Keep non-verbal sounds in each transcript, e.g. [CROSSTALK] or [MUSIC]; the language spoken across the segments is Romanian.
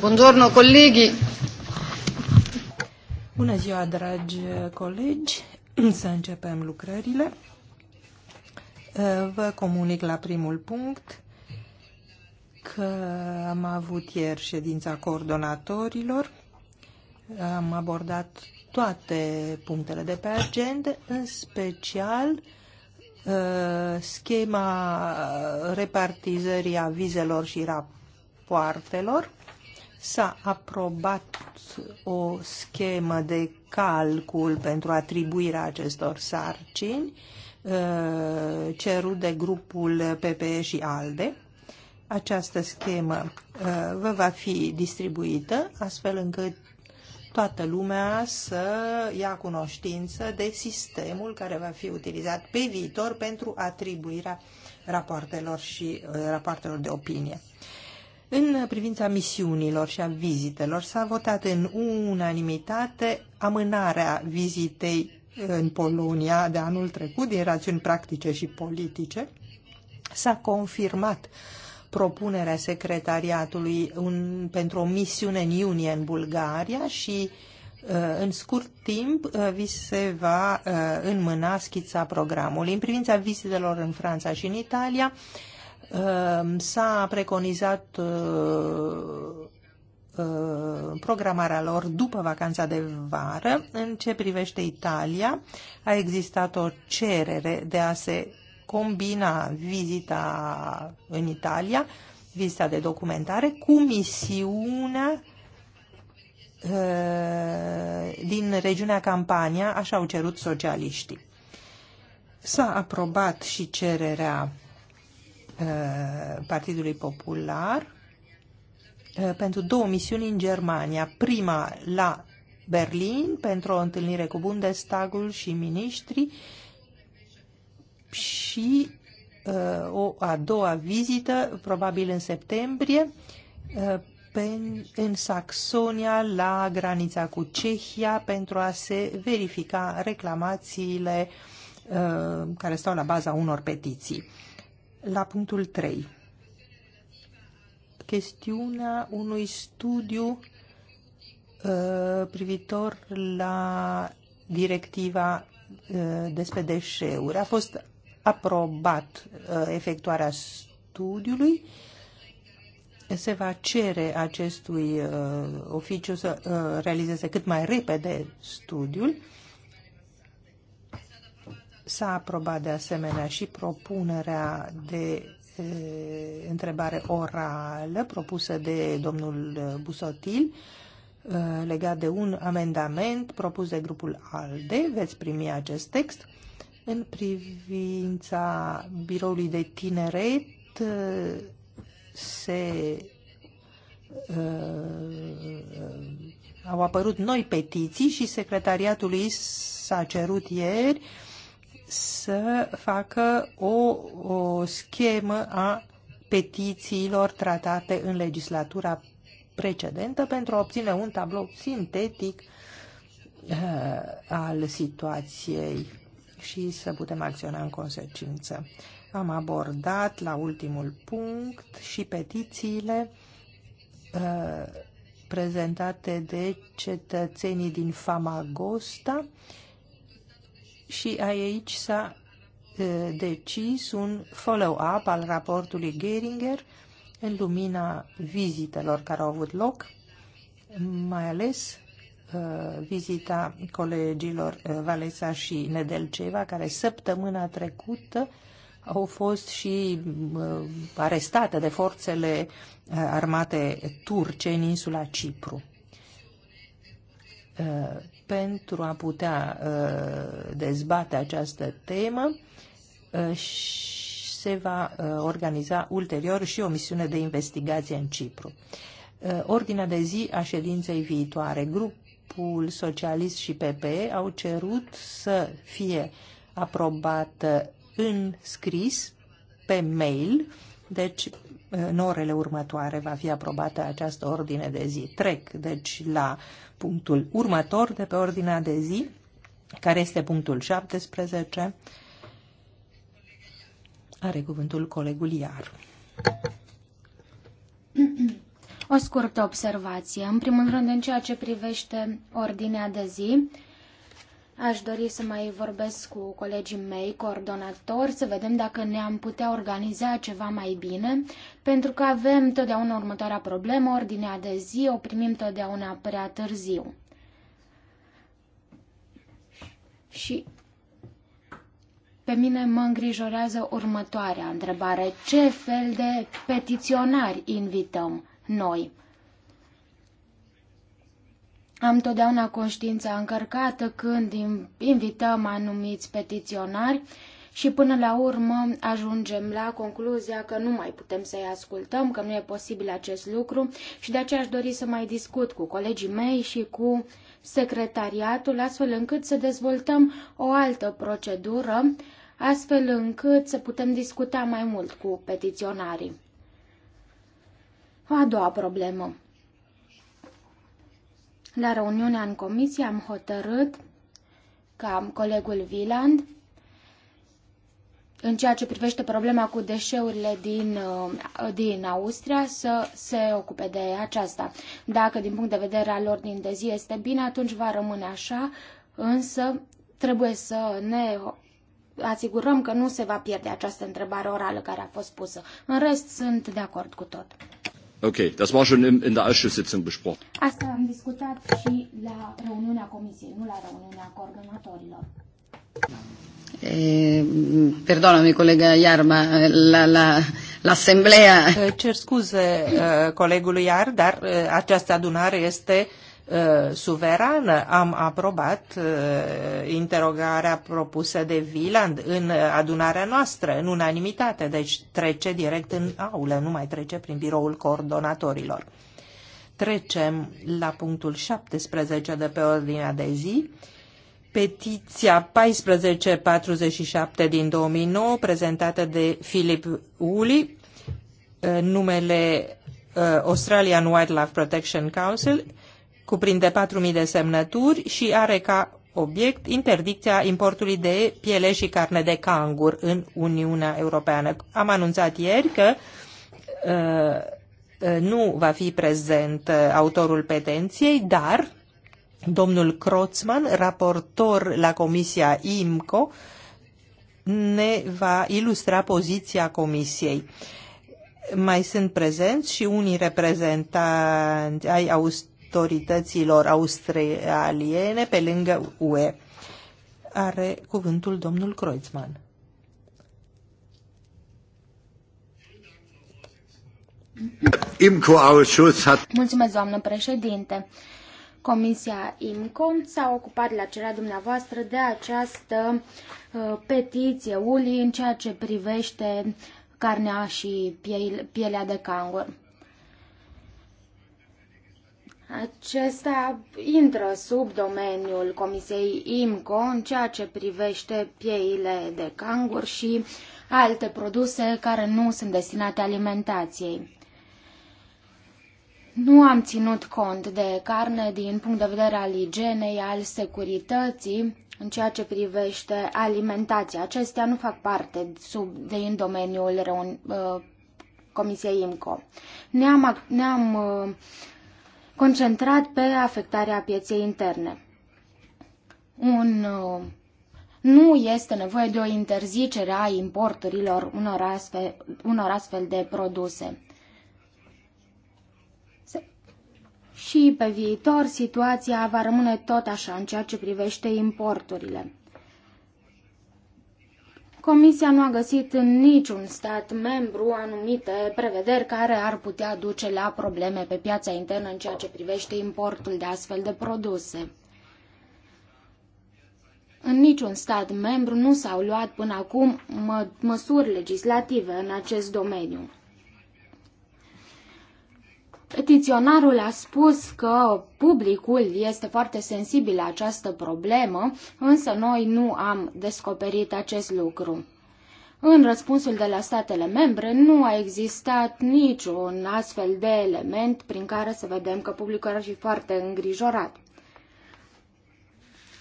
Buongiorno colleghi. Bună ziua, dragi colegi. Să începem lucrările. Vă comunic la primul punct că am avut ieri ședința coordonatorilor. Am abordat toate punctele de pe agenda, în special uh, schema repartizării avizelor și rapoartelor. S-a aprobat o schemă de calcul pentru atribuirea acestor sarcini uh, cerut de grupul PPE și ALDE. Această schemă uh, vă va fi distribuită astfel încât toată lumea să ia cunoștință de sistemul care va fi utilizat pe viitor pentru atribuirea rapoartelor și uh, rapoartelor de opinie. În privința misiunilor și a vizitelor s-a votat în unanimitate amânarea vizitei în Polonia de anul trecut din rațiuni practice și politice. S-a confirmat uh, propunerea secretariatului un, pentru o misiune în iunie în Bulgaria și uh, în scurt timp uh, vi se va uh, înmâna schița programului. În privința vizitelor în Franța și în Italia, s-a preconizat programarea lor după vacanța de vară. În ce privește Italia, a existat o cerere de a se combina vizita în Italia, vizita de documentare, cu misiunea uh, din regiunea Campania, așa au cerut socialiștii. S-a aprobat și cererea uh, Partidului Popular uh, pentru două misiuni în Germania. Prima la Berlin pentru o întâlnire cu Bundestagul și miniștrii și uh, o a doua vizită, probabil în septembrie, uh, în Saxonia, la granița cu Cehia, pentru a se verifica reclamațiile uh, care stau la baza unor petiții. La punctul 3. Chestiunea unui studiu privitor la directiva despre deșeuri. A fost aprobat uh, efectuarea studiului, se va cere acestui uh, oficiu să uh, realizeze cât mai repede studiul. S-a aprobat de asemenea și propunerea de întrebare orală propusă de domnul Busotil legat de un amendament propus de grupul ALDE. Veți primi acest text în privința biroului de tineret se uh, au apărut noi petiții și secretariatului s-a cerut ieri să facă o, o schemă a petițiilor tratate în legislatura precedentă pentru a obține un tablou sintetic uh, al situației și să putem acționa în consecință. Am abordat la ultimul punct și petițiile uh, prezentate de cetățenii din Famagosta și aici s-a uh, decis un follow-up al raportului Geringer în lumina vizitelor care au avut loc, mai ales Uh, vizita colegilor uh, Valesa și Nedelceva, care săptămâna trecută au fost și uh, arestate de forțele armate turce în insula Cipru pentru a putea dezbate această temă se va organiza ulterior și o misiune de investigație în Cipru. Ordinea de zi a ședinței viitoare. Grup grupul socialist și PPE au cerut să fie aprobată în scris, pe mail, deci în orele următoare va fi aprobată această ordine de zi. Trec, deci, la punctul următor de pe ordinea de zi, care este punctul 17. Are cuvântul colegul Iar. O scurtă observație. În primul rând, în ceea ce privește ordinea de zi, aș dori să mai vorbesc cu colegii mei, coordonatori, să vedem dacă ne-am putea organiza ceva mai bine, pentru că avem totdeauna următoarea problemă, ordinea de zi, o primim totdeauna prea târziu. Și pe mine mă îngrijorează următoarea întrebare. Ce fel de petiționari invităm? noi. Am totdeauna conștiința încărcată când invităm anumiți petiționari și până la urmă ajungem la concluzia că nu mai putem să-i ascultăm, că nu e posibil acest lucru și de aceea aș dori să mai discut cu colegii mei și cu secretariatul, astfel încât să dezvoltăm o altă procedură, astfel încât să putem discuta mai mult cu petiționarii. A doua problemă. La reuniunea în comisie am hotărât ca colegul Viland în ceea ce privește problema cu deșeurile din, uh, din Austria să se ocupe de aceasta. Dacă din punct de vedere al ordinii de zi este bine, atunci va rămâne așa, însă trebuie să ne asigurăm că nu se va pierde această întrebare orală care a fost pusă. În rest, sunt de acord cu tot. Okay, das war schon in, in der Ausschusssitzung besprochen. Asta am discutat și la reuniunea comisiei, nu la reuniunea coordonatorilor. Eh, perdonami, colega Iarma, la, la, l'assemblea... Eh, cer scuze eh, colegului Iar, dar eh, această adunare este uh, Uh, suverană. Am aprobat uh, interogarea propusă de Viland în uh, adunarea noastră, în unanimitate, deci trece direct în aulă, nu mai trece prin biroul coordonatorilor. Trecem la punctul 17 de pe ordinea de zi petiția 1447 din 2009 prezentată de Philip Woolley, numele Australian Wildlife Protection Council, cuprinde 4.000 de semnături și are ca obiect interdicția importului de piele și carne de cangur în Uniunea Europeană. Am anunțat ieri că uh, uh nu va fi prezent uh, autorul petenției, dar domnul Croțman, raportor la Comisia IMCO, ne va ilustra poziția Comisiei. Mai sunt prezenți și unii reprezentanți ai Austriei autorităților australiene pe lângă UE. Are cuvântul domnul Kreuzmann. Mulțumesc, doamnă președinte. Comisia IMCO s-a ocupat la cererea dumneavoastră de această uh, petiție ULI în ceea ce privește carnea și pielea de cangur. Acesta intră sub domeniul Comisiei IMCO în ceea ce privește pieile de cangur și alte produse care nu sunt destinate alimentației. Nu am ținut cont de carne din punct de vedere al igienei, al securității, în ceea ce privește alimentația. Acestea nu fac parte sub, de, în domeniul reun, uh, Comisiei IMCO. Ne-am, ne-am uh, concentrat pe afectarea pieței interne. Un, uh, nu este nevoie de o interzicere a importurilor unor astfel, unor astfel de produse. Și pe viitor situația va rămâne tot așa în ceea ce privește importurile. Comisia nu a găsit în niciun stat membru anumite prevederi care ar putea duce la probleme pe piața internă în ceea ce privește importul de astfel de produse. În niciun stat membru nu s-au luat până acum mă măsuri legislative în acest domeniu. Petiționarul a spus că publicul este foarte sensibil la această problemă, însă noi nu am descoperit acest lucru. În răspunsul de la statele membre nu a existat niciun astfel de element prin care să vedem că publicul ar fi foarte îngrijorat.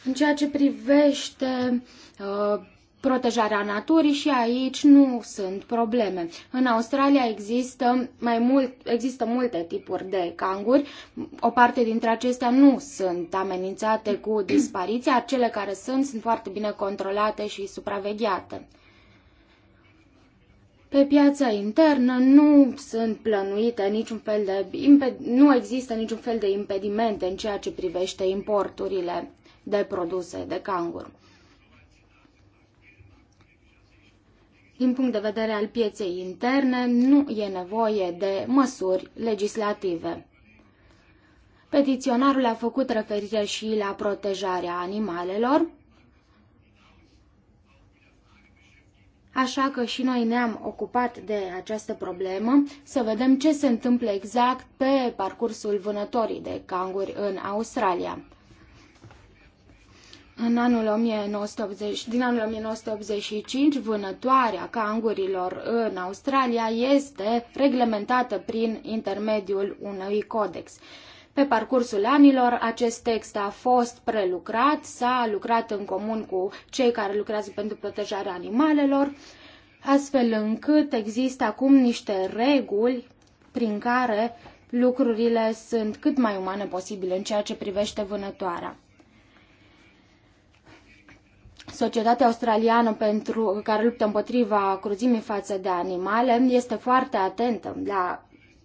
În ceea ce privește uh, protejarea naturii și aici nu sunt probleme. În Australia există mai mult, există multe tipuri de canguri. O parte dintre acestea nu sunt amenințate cu dispariția, cele care sunt sunt foarte bine controlate și supravegheate. Pe piața internă nu sunt plănuite niciun fel de nu există niciun fel de impedimente în ceea ce privește importurile de produse de cangur. Din punct de vedere al pieței interne, nu e nevoie de măsuri legislative. Petiționarul a făcut referire și la protejarea animalelor, așa că și noi ne-am ocupat de această problemă, să vedem ce se întâmplă exact pe parcursul vânătorii de canguri în Australia. În anul 1980, din anul 1985, vânătoarea cangurilor în Australia este reglementată prin intermediul unui codex. Pe parcursul anilor, acest text a fost prelucrat, s-a lucrat în comun cu cei care lucrează pentru protejarea animalelor, astfel încât există acum niște reguli prin care lucrurile sunt cât mai umane posibile în ceea ce privește vânătoarea. Societatea Australiană pentru care luptă împotriva cruzimii față de animale este foarte atentă la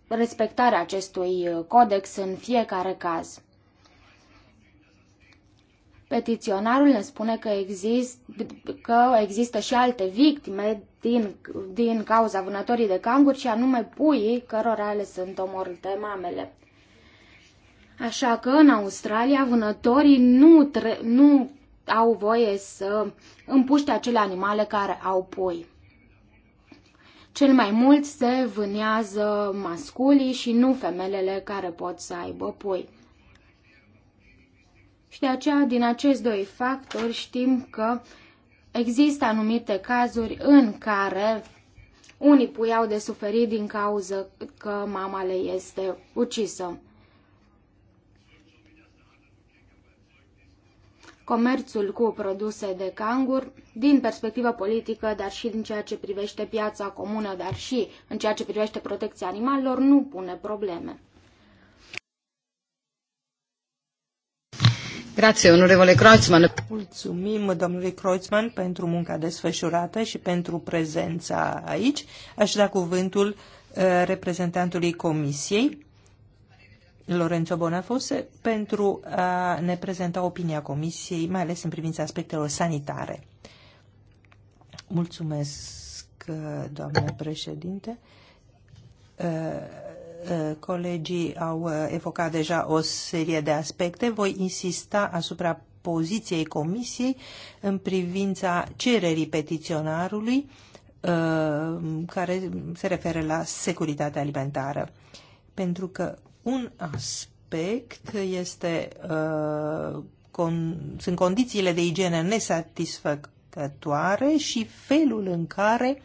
respectarea acestui uh, codex în fiecare caz. Petiționarul ne spune că, exist, că există și alte victime din, din cauza vânătorii de canguri și anume puii cărora le sunt omorâte mamele. Așa că în Australia vânătorii nu, tre- nu au voie să împuște acele animale care au pui. Cel mai mult se vânează masculii și nu femelele care pot să aibă pui. Și de aceea, din acești doi factori, știm că există anumite cazuri în care unii pui au de suferit din cauza că mama le este ucisă. comerțul cu produse de cangur din perspectivă politică, dar și din ceea ce privește piața comună, dar și în ceea ce privește protecția animalelor, nu pune probleme. Grazie, onorevole Kreuzmann. Mulțumim, domnului Kreuzmann, pentru munca desfășurată și pentru prezența aici. Aș da cuvântul uh, reprezentantului Comisiei Lorenzo Bonafose pentru a ne prezenta opinia Comisiei, mai ales în privința aspectelor sanitare. Mulțumesc, doamnă președinte. Uh, uh, colegii au uh, evocat deja o serie de aspecte. Voi insista asupra poziției Comisiei în privința cererii petiționarului care se referă la securitatea alimentară. Pentru că un aspect este, uh, con, sunt condițiile de igienă nesatisfăcătoare și felul în care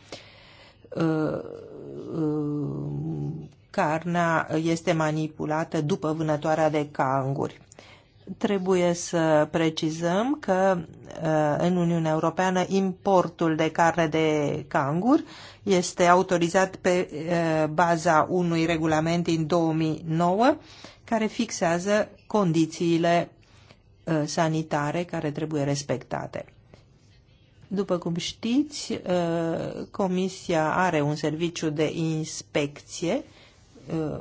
uh, uh, carnea este manipulată după vânătoarea de canguri. Trebuie să precizăm că uh, în Uniunea Europeană importul de carne de cangur este autorizat pe uh, baza unui regulament din 2009 care fixează condițiile uh, sanitare care trebuie respectate. După cum știți, Comisia are un serviciu de inspecție,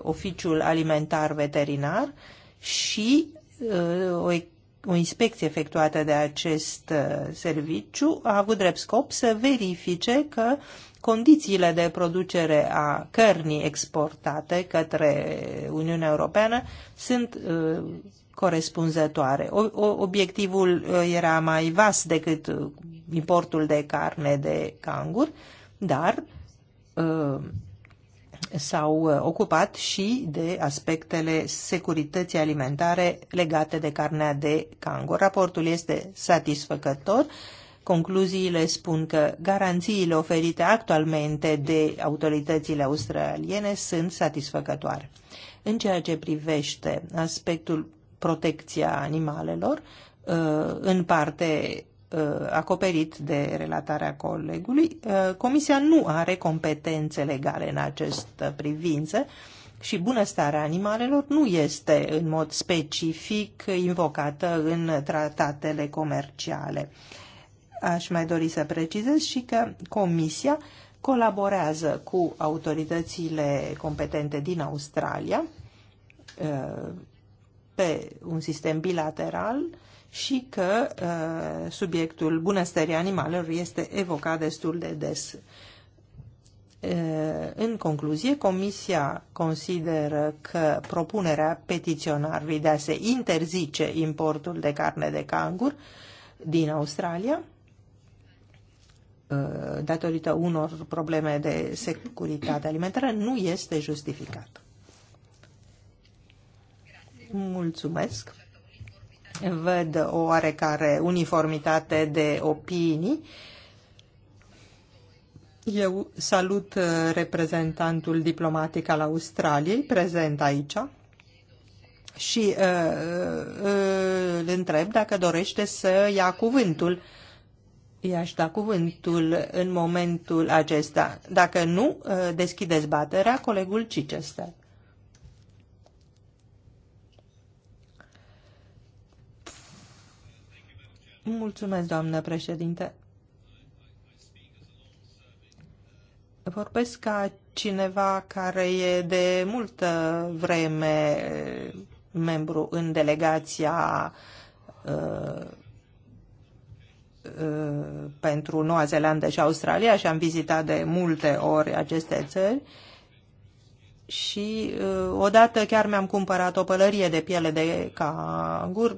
Oficiul Alimentar Veterinar, și o, o inspecție efectuată de acest uh, serviciu a avut drept scop să verifice că condițiile de producere a cărnii exportate către Uniunea Europeană sunt uh, corespunzătoare. obiectivul uh, era mai vast decât importul de carne de canguri, dar uh, s-au uh, ocupat și de aspectele securității alimentare legate de carnea de cango. Raportul este satisfăcător. Concluziile spun că garanțiile oferite actualmente de autoritățile australiene sunt satisfăcătoare. În ceea ce privește aspectul protecția animalelor, uh, în parte Uh, acoperit de relatarea colegului. Uh, comisia nu are competențe legale în această privință și bunăstarea animalelor nu este în mod specific invocată în tratatele comerciale. Aș mai dori să precizez și că Comisia colaborează cu autoritățile competente din Australia uh, pe un sistem bilateral și că uh, subiectul bunăstării animalelor este evocat destul de des. Uh, în concluzie, Comisia consideră că propunerea petiționarului de a se interzice importul de carne de cangur din Australia uh, datorită unor probleme de securitate alimentară, nu este justificat. Mulțumesc! văd o oarecare uniformitate de opinii. Eu salut uh, reprezentantul diplomatic al Australiei, prezent aici, și uh, uh, îl întreb dacă dorește să ia cuvântul. I-aș da cuvântul în momentul acesta. Dacă nu, uh, deschideți baterea colegul Chichester. Mulțumesc, doamnă președinte. Vorbesc ca cineva care e de multă vreme membru în delegația uh, uh, pentru Noua Zeelandă și Australia și am vizitat de multe ori aceste țări și uh, odată chiar mi-am cumpărat o pălărie de piele de cangur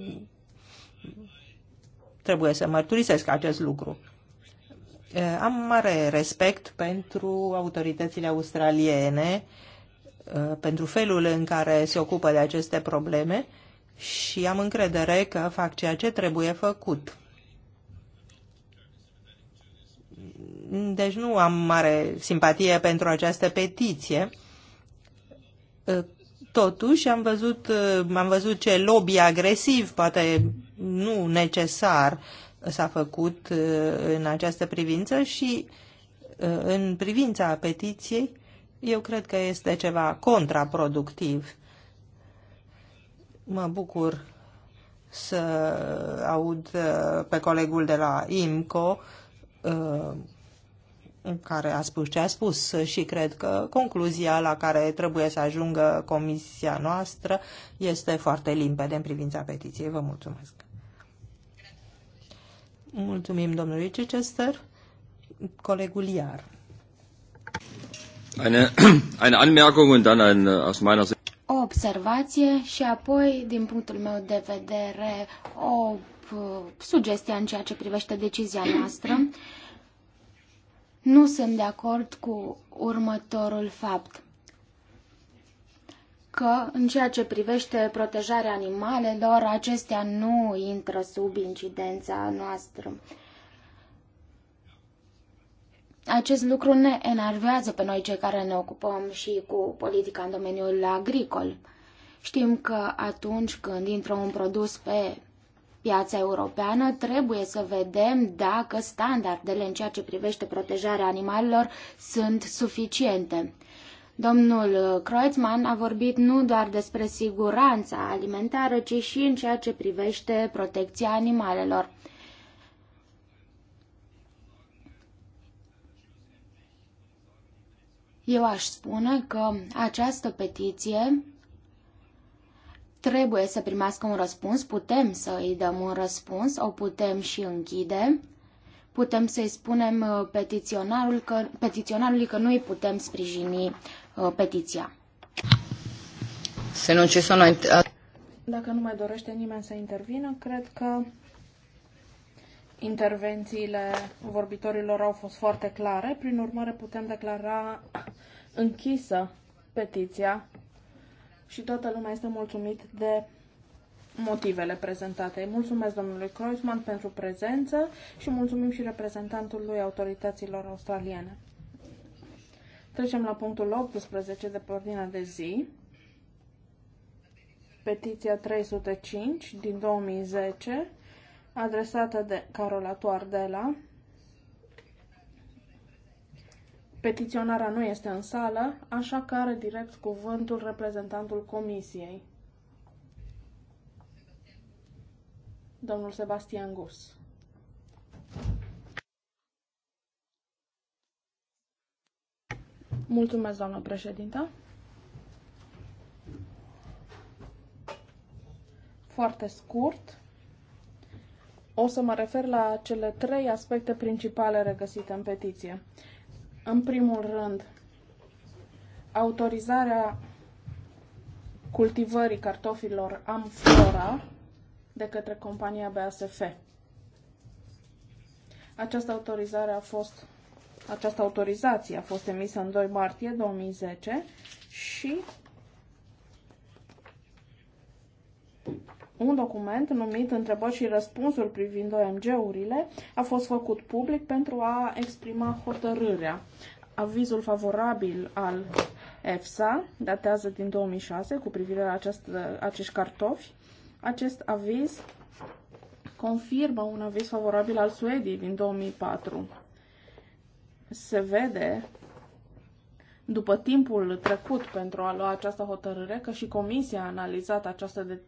Trebuie să mărturisesc acest lucru. Am mare respect pentru autoritățile australiene, pentru felul în care se ocupă de aceste probleme și am încredere că fac ceea ce trebuie făcut. Deci nu am mare simpatie pentru această petiție Totuși am văzut, uh, am văzut ce lobby agresiv, poate nu necesar, s-a făcut uh, în această privință și uh, în privința petiției, eu cred că este ceva contraproductiv. Mă bucur să aud pe colegul de la IMCO care a spus ce a spus și cred că concluzia la care trebuie să ajungă comisia noastră este foarte limpede în privința petiției. Vă mulțumesc. Mulțumim domnului Chichester. Colegul Iar. Eine, [CLEARS THROAT] eine Anmerkung und dann ein, äh, aus meiner o observație și apoi, din punctul meu de vedere, o uh, sugestie în ceea ce privește decizia noastră. Nu sunt de acord cu următorul fapt că, în ceea ce privește protejarea animalelor, acestea nu intră sub incidența noastră. Acest lucru ne enervează pe noi cei care ne ocupăm și cu politica în domeniul agricol. Știm că atunci când intră un produs pe piața europeană, trebuie să vedem dacă standardele în ceea ce privește protejarea animalelor sunt suficiente. Domnul Kreutzmann a vorbit nu doar despre siguranța alimentară, ci și în ceea ce privește protecția animalelor. Eu aș spune că această petiție trebuie să primească un răspuns, putem să îi dăm un răspuns, o putem și închide, putem să-i spunem uh, petiționarul că, petiționarului că nu îi putem sprijini uh, petiția. Se nu ce Dacă nu mai dorește nimeni să intervină, cred că intervențiile vorbitorilor au fost foarte clare. Prin urmare, putem declara închisă petiția și toată lumea este mulțumit de motivele prezentate. Mulțumesc domnului Kreuzmann pentru prezență și mulțumim și reprezentantului autorităților australiene. Trecem la punctul 18 de pe ordinea de zi. Petiția 305 din 2010, adresată de Carola Toardela, Petiționarea nu este în sală, așa că are direct cuvântul reprezentantul comisiei. Domnul Sebastian Gus. Mulțumesc, doamnă președintă. Foarte scurt, o să mă refer la cele trei aspecte principale regăsite în petiție. În primul rând, autorizarea cultivării cartofilor Amflora de către compania BASF. Această autorizare a fost această autorizație a fost emisă în 2 martie 2010 și Un document numit Întrebări și răspunsuri privind OMG-urile a fost făcut public pentru a exprima hotărârea. Avizul favorabil al EFSA datează din 2006 cu privire la acest, acești cartofi. Acest aviz confirmă un aviz favorabil al Suediei din 2004. Se vede după timpul trecut pentru a lua această hotărâre, că și Comisia a analizat această, de,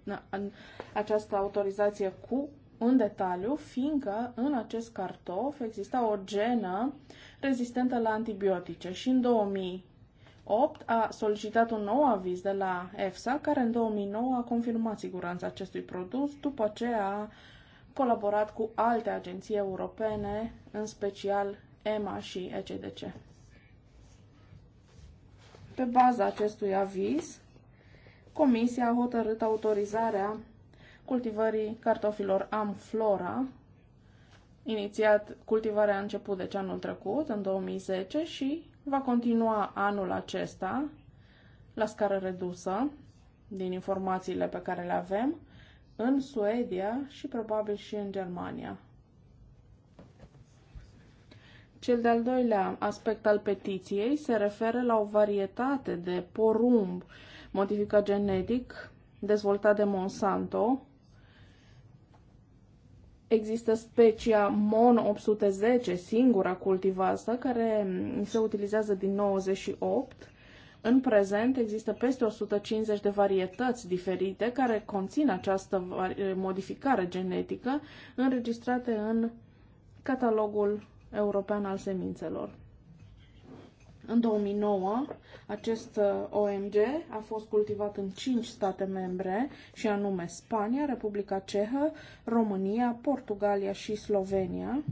această autorizație cu în detaliu, fiindcă în acest cartof exista o genă rezistentă la antibiotice și în 2008 a solicitat un nou aviz de la EFSA, care în 2009 a confirmat siguranța acestui produs, după ce a colaborat cu alte agenții europene, în special EMA și ECDC. Pe baza acestui aviz, Comisia a hotărât autorizarea cultivării cartofilor Amflora. Inițiat, cultivarea a început deci anul trecut, în 2010, și va continua anul acesta la scară redusă, din informațiile pe care le avem, în Suedia și probabil și în Germania. Cel de-al doilea aspect al petiției se referă la o varietate de porumb modificat genetic dezvoltat de Monsanto. Există specia Mon 810, singura cultivată, care se utilizează din 98. În prezent există peste 150 de varietăți diferite care conțin această modificare genetică înregistrate în catalogul European al Semințelor. În 2009, acest uh, OMG a fost cultivat în 5 state membre, și anume Spania, Republica Cehă, România, Portugalia și Slovenia.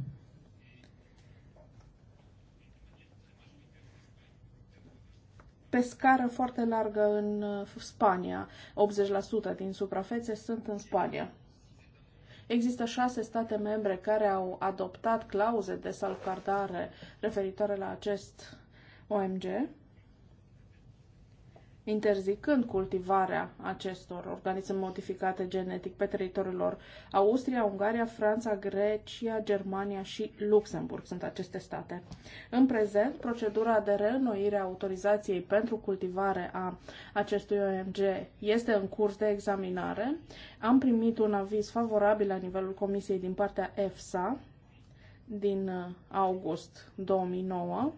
Pe scară foarte largă în uh, Spania, 80% din suprafețe sunt în Spania. Există șase state membre care au adoptat clauze de salvgardare referitoare la acest OMG interzicând cultivarea acestor organisme modificate genetic pe teritoriul lor. Austria, Ungaria, Franța, Grecia, Germania și Luxemburg sunt aceste state. În prezent, procedura de reînnoire a autorizației pentru cultivare a acestui OMG este în curs de examinare. Am primit un aviz favorabil la nivelul Comisiei din partea EFSA din uh, august 2009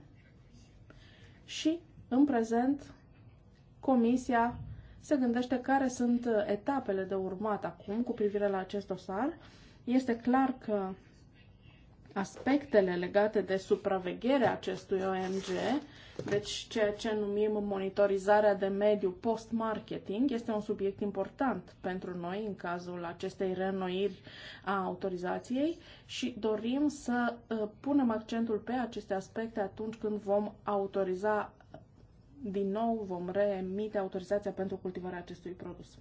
și în prezent Comisia se gândește care sunt etapele de urmat acum cu privire la acest dosar. Este clar că aspectele legate de supravegherea acestui OMG, deci ceea ce numim monitorizarea de mediu post-marketing, este un subiect important pentru noi în cazul acestei reînnoiri a autorizației și dorim să uh, punem accentul pe aceste aspecte atunci când vom autoriza din nou vom reemite autorizația pentru cultivarea acestui produs.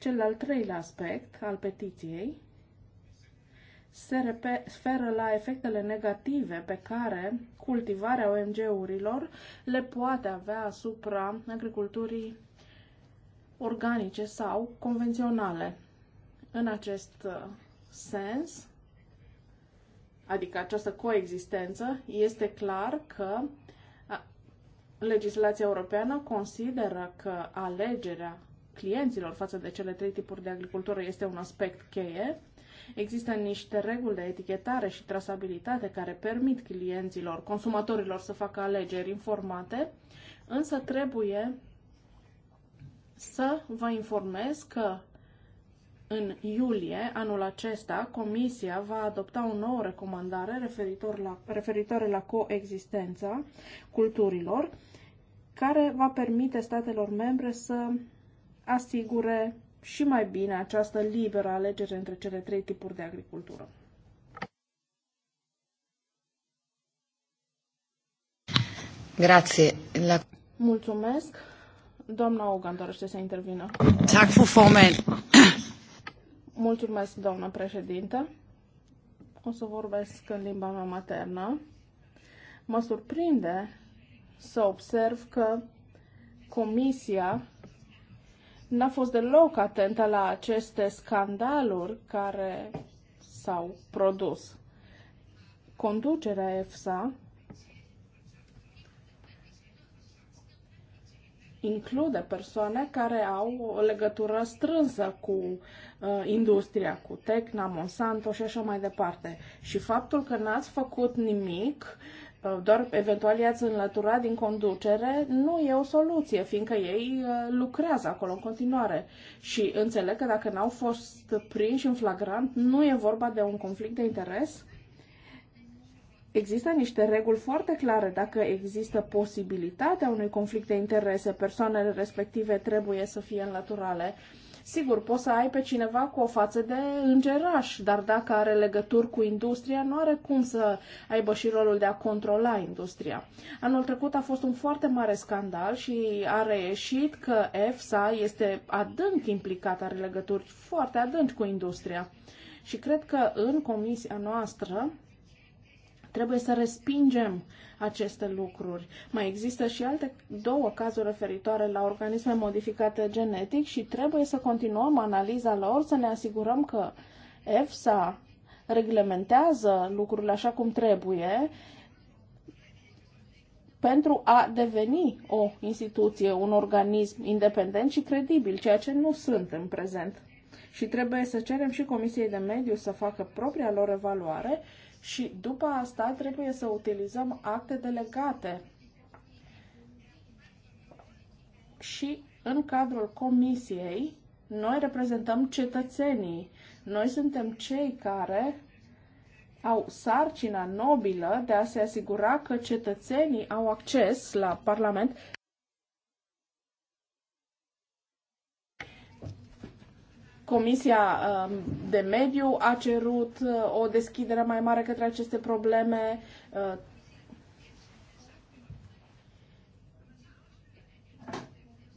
Cel al treilea aspect al petiției se referă la efectele negative pe care cultivarea OMG-urilor le poate avea asupra agriculturii organice sau convenționale. În acest uh, sens, adică această coexistență, este clar că legislația europeană consideră că alegerea clienților față de cele trei tipuri de agricultură este un aspect cheie. Există niște reguli de etichetare și trasabilitate care permit clienților, consumatorilor să facă alegeri informate, însă trebuie să vă informez că în iulie anul acesta, Comisia va adopta o nouă recomandare referitor la, referitoare la coexistența culturilor, care va permite statelor membre să asigure și mai bine această liberă alegere între cele trei tipuri de agricultură. Grazie. La... Mulțumesc. Doamna Ogan dorește să intervină. Tak, formand. Mulțumesc, doamnă președintă. O să vorbesc în limba mea maternă. Mă surprinde să observ că Comisia n-a fost deloc atentă la aceste scandaluri care s-au produs. Conducerea EFSA include persoane care au o legătură strânsă cu uh, industria, cu Tecna, Monsanto și așa mai departe. Și faptul că n-ați făcut nimic, uh, doar eventual i-ați înlăturat din conducere, nu e o soluție, fiindcă ei uh, lucrează acolo în continuare. Și înțeleg că dacă n-au fost prinși în flagrant, nu e vorba de un conflict de interes, Există niște reguli foarte clare. Dacă există posibilitatea unui conflict de interese, persoanele respective trebuie să fie înlăturale. Sigur, poți să ai pe cineva cu o față de îngeraș, dar dacă are legături cu industria, nu are cum să aibă și rolul de a controla industria. Anul trecut a fost un foarte mare scandal și a reieșit că EFSA este adânc implicat, are legături foarte adânci cu industria. Și cred că în comisia noastră Trebuie să respingem aceste lucruri. Mai există și alte două cazuri referitoare la organisme modificate genetic și trebuie să continuăm analiza lor, să ne asigurăm că EFSA reglementează lucrurile așa cum trebuie pentru a deveni o instituție, un organism independent și credibil, ceea ce nu sunt în prezent. Și trebuie să cerem și Comisiei de Mediu să facă propria lor evaluare și după asta trebuie să utilizăm acte delegate și în cadrul comisiei noi reprezentăm cetățenii. Noi suntem cei care au sarcina nobilă de a se asigura că cetățenii au acces la Parlament Comisia um, de Mediu a cerut uh, o deschidere mai mare către aceste probleme. Uh,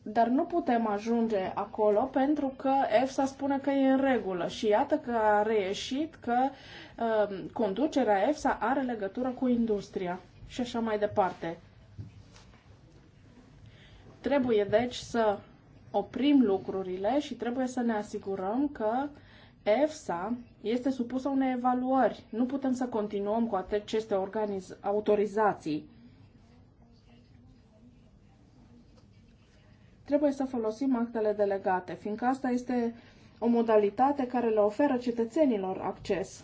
dar nu putem ajunge acolo pentru că EFSA spune că e în regulă și iată că a reieșit că um, conducerea EFSA are legătură cu industria și așa mai departe. Trebuie deci să oprim lucrurile și trebuie să ne asigurăm că EFSA este supusă unei evaluări. Nu putem să continuăm cu aceste organiz- autorizații. Trebuie să folosim actele delegate, fiindcă asta este o modalitate care le oferă cetățenilor acces.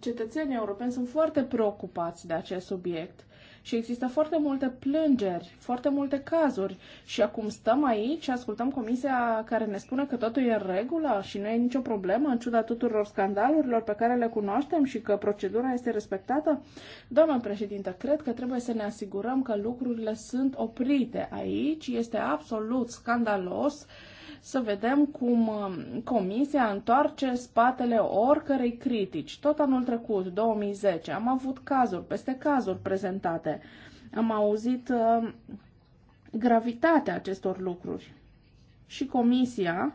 Cetățenii europeni sunt foarte preocupați de acest subiect și există foarte multe plângeri, foarte multe cazuri. Și acum stăm aici și ascultăm comisia care ne spune că totul e în regulă și nu e nicio problemă, în ciuda tuturor scandalurilor pe care le cunoaștem și că procedura este respectată. Doamnă președintă, cred că trebuie să ne asigurăm că lucrurile sunt oprite aici. Este absolut scandalos uh, să vedem cum um, Comisia întoarce spatele oricărei critici. Tot anul trecut, 2010, am avut cazuri, peste cazuri prezentate. Am auzit um, gravitatea acestor lucruri. Și Comisia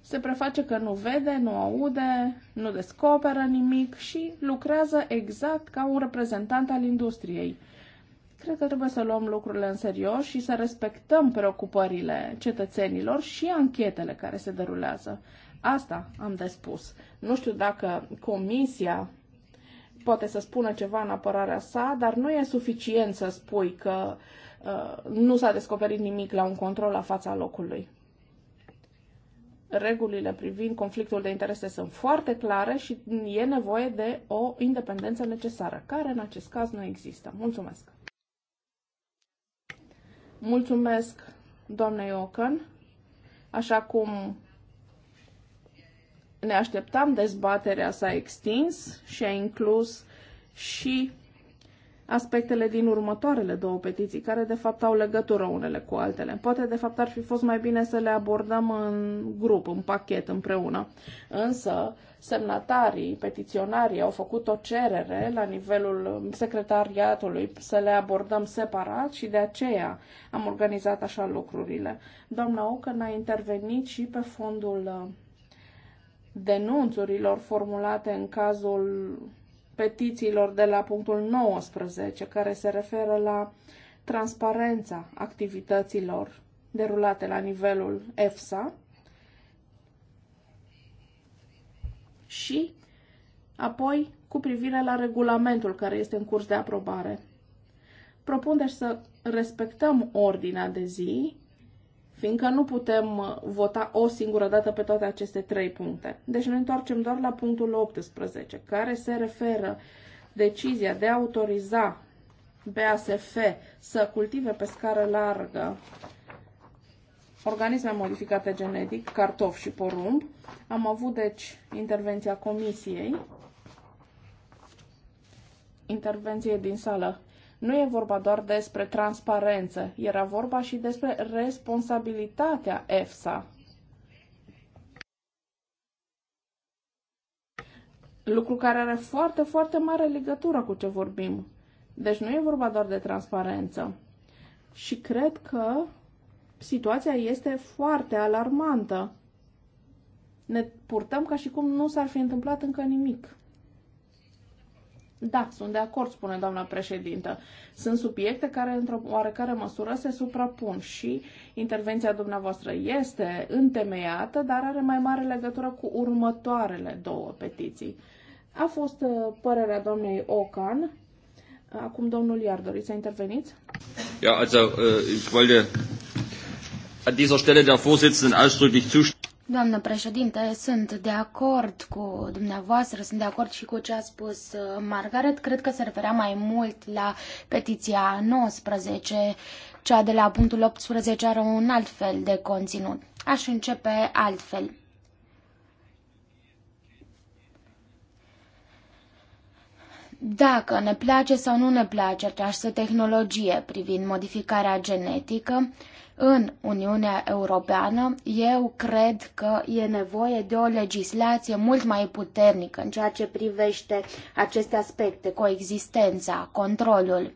se preface că nu vede, nu aude, nu descoperă nimic și lucrează exact ca un reprezentant al industriei. Cred că trebuie să luăm lucrurile în serios și să respectăm preocupările cetățenilor și anchetele care se derulează. Asta am de spus. Nu știu dacă comisia poate să spună ceva în apărarea sa, dar nu e suficient să spui că uh, nu s-a descoperit nimic la un control la fața locului. Regulile privind conflictul de interese sunt foarte clare și e nevoie de o independență necesară, care în acest caz nu există. Mulțumesc! Mulțumesc doamnei Ocan. Așa cum ne așteptam, dezbaterea s-a extins și a inclus și aspectele din următoarele două petiții, care de fapt au legătură unele cu altele. Poate de fapt ar fi fost mai bine să le abordăm în grup, în pachet, împreună. Însă semnatarii, petiționarii au făcut o cerere la nivelul secretariatului să le abordăm separat și de aceea am organizat așa lucrurile. Doamna Ocan a intervenit și pe fondul uh, denunțurilor formulate în cazul petițiilor de la punctul 19, care se referă la transparența activităților derulate la nivelul EFSA și apoi cu privire la regulamentul care este în curs de aprobare. Propun deci să respectăm ordinea de zi fiindcă nu putem uh, vota o singură dată pe toate aceste trei puncte. Deci ne întoarcem doar la punctul 18, care se referă decizia de a autoriza BASF să cultive pe scară largă organisme modificate genetic, cartof și porumb. Am avut, deci, intervenția comisiei, intervenție din sală nu e vorba doar despre transparență, era vorba și despre responsabilitatea EFSA. Lucru care are foarte, foarte mare legătură cu ce vorbim. Deci nu e vorba doar de transparență. Și cred că situația este foarte alarmantă. Ne purtăm ca și cum nu s-ar fi întâmplat încă nimic. Da, sunt de acord, spune doamna președintă. Sunt subiecte care, într-o oarecare măsură, se suprapun și intervenția dumneavoastră este întemeiată, dar are mai mare legătură cu următoarele două petiții. A fost uh, părerea doamnei Ocan. Acum, domnul Iar, doriți să interveniți? Ja, also, äh, ich wollte an dieser Stelle der Vorsitzenden ausdrücklich zustimmen. Doamnă președinte, sunt de acord cu dumneavoastră, sunt de acord și cu ce a spus uh, Margaret. Cred că se referea mai mult la petiția 19. Cea de la punctul 18 are un alt fel de conținut. Aș începe altfel. Dacă ne place sau nu ne place această tehnologie privind modificarea genetică, uh, în Uniunea Europeană, eu cred că e nevoie de o legislație mult mai puternică în ceea ce privește aceste aspecte, coexistența, controlul.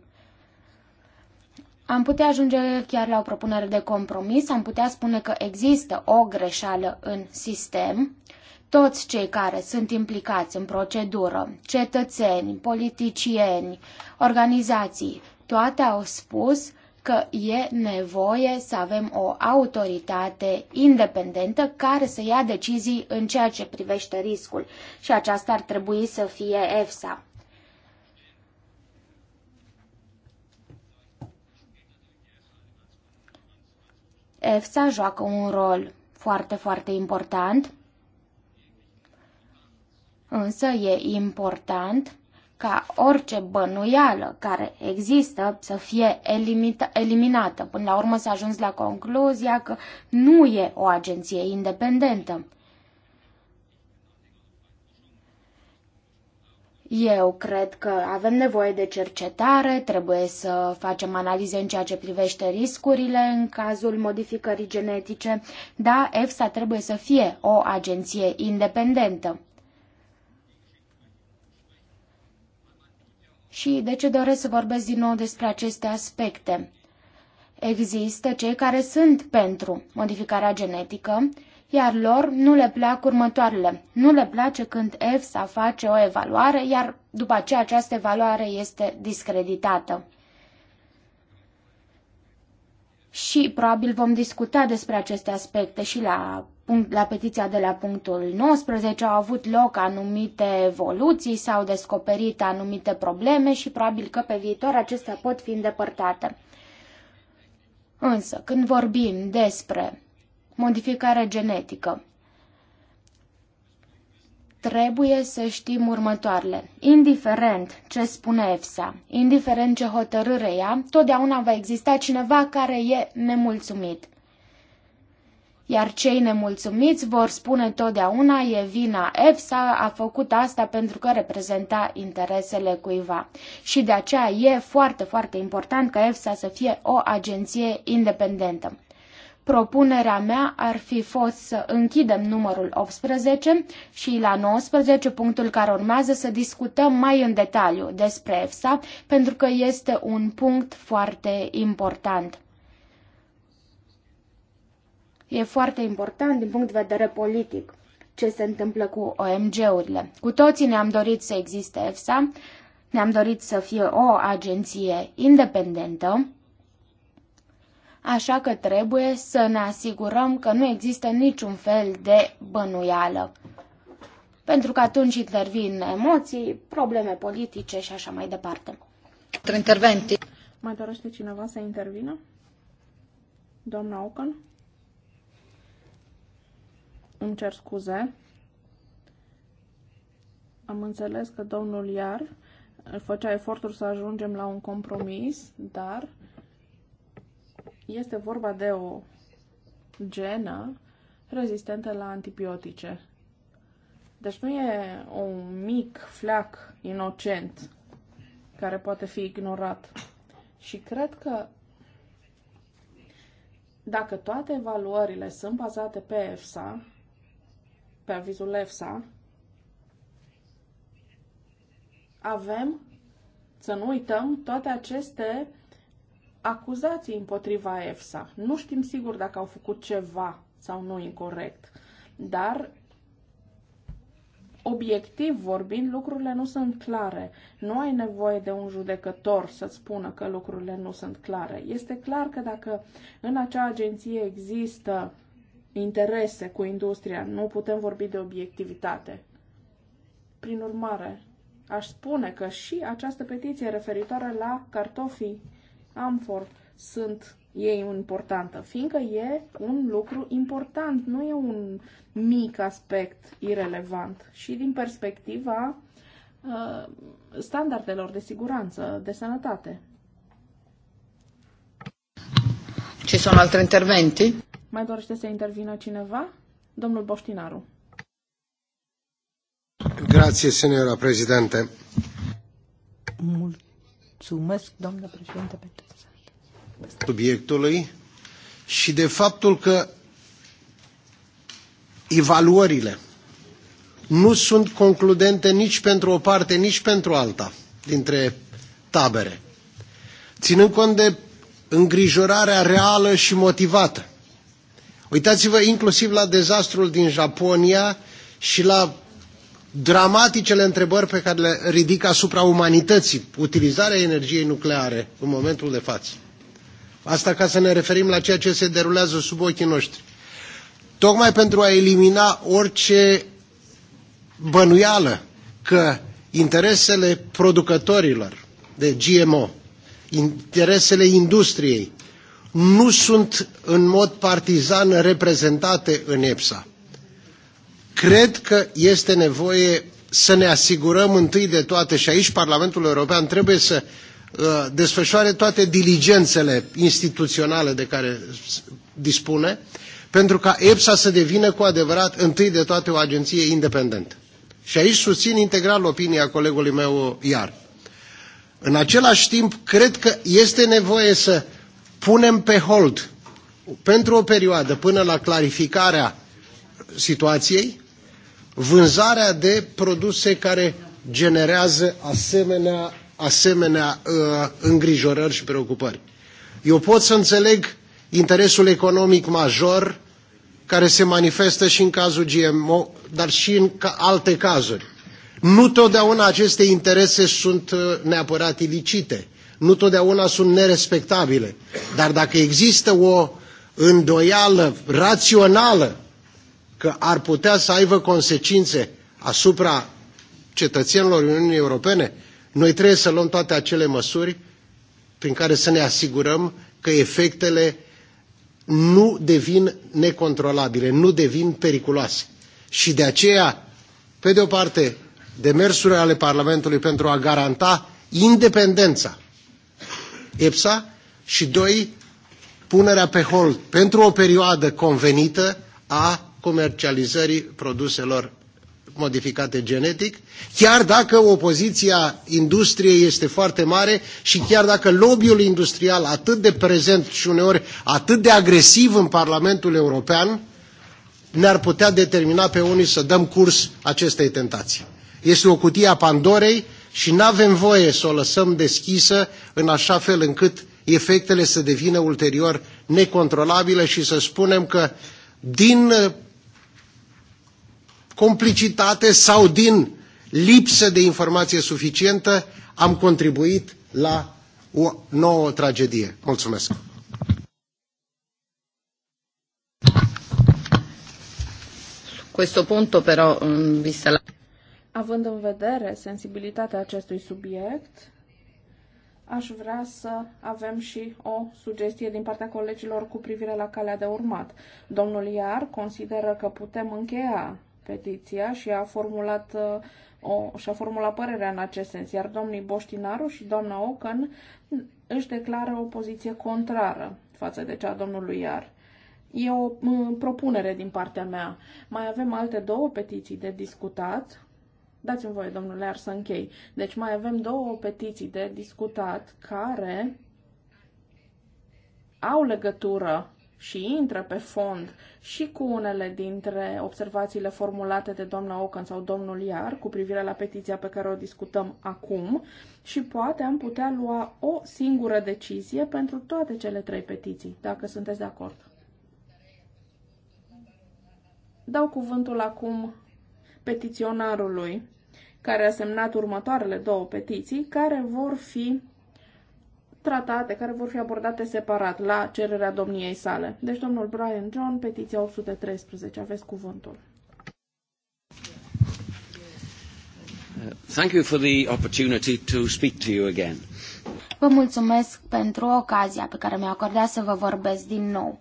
Am putea ajunge chiar la o propunere de compromis, am putea spune că există o greșeală în sistem, toți cei care sunt implicați în procedură, cetățeni, politicieni, organizații, toate au spus că e nevoie să avem o autoritate independentă care să ia decizii în ceea ce privește riscul și aceasta ar trebui să fie EFSA. EFSA joacă un rol foarte, foarte important, însă e important ca orice bănuială care există să fie eliminată. Până la urmă s-a ajuns la concluzia că nu e o agenție independentă. Eu cred că avem nevoie de cercetare, trebuie să facem analize în ceea ce privește riscurile în cazul modificării genetice, dar EFSA trebuie să fie o agenție independentă. și de ce doresc să vorbesc din nou despre aceste aspecte. Există cei care sunt pentru modificarea genetică, iar lor nu le plac următoarele. Nu le place când EFSA face o evaluare, iar după aceea această evaluare este discreditată. Și probabil vom discuta despre aceste aspecte și la punct, la petiția de la punctul 19 au avut loc anumite evoluții, s-au descoperit anumite probleme și probabil că pe viitor acestea pot fi îndepărtate. Însă, când vorbim despre modificare genetică, trebuie să știm următoarele. Indiferent ce spune EFSA, indiferent ce hotărâre ia, totdeauna va exista cineva care e nemulțumit. Iar cei nemulțumiți vor spune totdeauna e vina EFSA, a făcut asta pentru că reprezenta interesele cuiva. Și de aceea e foarte, foarte important ca EFSA să fie o agenție independentă. Propunerea mea ar fi fost să închidem numărul 18 și la 19, punctul care urmează, să discutăm mai în detaliu despre EFSA, pentru că este un punct foarte important. E foarte important din punct de vedere politic ce se întâmplă cu OMG-urile. Cu toții ne-am dorit să existe EFSA, ne-am dorit să fie o agenție independentă, așa că trebuie să ne asigurăm că nu există niciun fel de bănuială. Pentru că atunci intervin emoții, probleme politice și așa mai departe. Interventi. Mai dorește cineva să intervină? Doamna îmi cer scuze. Am înțeles că domnul Iar făcea eforturi să ajungem la un compromis, dar este vorba de o genă rezistentă la antibiotice. Deci nu e un mic flac inocent care poate fi ignorat. Și cred că dacă toate evaluările sunt bazate pe EFSA, pe avizul EFSA, avem, să nu uităm, toate aceste acuzații împotriva EFSA. Nu știm sigur dacă au făcut ceva sau nu incorrect, dar obiectiv vorbind, lucrurile nu sunt clare. Nu ai nevoie de un judecător să spună că lucrurile nu sunt clare. Este clar că dacă în acea agenție există interese cu industria, nu putem vorbi de obiectivitate. Prin urmare, aș spune că și această petiție referitoare la cartofii amfor sunt ei importantă, fiindcă e un lucru important, nu e un mic aspect irelevant. Și din perspectiva uh, standardelor de siguranță, de sănătate. Ci sono altri interventi? Mai dorește să intervină cineva? Domnul Boștinaru. Grazie, signora președinte. Mulțumesc, domnule președinte, pentru subiectului și de faptul că evaluările nu sunt concludente nici pentru o parte, nici pentru alta dintre tabere, ținând cont de îngrijorarea reală și motivată Uitați-vă inclusiv la dezastrul din Japonia și la dramaticele întrebări pe care le ridică asupra umanității utilizarea energiei nucleare în momentul de față. Asta ca să ne referim la ceea ce se derulează sub ochii noștri. Tocmai pentru a elimina orice bănuială că interesele producătorilor de GMO, interesele industriei, nu sunt în mod partizan reprezentate în EPSA. Cred că este nevoie să ne asigurăm întâi de toate și aici Parlamentul European trebuie să uh, desfășoare toate diligențele instituționale de care dispune, pentru ca EPSA să devină cu adevărat întâi de toate o agenție independentă. Și aici susțin integral opinia colegului meu Iar. În același timp, cred că este nevoie să punem pe hold pentru o perioadă până la clarificarea situației vânzarea de produse care generează asemenea, asemenea uh, îngrijorări și preocupări. Eu pot să înțeleg interesul economic major care se manifestă și în cazul GMO, dar și în alte cazuri. Nu totdeauna aceste interese sunt uh, neapărat ilicite nu totdeauna sunt nerespectabile. Dar dacă există o îndoială rațională că ar putea să aibă consecințe asupra cetățenilor Uniunii Europene, noi trebuie să luăm toate acele măsuri prin care să ne asigurăm că efectele nu devin necontrolabile, nu devin periculoase. Și de aceea, pe de o parte, demersurile ale Parlamentului pentru a garanta independența EPSA și doi, punerea pe hold pentru o perioadă convenită a comercializării produselor modificate genetic, chiar dacă opoziția industriei este foarte mare și chiar dacă lobby-ul industrial atât de prezent și uneori atât de agresiv în Parlamentul European ne-ar putea determina pe unii să dăm curs acestei tentații. Este o cutie a Pandorei și nu avem voie să o lăsăm deschisă în așa fel încât efectele să devină ulterior necontrolabile și să spunem că din uh, complicitate sau din lipsă de informație suficientă am contribuit la o nouă tragedie. Mulțumesc! Questo punto però, mm, vista la... Având în vedere sensibilitatea acestui subiect, aș vrea să avem și o sugestie din partea colegilor cu privire la calea de urmat. Domnul Iar consideră că putem încheia petiția și a formulat uh, o, și-a formulat părerea în acest sens, iar domnii Boștinaru și doamna Ocan își declară o poziție contrară față de cea domnului Iar. E o uh, propunere din partea mea. Mai avem alte două petiții de discutat Dați-mi voie, domnule Ar, să închei. Deci mai avem două petiții de discutat care au legătură și intră pe fond și cu unele dintre observațiile formulate de doamna Ocan sau domnul Iar cu privire la petiția pe care o discutăm acum și poate am putea lua o singură decizie pentru toate cele trei petiții, dacă sunteți de acord. Dau cuvântul acum petiționarului care a semnat următoarele două petiții, care vor fi tratate, care vor fi abordate separat la cererea domniei sale. Deci, domnul Brian John, petiția 813, aveți cuvântul. Thank you for the opportunity to speak to you again. Vă mulțumesc pentru ocazia pe care mi-a acordat să vă vorbesc din nou.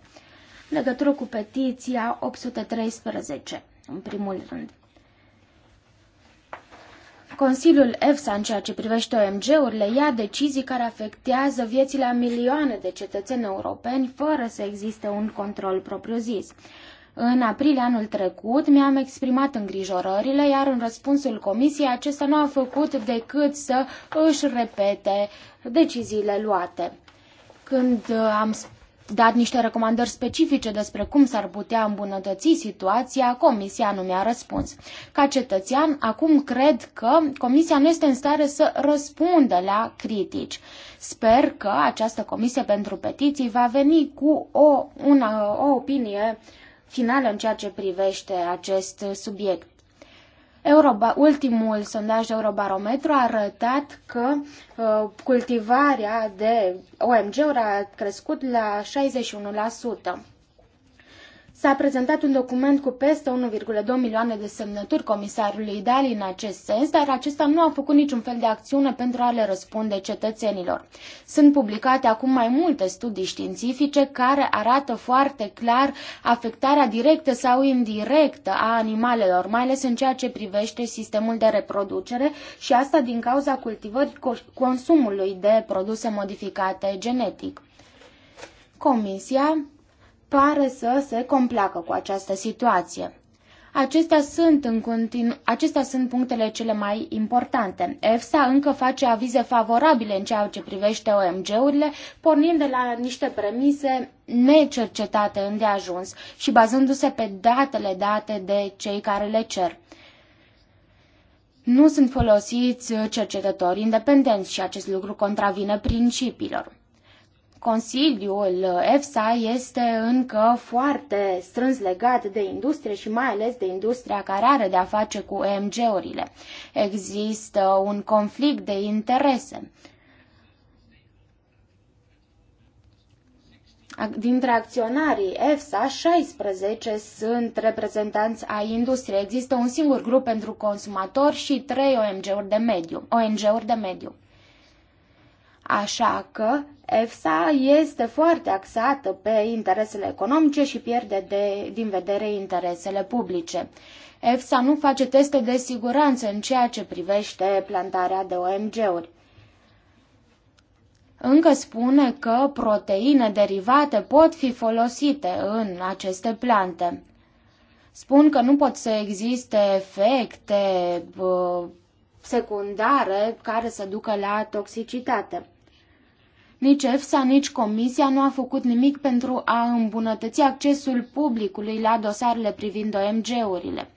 Legătură cu petiția 813, în primul rând. Consiliul EFSA în ceea ce privește OMG-urile ia decizii care afectează viețile a milioane de cetățeni europeni fără să existe un control propriu-zis. În aprilie anul trecut mi-am exprimat îngrijorările, iar în răspunsul comisiei acesta nu a făcut decât să își repete deciziile luate. Când am dat niște recomandări specifice despre cum s-ar putea îmbunătăți situația, Comisia nu mi-a răspuns. Ca cetățean, acum cred că Comisia nu este în stare să răspundă la critici. Sper că această Comisie pentru Petiții va veni cu o, una, o opinie finală în ceea ce privește acest subiect. Euroba, ultimul sondaj Eurobarometru a arătat că uh, cultivarea de OMG-uri a crescut la 61%. S-a prezentat un document cu peste 1,2 milioane de semnături comisarului Dali în acest sens, dar acesta nu a făcut niciun fel de acțiune pentru a le răspunde cetățenilor. Sunt publicate acum mai multe studii științifice care arată foarte clar afectarea directă sau indirectă a animalelor, mai ales în ceea ce privește sistemul de reproducere și asta din cauza cultivării consumului de produse modificate genetic. Comisia pare să se complacă cu această situație. Acestea sunt, în continu- acestea sunt punctele cele mai importante. EFSA încă face avize favorabile în ceea ce privește OMG-urile, pornind de la niște premise necercetate îndeajuns și bazându-se pe datele date de cei care le cer. Nu sunt folosiți cercetători independenți și acest lucru contravine principiilor. Consiliul uh, EFSA este încă foarte strâns legat de industrie și mai ales de industria care are de-a face cu OMG-urile. Există un conflict de interese. Dintre acționarii EFSA, 16 sunt reprezentanți ai industriei. Există un singur grup pentru consumatori și trei OMG-uri de mediu. ONG-uri de mediu. Așa că EFSA este foarte axată pe interesele economice și pierde de, din vedere interesele publice. EFSA nu face teste de siguranță în ceea ce privește plantarea de OMG-uri. Încă spune că proteine derivate pot fi folosite în aceste plante. Spun că nu pot să existe efecte uh, secundare care să ducă la toxicitate. Nici EFSA, nici Comisia nu a făcut nimic pentru a îmbunătăți accesul publicului la dosarele privind OMG-urile.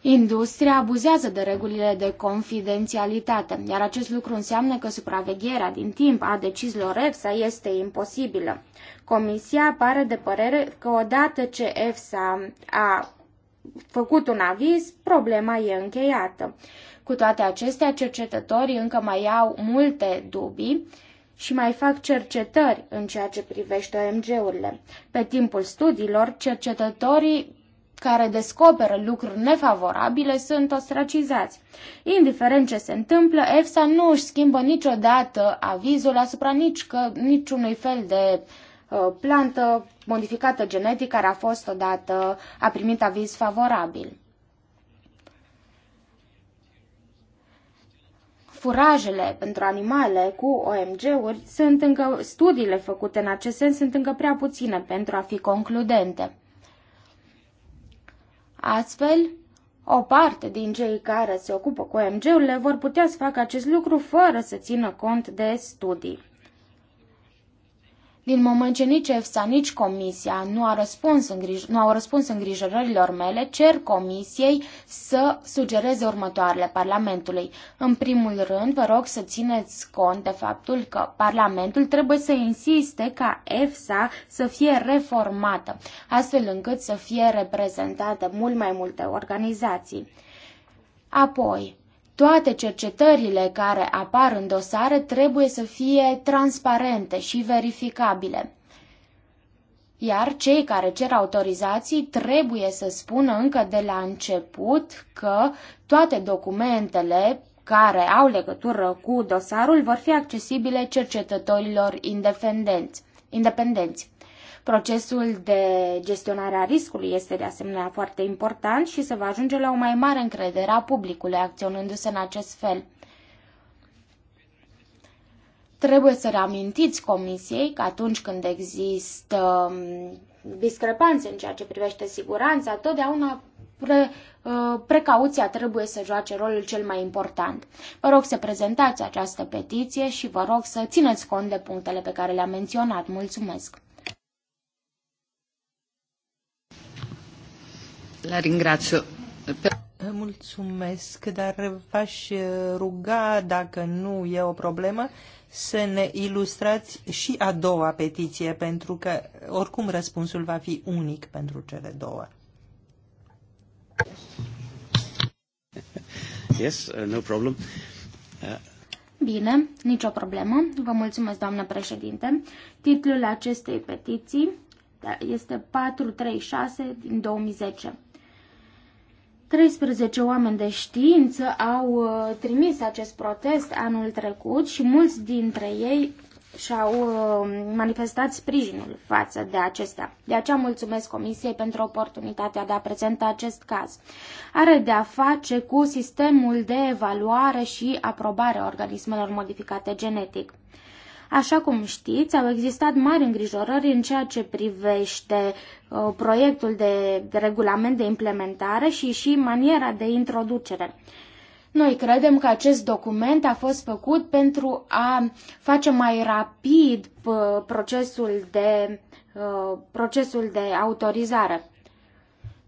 Industria abuzează de regulile de confidențialitate, iar acest lucru înseamnă că supravegherea din timp a deciziilor EFSA este imposibilă. Comisia pare de părere că odată ce EFSA a făcut un aviz, problema e încheiată. Cu toate acestea, cercetătorii încă mai au multe dubii și mai fac cercetări în ceea ce privește OMG-urile. Pe timpul studiilor, cercetătorii care descoperă lucruri nefavorabile sunt ostracizați. Indiferent ce se întâmplă, EFSA nu își schimbă niciodată avizul asupra nici că, niciunui fel de uh, plantă modificată genetic care a fost odată a primit aviz favorabil. furajele pentru animale cu OMG-uri, sunt încă, studiile făcute în acest sens sunt încă prea puține pentru a fi concludente. Astfel, o parte din cei care se ocupă cu OMG-urile vor putea să facă acest lucru fără să țină cont de studii. Din moment ce nici EFSA, nici Comisia nu, a răspuns îngrij- nu au răspuns îngrijorărilor mele, cer Comisiei să sugereze următoarele Parlamentului. În primul rând, vă rog să țineți cont de faptul că Parlamentul trebuie să insiste ca EFSA să fie reformată, astfel încât să fie reprezentate mult mai multe organizații. Apoi, toate cercetările care apar în dosare trebuie să fie transparente și verificabile. Iar cei care cer autorizații trebuie să spună încă de la început că toate documentele care au legătură cu dosarul vor fi accesibile cercetătorilor independenți. independenți. Procesul de gestionare a riscului este de asemenea foarte important și se va ajunge la o mai mare încredere a publicului acționându-se în acest fel. Trebuie să reamintiți Comisiei că atunci când există um, discrepanțe în ceea ce privește siguranța, totdeauna pre, uh, precauția trebuie să joace rolul cel mai important. Vă rog să prezentați această petiție și vă rog să țineți cont de punctele pe care le-am menționat. Mulțumesc! La ringrazio. Mulțumesc, dar v-aș ruga, dacă nu e o problemă, să ne ilustrați și a doua petiție, pentru că oricum răspunsul va fi unic pentru cele două. Yes, uh, no problem. Uh, Bine, nicio problemă. Vă mulțumesc, doamnă președinte. Titlul acestei petiții este 436 din 2010. 13 oameni de știință au uh, trimis acest protest anul trecut și mulți dintre ei și-au uh, manifestat sprijinul față de acestea. De aceea mulțumesc Comisiei pentru oportunitatea de a prezenta acest caz. Are de a face cu sistemul de evaluare și aprobare a organismelor modificate genetic. Așa cum știți, au existat mari îngrijorări în ceea ce privește uh, proiectul de regulament de implementare și și maniera de introducere. Noi credem că acest document a fost făcut pentru a face mai rapid uh, procesul de, uh, procesul de autorizare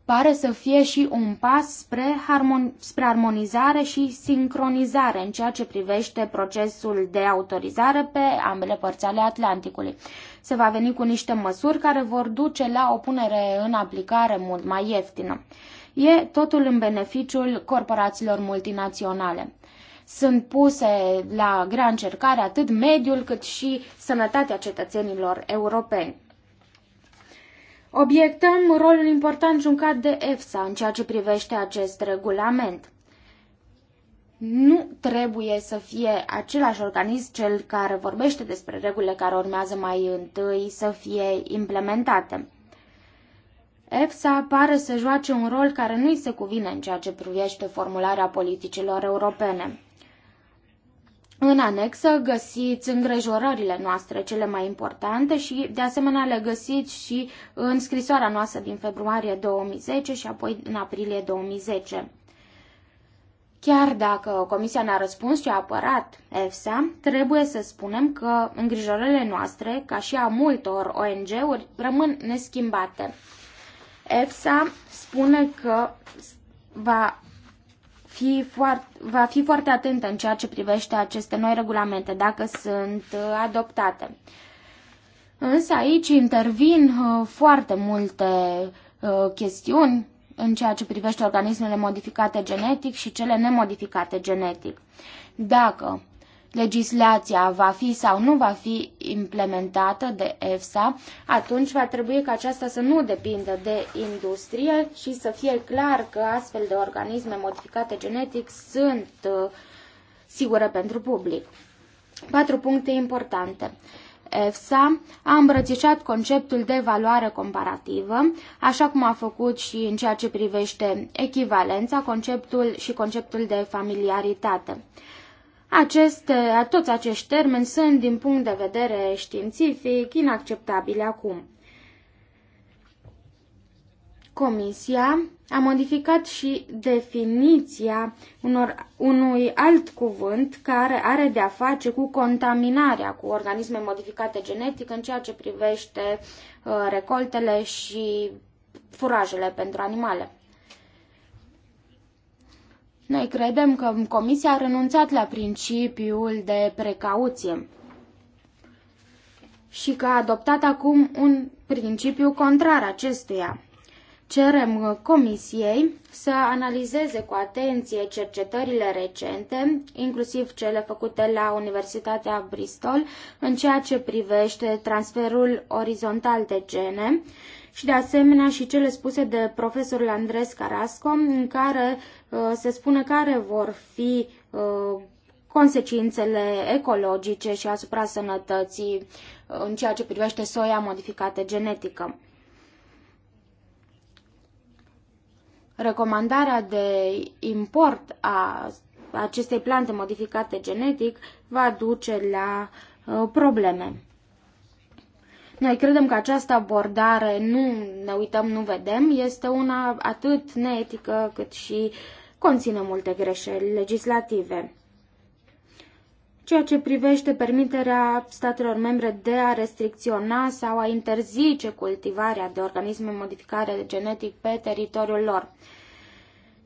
pare să fie și un pas spre, harmon- spre armonizare și sincronizare în ceea ce privește procesul de autorizare pe ambele părți ale Atlanticului. Se va veni cu niște măsuri care vor duce la o punere în aplicare mult mai ieftină. E totul în beneficiul corporațiilor multinaționale. Sunt puse la grea încercare atât mediul cât și sănătatea cetățenilor europeni. Obiectăm rolul important jucat de EFSA în ceea ce privește acest regulament. Nu trebuie să fie același organism cel care vorbește despre regulile care urmează mai întâi să fie implementate. EFSA pare să joace un rol care nu-i se cuvine în ceea ce privește formularea politicilor europene. În anexă găsiți îngrijorările noastre cele mai importante și de asemenea le găsiți și în scrisoarea noastră din februarie 2010 și apoi în aprilie 2010. Chiar dacă Comisia ne-a răspuns și a apărat EFSA, trebuie să spunem că îngrijorările noastre, ca și a multor ONG-uri, rămân neschimbate. EFSA spune că va fi foarte, va fi foarte atentă în ceea ce privește aceste noi regulamente, dacă sunt uh, adoptate. Însă aici intervin uh, foarte multe uh, chestiuni în ceea ce privește organismele modificate genetic și cele nemodificate genetic. Dacă legislația va fi sau nu va fi implementată de EFSA, atunci va trebui ca aceasta să nu depindă de industrie și să fie clar că astfel de organisme modificate genetic sunt uh, sigure pentru public. Patru puncte importante. EFSA a îmbrățișat conceptul de valoare comparativă, așa cum a făcut și în ceea ce privește echivalența conceptul și conceptul de familiaritate. Aceste, toți acești termeni sunt, din punct de vedere științific, inacceptabile acum. Comisia a modificat și definiția unor, unui alt cuvânt care are de-a face cu contaminarea cu organisme modificate genetic în ceea ce privește uh, recoltele și furajele pentru animale. Noi credem că Comisia a renunțat la principiul de precauție și că a adoptat acum un principiu contrar acestuia. Cerem Comisiei să analizeze cu atenție cercetările recente, inclusiv cele făcute la Universitatea Bristol, în ceea ce privește transferul orizontal de gene și de asemenea și cele spuse de profesorul Andres Carasco, în care Uh, se spune care vor fi uh, consecințele ecologice și asupra sănătății uh, în ceea ce privește soia modificată genetică. Recomandarea de import a acestei plante modificate genetic va duce la probleme. Noi credem că această abordare, nu ne uităm, nu vedem, este una atât neetică cât și conține multe greșeli legislative. Ceea ce privește permiterea statelor membre de a restricționa sau a interzice cultivarea de organisme modificare genetic pe teritoriul lor.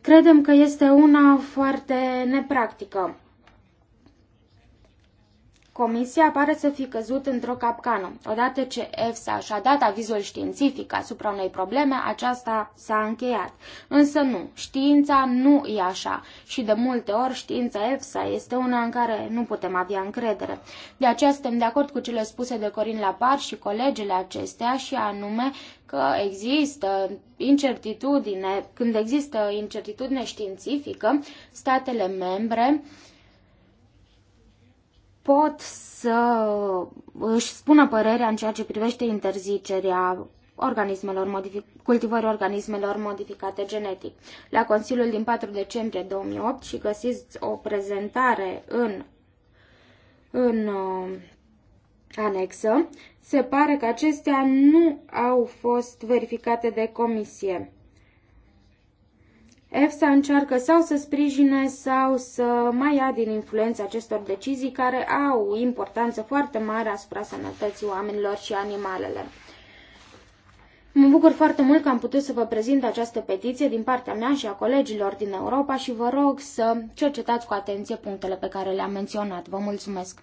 Credem că este una foarte nepractică. Comisia pare să fi căzut într-o capcană. Odată ce EFSA și-a dat avizul științific asupra unei probleme, aceasta s-a încheiat. Însă nu, știința nu e așa și de multe ori știința EFSA este una în care nu putem avea încredere. De aceea suntem de acord cu cele spuse de Corin Lapar și colegele acestea și anume că există incertitudine, când există incertitudine științifică, statele membre uh, pot să își spună părerea în ceea ce privește interzicerea organismelor modific- cultivării organismelor modificate genetic. La Consiliul din 4 decembrie 2008 și găsiți o prezentare în, în uh, anexă, se pare că acestea nu au fost verificate de comisie. EFSA încearcă sau să sprijine sau să mai ia din influența acestor decizii care au importanță foarte mare asupra sănătății oamenilor și animalelor. Mă bucur foarte mult că am putut să vă prezint această petiție din partea mea și a colegilor din Europa și vă rog să cercetați cu atenție punctele pe care le-am menționat. Vă mulțumesc!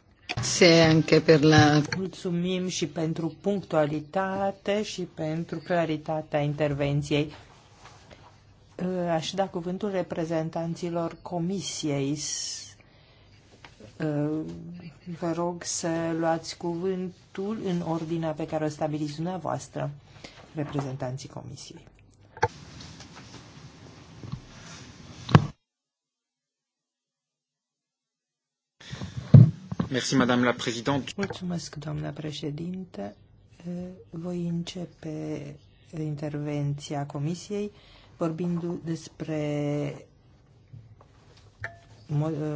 Mulțumim și pentru punctualitate și pentru claritatea intervenției. Aș da cuvântul reprezentanților comisiei. Vă rog să luați cuvântul în ordinea pe care o stabiliți dumneavoastră, reprezentanții comisiei. Merci, Madame la Présidente. Mulțumesc, doamna președinte. Voi începe intervenția comisiei vorbind despre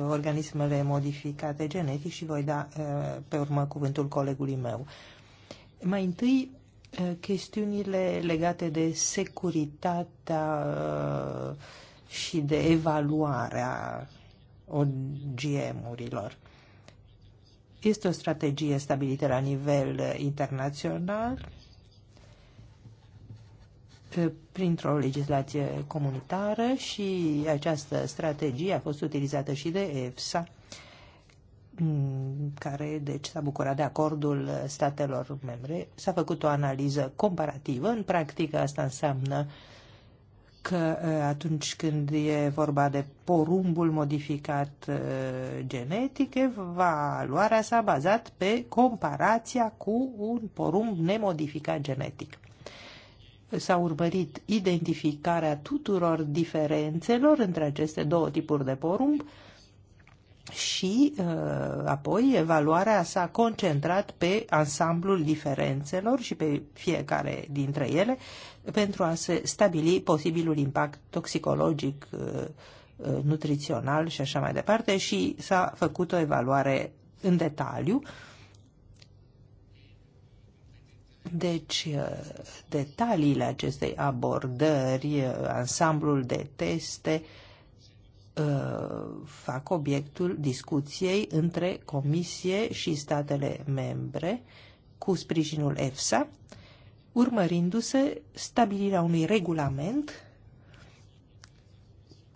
organismele modificate genetic și voi da eh, pe urmă cuvântul colegului meu. Mai întâi, eh, chestiunile legate de securitatea eh, și de evaluarea OGM-urilor. Este o strategie stabilită la nivel internațional Eh, printr-o legislație comunitară și această strategie a fost utilizată și de EFSA, mm, care deci s-a bucurat de acordul statelor membre. S-a făcut o analiză comparativă. În practică asta înseamnă că eh, atunci când e vorba de porumbul modificat eh, genetic, evaluarea s-a bazat pe comparația cu un porumb nemodificat genetic s-a urmărit identificarea tuturor diferențelor între aceste două tipuri de porumb și uh, apoi evaluarea s-a concentrat pe ansamblul diferențelor și pe fiecare dintre ele pentru a se stabili posibilul impact toxicologic, uh, uh, nutrițional și așa mai departe și s-a făcut o evaluare în detaliu deci, uh, detaliile acestei abordări, uh, ansamblul de teste, uh, fac obiectul discuției între Comisie și statele membre cu sprijinul EFSA, urmărindu-se stabilirea unui regulament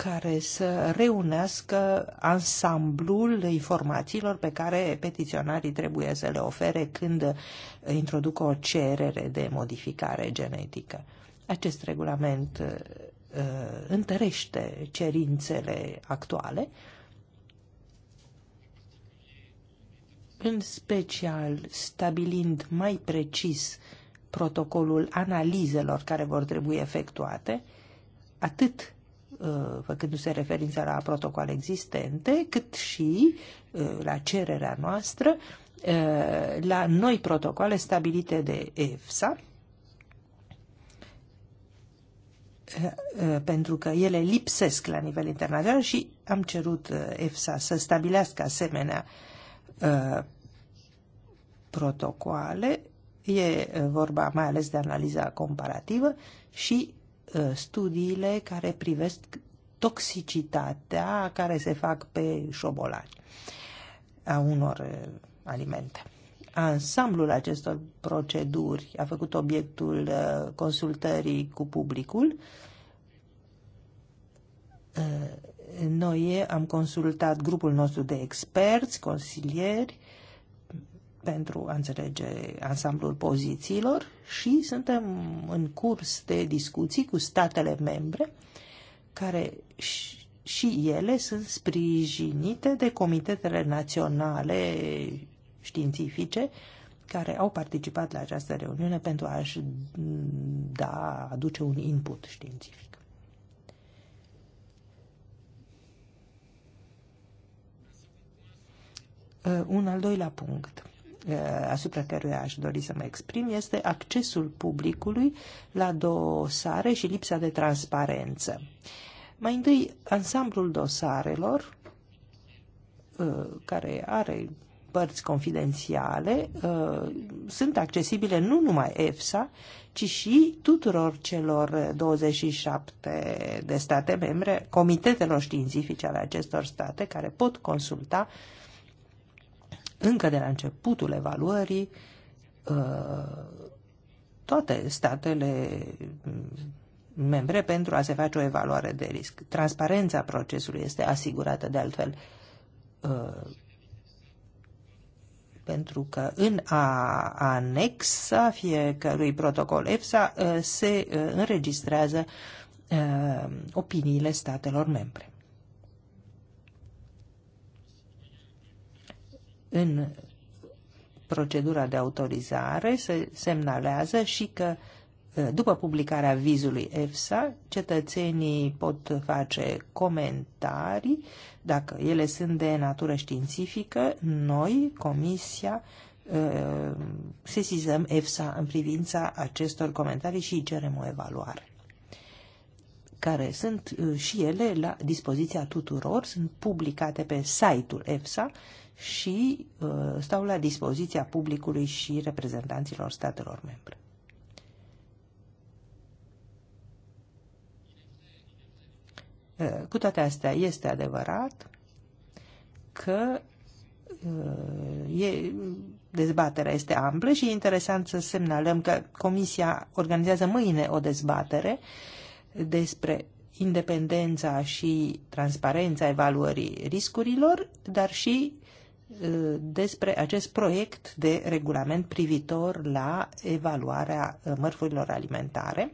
care să reunească ansamblul informațiilor pe care petiționarii trebuie să le ofere când introduc o cerere de modificare genetică. Acest regulament uh, uh întărește cerințele actuale, în special stabilind mai precis protocolul analizelor care vor trebui efectuate, atât Uh, făcându-se referință la protocoale existente, cât și uh, la cererea noastră uh, la noi protocoale stabilite de EFSA, pentru că ele lipsesc la nivel internațional și am cerut EFSA să stabilească asemenea protocoale. E vorba mai ales de analiza comparativă și Uh, studiile care privesc toxicitatea care se fac pe șobolani a unor uh, alimente. Ansamblul acestor proceduri a făcut obiectul uh, consultării cu publicul. Noi am consultat grupul nostru de experți, consilieri, pentru a înțelege ansamblul pozițiilor și suntem în curs de discuții cu statele membre care și ele sunt sprijinite de comitetele naționale științifice care au participat la această reuniune pentru a-și da, aduce un input științific. Uh, un al doilea punct. Eh, asupra căruia aș dori să mă exprim este accesul publicului la dosare și lipsa de transparență. Mai întâi, ansamblul dosarelor, eh, care are părți confidențiale, eh, sunt accesibile nu numai EFSA, ci și tuturor celor 27 de state membre, comitetelor științifice ale acestor state, care pot consulta uh, încă de la începutul evaluării, uh, toate statele mm, membre pentru a se face o evaluare de risc. Transparența procesului este asigurată de altfel uh, pentru că în a anexa fiecărui protocol EFSA uh, se înregistrează opiniile statelor membre. în procedura de autorizare se semnalează și că după publicarea vizului EFSA, cetățenii pot face comentarii. Dacă ele sunt de natură științifică, noi, Comisia, sesizăm EFSA în privința acestor comentarii și cerem o evaluare care sunt și ele la dispoziția tuturor, sunt publicate pe site-ul EFSA și uh, stau la dispoziția publicului și reprezentanților statelor membre. Uh, cu toate astea, este adevărat că uh, e, dezbaterea este amplă și e interesant să semnalăm că Comisia organizează mâine o dezbatere despre independența și transparența evaluării riscurilor, dar și despre acest proiect de regulament privitor la evaluarea mărfurilor alimentare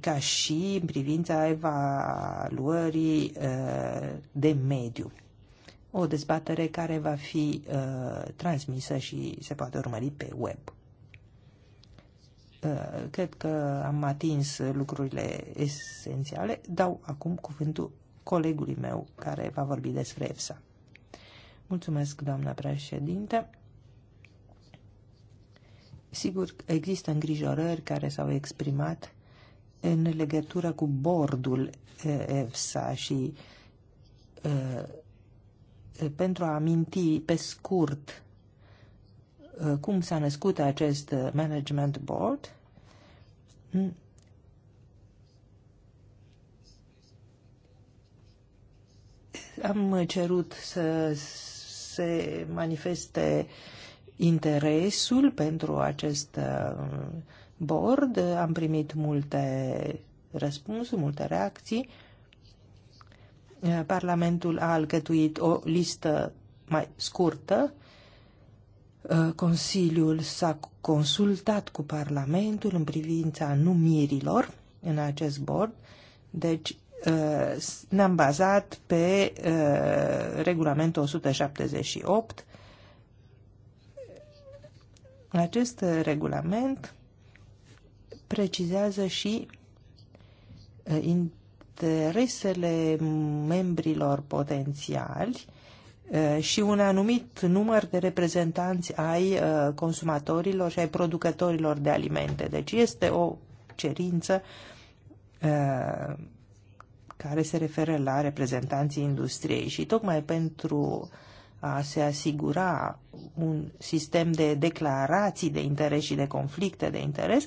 ca și în privința evaluării de mediu. O dezbatere care va fi transmisă și se poate urmări pe web. Cred că am atins lucrurile esențiale. Dau acum cuvântul colegului meu care va vorbi despre EFSA. Mulțumesc, doamna președinte. Sigur, există îngrijorări care s-au exprimat în legătură cu bordul EFSA și pentru a aminti pe scurt cum s-a născut acest management board, am cerut să se manifeste interesul pentru acest uh, board. Am primit multe răspunsuri, multe reacții. Parlamentul a alcătuit o listă mai scurtă. Uh, Consiliul s-a consultat cu Parlamentul în privința numirilor în acest board. Deci Uh, ne-am bazat pe uh, regulamentul 178. Acest regulament precizează și uh, interesele membrilor potențiali și un anumit număr de reprezentanți ai consumatorilor și ai producătorilor de alimente. Deci este o cerință care se referă la reprezentanții industriei și tocmai pentru a se asigura un sistem de declarații de interes și de conflicte de interes,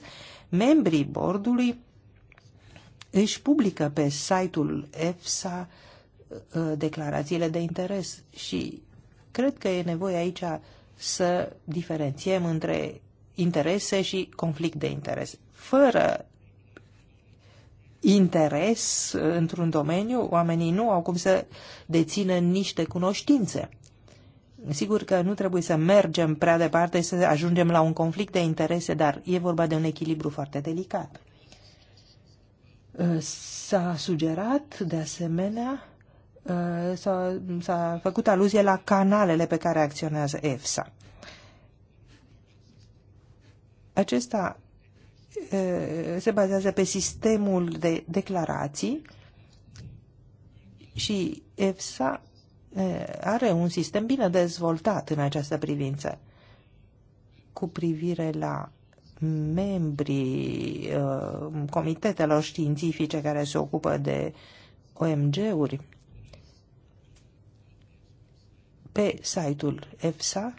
membrii bordului își publică pe site-ul EFSA uh, declarațiile de interes și cred că e nevoie aici să diferențiem între interese și conflict de interes. Fără interes într-un domeniu, oamenii nu au cum să dețină niște cunoștințe. Sigur că nu trebuie să mergem prea departe, să ajungem la un conflict de interese, dar e vorba de un echilibru foarte delicat. S-a sugerat, de asemenea, s-a, făcut aluzie la canalele pe care acționează EFSA. Acesta se bazează pe sistemul de declarații și EFSA are un sistem bine dezvoltat în această privință cu privire la membrii comitetelor științifice care se ocupă de OMG-uri pe site-ul EFSA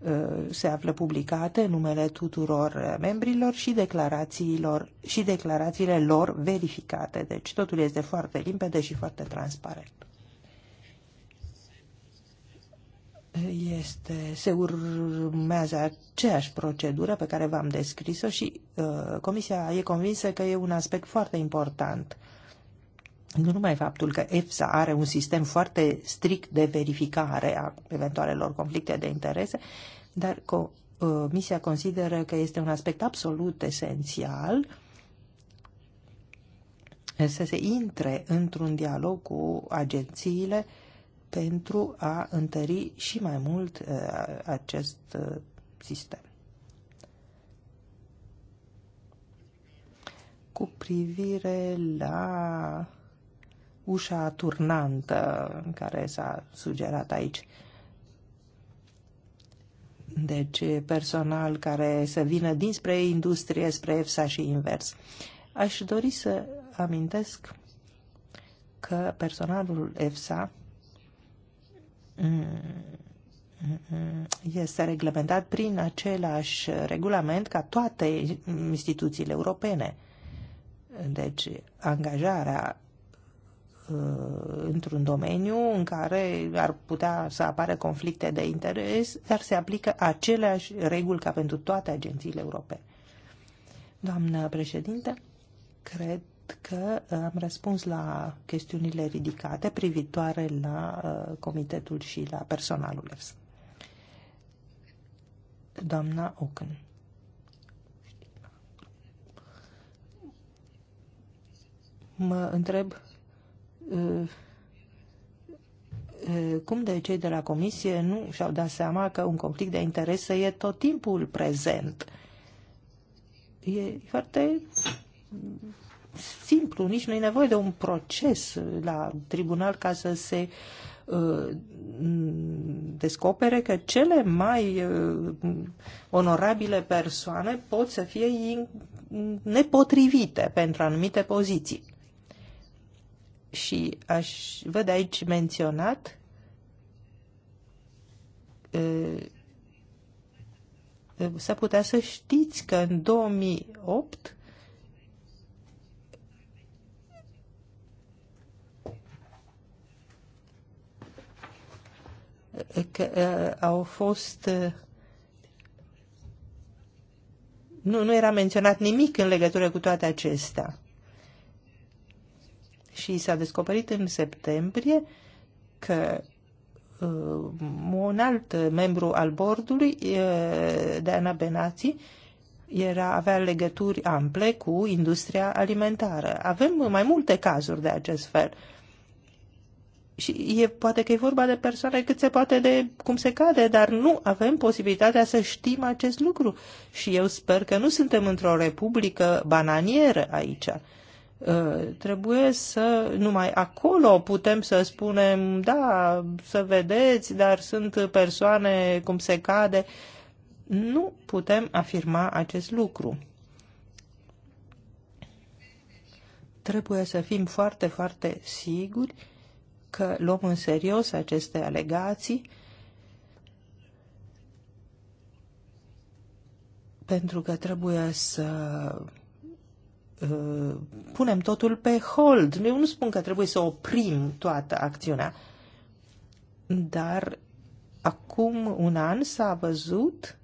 Uh, se află publicate numele tuturor uh, membrilor și, declarațiilor, și declarațiile lor verificate. Deci totul este foarte limpede și foarte transparent. Este, se urmează aceeași procedură pe care v-am descris-o și uh, Comisia e convinsă că e un aspect foarte important uh, nu numai faptul că EFSA are un sistem foarte strict de verificare a eventualelor conflicte de interese, dar uh, misia consideră că este un aspect absolut esențial să se intre într-un dialog cu agențiile pentru a întări și mai mult uh, acest uh, sistem. Cu privire la ușa turnantă care s-a sugerat aici. Deci personal care să vină dinspre industrie, spre EFSA și invers. Aș dori să amintesc că personalul EFSA mm, mm, este reglementat prin același regulament ca toate instituțiile europene. Deci, angajarea Uh, într-un domeniu în care ar putea să apară conflicte de interes, dar se aplică aceleași reguli ca pentru toate agențiile europene. Doamnă președinte, cred că am răspuns la chestiunile ridicate privitoare la uh, comitetul și la personalul EFSA. Doamna Ocân. Mă întreb cum de cei de la comisie nu și-au dat seama că un conflict de interese e tot timpul prezent. E foarte simplu, nici nu e nevoie de un proces la tribunal ca să se uh, descopere că cele mai uh, onorabile persoane pot să fie nepotrivite pentru anumite poziții și aș văd aici menționat să putea să știți că în 2008 că au fost nu, nu era menționat nimic în legătură cu toate acestea și s-a descoperit în septembrie că uh, un alt membru al bordului, uh, Diana Benazzi, era, avea legături ample cu industria alimentară. Avem mai multe cazuri de acest fel. Și e, poate că e vorba de persoane cât se poate de cum se cade, dar nu avem posibilitatea să știm acest lucru. Și eu sper că nu suntem într-o republică bananieră aici. Uh, trebuie să, numai acolo putem să spunem, da, să vedeți, dar sunt persoane cum se cade. Nu putem afirma acest lucru. Trebuie să fim foarte, foarte siguri că luăm în serios aceste alegații pentru că trebuie să Uh, punem totul pe hold. Eu nu spun că trebuie să oprim toată acțiunea, dar acum un an s-a văzut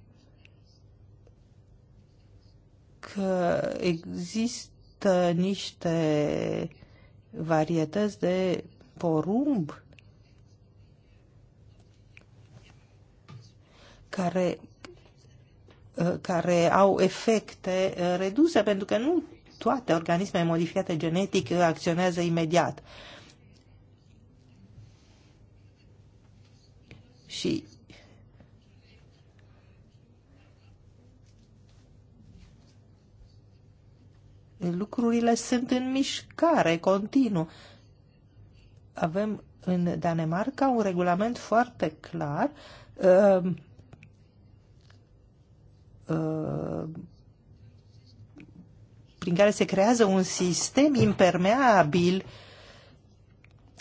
că există niște varietăți de porumb care uh, care au efecte uh, reduse, pentru că nu toate organismele modificate genetic acționează imediat. Și lucrurile sunt în mișcare continuu. Avem în Danemarca un regulament foarte clar uh, uh, prin care se creează un sistem impermeabil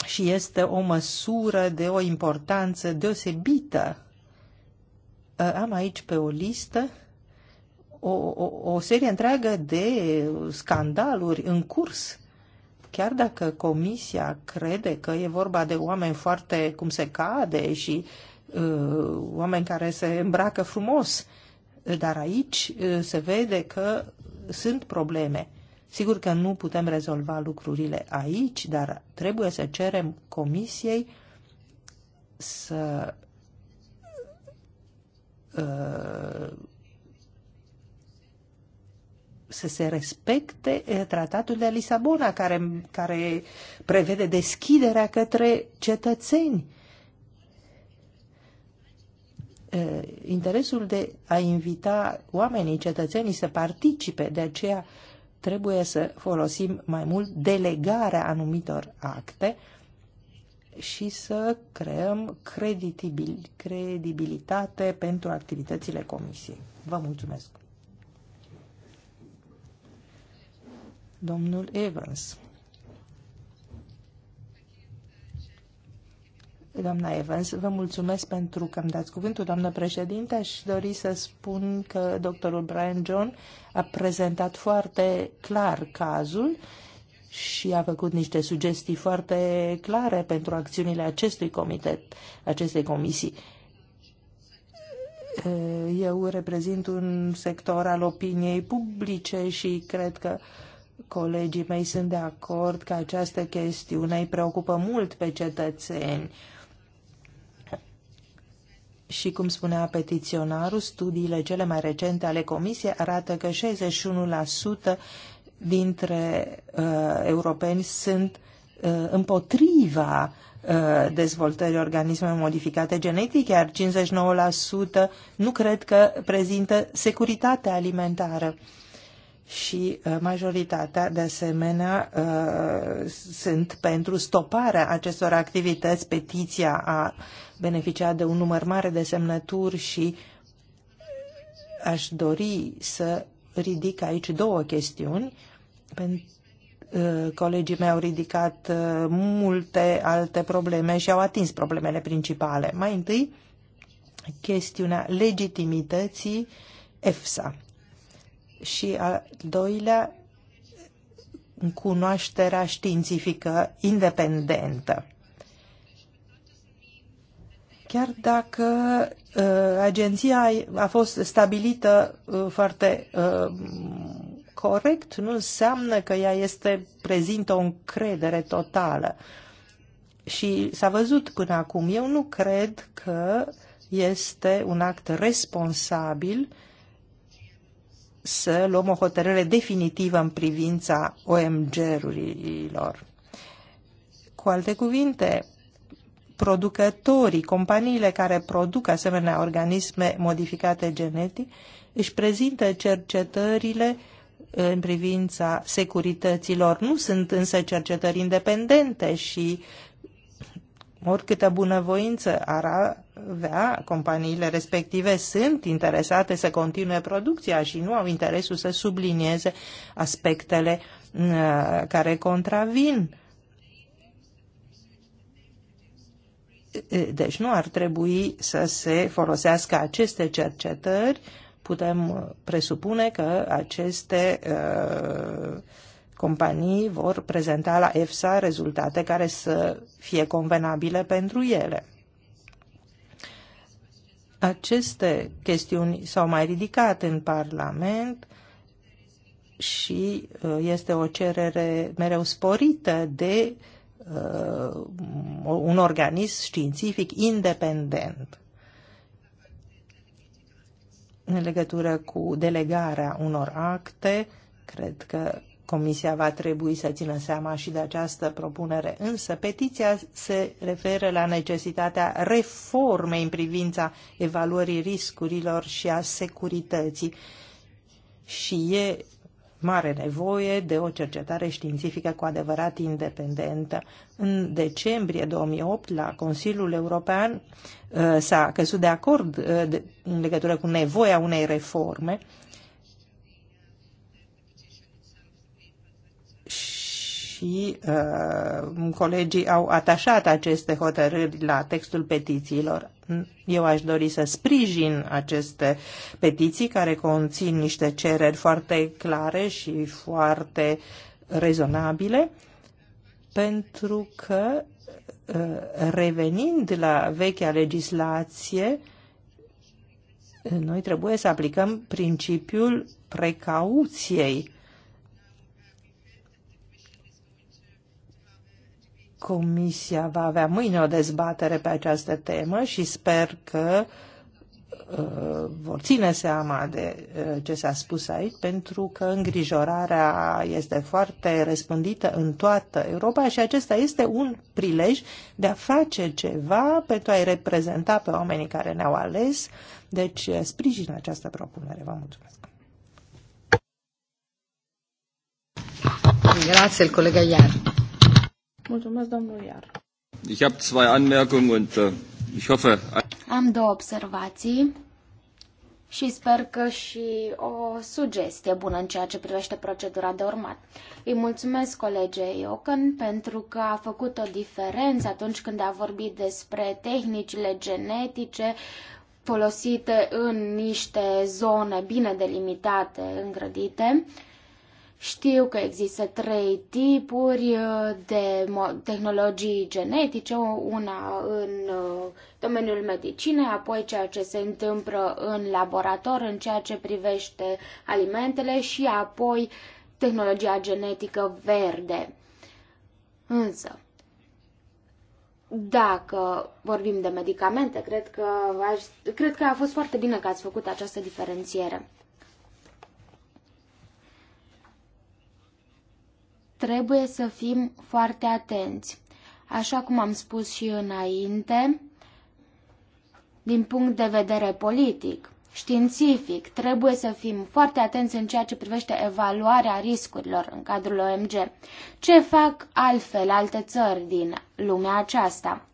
și este o măsură de o importanță deosebită. Uh, am aici pe o listă o, o, o serie întreagă de scandaluri în curs. Chiar dacă comisia crede că e vorba de oameni foarte cum se cade și uh, oameni care se îmbracă frumos, dar aici uh, se vede că sunt probleme. Sigur că nu putem rezolva lucrurile aici, dar trebuie să cerem comisiei să uh, să se respecte uh, tratatul de Lisabona, care, care prevede deschiderea către cetățeni interesul de a invita oamenii, cetățenii să participe, de aceea trebuie să folosim mai mult delegarea anumitor acte și să creăm credibil, credibilitate pentru activitățile comisiei. Vă mulțumesc! Domnul Evans Doamna Evans, vă mulțumesc pentru că îmi dați cuvântul, doamnă președinte. Aș dori să spun că doctorul Brian John a prezentat foarte clar cazul și a făcut niște sugestii foarte clare pentru acțiunile acestui comitet, acestei comisii. Eu reprezint un sector al opiniei publice și cred că colegii mei sunt de acord că această chestiune îi preocupă mult pe cetățeni și cum spunea petiționarul, studiile cele mai recente ale Comisiei arată că 61% dintre uh, europeni sunt uh, împotriva uh, dezvoltării organismelor modificate genetic, iar 59% nu cred că prezintă securitatea alimentară. Uh, și uh, majoritatea, de asemenea, uh, sunt pentru stoparea acestor activități. Petiția a beneficiat de un număr mare de semnături și aș dori să ridic aici două chestiuni. Uh, colegii mei au ridicat multe alte probleme și au atins problemele principale. Mai întâi, chestiunea legitimității EFSA și al doilea, cunoașterea științifică independentă. Chiar dacă uh, agenția a fost stabilită uh, foarte uh, corect, nu înseamnă că ea este prezintă o încredere totală. Și s-a văzut până acum. Eu nu cred că este un act responsabil uh, să luăm o hotărâre definitivă în privința OMG-urilor. Cu alte cuvinte, producătorii, companiile care produc asemenea organisme modificate genetic, își prezintă cercetările în privința securităților. Nu sunt însă cercetări independente și oricâtă bunăvoință ar avea, companiile respective sunt interesate să continue producția și nu au interesul să sublinieze aspectele uh, care contravin. Uh, deci nu ar trebui să se folosească aceste cercetări. Putem uh, presupune că aceste companii vor prezenta la EFSA rezultate care să fie convenabile pentru ele. Aceste chestiuni s-au mai ridicat în Parlament și uh, este o cerere mereu sporită de uh, un organism științific independent în legătură cu delegarea unor acte, cred că Comisia va trebui să țină seama și de această propunere, însă petiția se referă la necesitatea reformei în privința evaluării riscurilor și a securității și e mare nevoie de o cercetare științifică cu adevărat independentă. În decembrie 2008, la Consiliul European, uh, s-a căzut de acord uh, în legătură cu nevoia unei reforme și uh, colegii au atașat aceste hotărâri la textul petițiilor. Eu aș dori să sprijin aceste petiții care conțin niște cereri foarte clare și foarte rezonabile pentru că uh, revenind la vechea legislație noi trebuie să aplicăm principiul precauției Comisia va avea mâine o dezbatere pe această temă și sper că uh, vor ține seama de uh, ce s-a spus aici, pentru că îngrijorarea este foarte răspândită în toată Europa și acesta este un prilej de a face ceva pentru a-i reprezenta pe oamenii care ne-au ales. Deci uh, sprijin această propunere. Vă mulțumesc. Grazie, il collega Iar. Mulțumesc, domnul Iar. Ich habe zwei Anmerkungen und uh, ich hoffe... Am două observații și sper că și o sugestie bună în ceea ce privește procedura de urmat. Îi mulțumesc colegei ocan pentru că a făcut o diferență atunci când a vorbit despre tehnicile genetice folosite în niște zone bine delimitate, îngrădite, știu că există trei tipuri uh, de tehnologii genetice, una în uh, domeniul medicinei, apoi ceea ce se întâmplă în laborator în ceea ce privește alimentele și apoi tehnologia genetică verde. Însă, dacă vorbim de medicamente, cred că, aș, cred că a fost foarte bine că ați făcut această diferențiere. trebuie să fim foarte atenți. Așa cum am spus și înainte, din punct de vedere politic, științific, trebuie să fim foarte atenți în ceea ce privește evaluarea riscurilor în cadrul OMG. Ce fac altfel alte țări din lumea aceasta?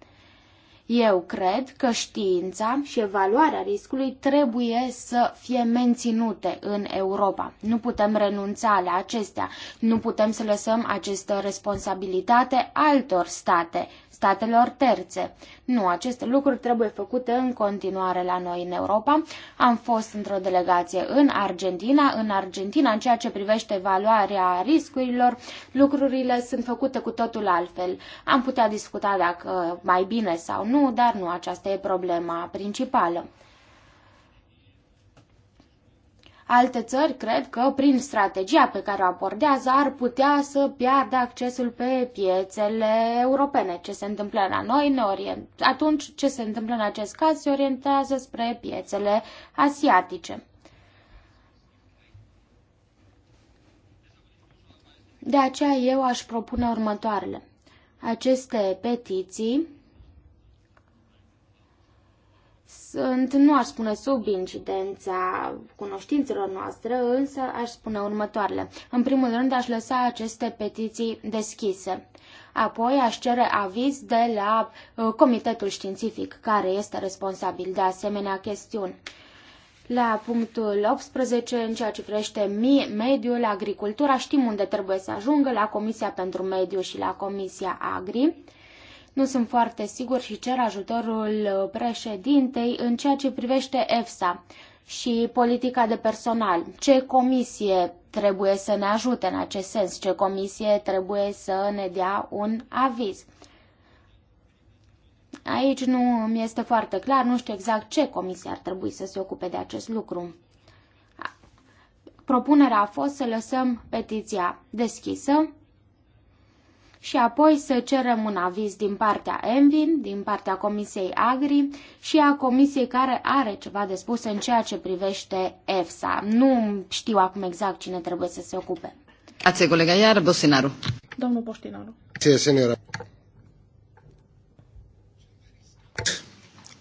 Eu cred că știința și evaluarea riscului trebuie să fie menținute în Europa. Nu putem renunța la acestea, nu putem să lăsăm această responsabilitate altor state statelor terțe. Nu, aceste lucruri trebuie făcute în continuare la noi în Europa. Am fost într-o delegație în Argentina. În Argentina, în ceea ce privește valoarea riscurilor, lucrurile sunt făcute cu totul altfel. Am putea discuta dacă mai bine sau nu, dar nu aceasta e problema principală. Alte țări cred că, prin strategia pe care o abordează, ar putea să piardă accesul pe piețele europene. Ce se întâmplă la noi ne orient... Atunci, ce se întâmplă în acest caz se orientează spre piețele asiatice. De aceea eu aș propune următoarele. Aceste petiții sunt, nu aș spune sub incidența cunoștințelor noastre, însă aș spune următoarele. În primul rând, aș lăsa aceste petiții deschise. Apoi aș cere aviz de la uh, comitetul științific, care este responsabil de asemenea chestiuni. La punctul 18, în ceea ce privește mediul, agricultura, știm unde trebuie să ajungă, la Comisia pentru Mediu și la Comisia Agri. Nu sunt foarte sigur și cer ajutorul uh, președintei în ceea ce privește EFSA și politica de personal. Ce comisie trebuie să ne ajute în acest sens? Ce comisie trebuie să ne dea un aviz? Aici nu mi este foarte clar, nu știu exact ce comisie ar trebui să se ocupe de acest lucru. Propunerea a fost să lăsăm petiția deschisă și apoi să cerem un aviz din partea ENVI, din partea Comisiei Agri și a Comisiei care are ceva de spus în ceea ce privește EFSA. Nu știu acum exact cine trebuie să se ocupe. Ați colega Iar Bosinaru. Domnul Bostinaru. Ție, senioră.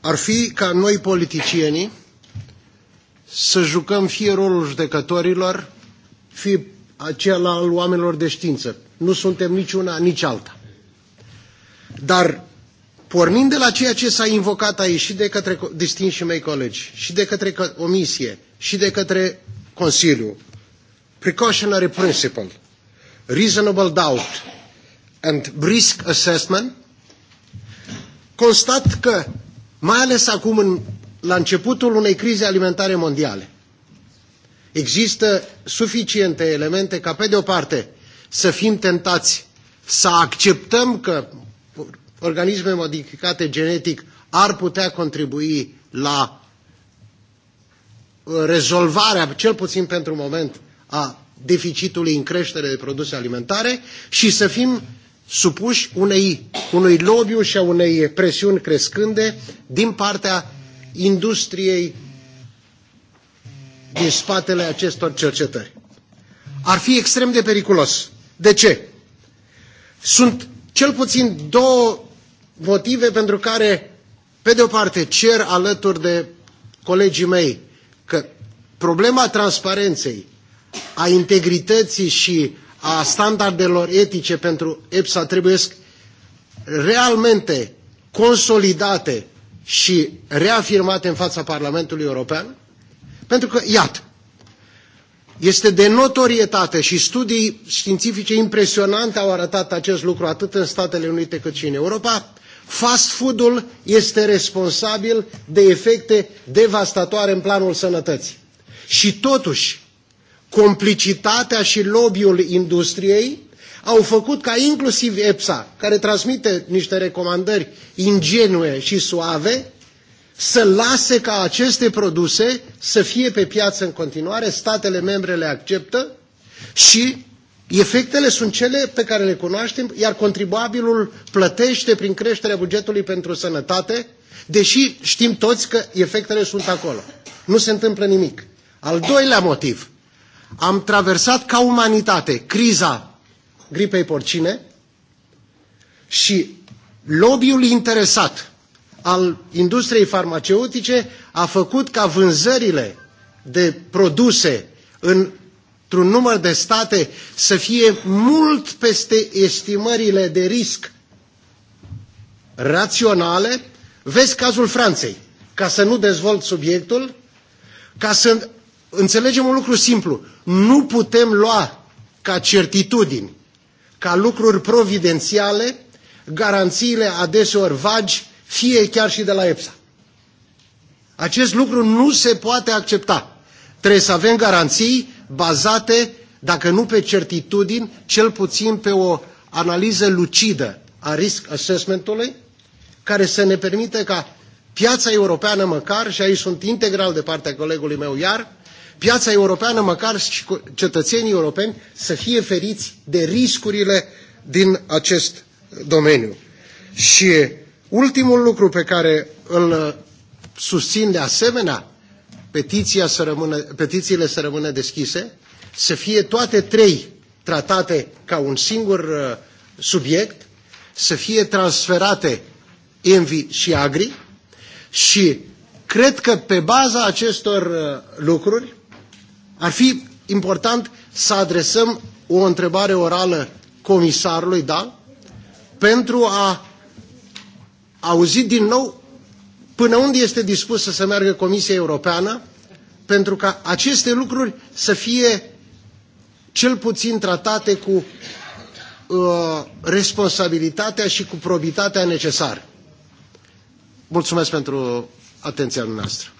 Ar fi ca noi politicienii să jucăm fie rolul judecătorilor, fie acela al oamenilor de știință nu suntem nici una, nici alta. Dar pornind de la ceea ce s-a invocat aici și de către distinși mei colegi, și de către Comisie, și de către Consiliu, precautionary principle, reasonable doubt and risk assessment, constat că, mai ales acum în, la începutul unei crize alimentare mondiale, există suficiente elemente ca, pe de o parte, să fim tentați să acceptăm că organisme modificate genetic ar putea contribui la rezolvarea, cel puțin pentru moment, a deficitului în creștere de produse alimentare și să fim supuși unei, unui lobby și a unei presiuni crescânde din partea industriei din spatele acestor cercetări. Ar fi extrem de periculos de ce? Sunt cel puțin două motive pentru care, pe de o parte, cer alături de colegii mei că problema transparenței, a integrității și a standardelor etice pentru EPSA trebuie realmente consolidate și reafirmate în fața Parlamentului European, pentru că, iată, este de notorietate și studii științifice impresionante au arătat acest lucru atât în Statele Unite cât și în Europa. Fast food-ul este responsabil de efecte devastatoare în planul sănătății. Și totuși, complicitatea și lobby-ul industriei au făcut ca inclusiv EPSA, care transmite niște recomandări ingenue și suave, să lase ca aceste produse să fie pe piață în continuare, statele membre le acceptă și efectele sunt cele pe care le cunoaștem, iar contribuabilul plătește prin creșterea bugetului pentru sănătate, deși știm toți că efectele sunt acolo. Nu se întâmplă nimic. Al doilea motiv. Am traversat ca umanitate criza gripei porcine și lobby-ul interesat al industriei farmaceutice a făcut ca vânzările de produse într-un număr de state să fie mult peste estimările de risc raționale. Vezi cazul Franței, ca să nu dezvolt subiectul, ca să înțelegem un lucru simplu. Nu putem lua ca certitudini, ca lucruri providențiale, garanțiile adeseori vagi fie chiar și de la EPSA. Acest lucru nu se poate accepta. Trebuie să avem garanții bazate, dacă nu pe certitudini, cel puțin pe o analiză lucidă a risk assessment-ului, care să ne permite ca piața europeană măcar, și aici sunt integral de partea colegului meu iar, piața europeană măcar și cetățenii europeni să fie feriți de riscurile din acest domeniu. Și Ultimul lucru pe care îl uh, susțin de asemenea, petiția să rămână, petițiile să rămână deschise, să fie toate trei tratate ca un singur uh, subiect, să fie transferate Envi și Agri și cred că pe baza acestor uh, lucruri ar fi important să adresăm o întrebare orală comisarului, da, pentru a auzit din nou până unde este dispusă să meargă Comisia Europeană pentru ca aceste lucruri să fie cel puțin tratate cu uh, responsabilitatea și cu probitatea necesară. Mulțumesc pentru atenția noastră.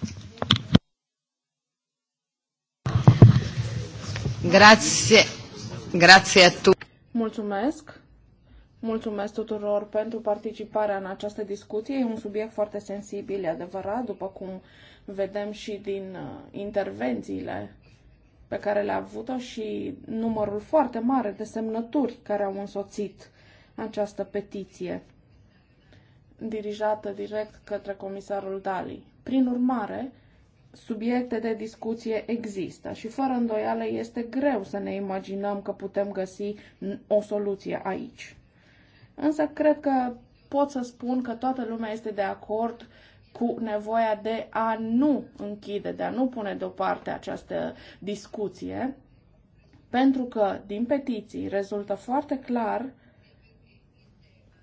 Grazie. Grazie a tu. Mulțumesc. Mulțumesc tuturor pentru participarea în această discuție. E un subiect foarte sensibil, e adevărat, după cum vedem și din uh, intervențiile pe care le-a avut-o și numărul foarte mare de semnături care au însoțit această petiție dirijată direct către comisarul Dali. Prin urmare, subiecte de discuție există și fără îndoială este greu să ne imaginăm că putem găsi o soluție aici. Însă cred că pot să spun că toată lumea este de acord cu nevoia de a nu închide, de a nu pune deoparte această discuție, pentru că din petiții rezultă foarte clar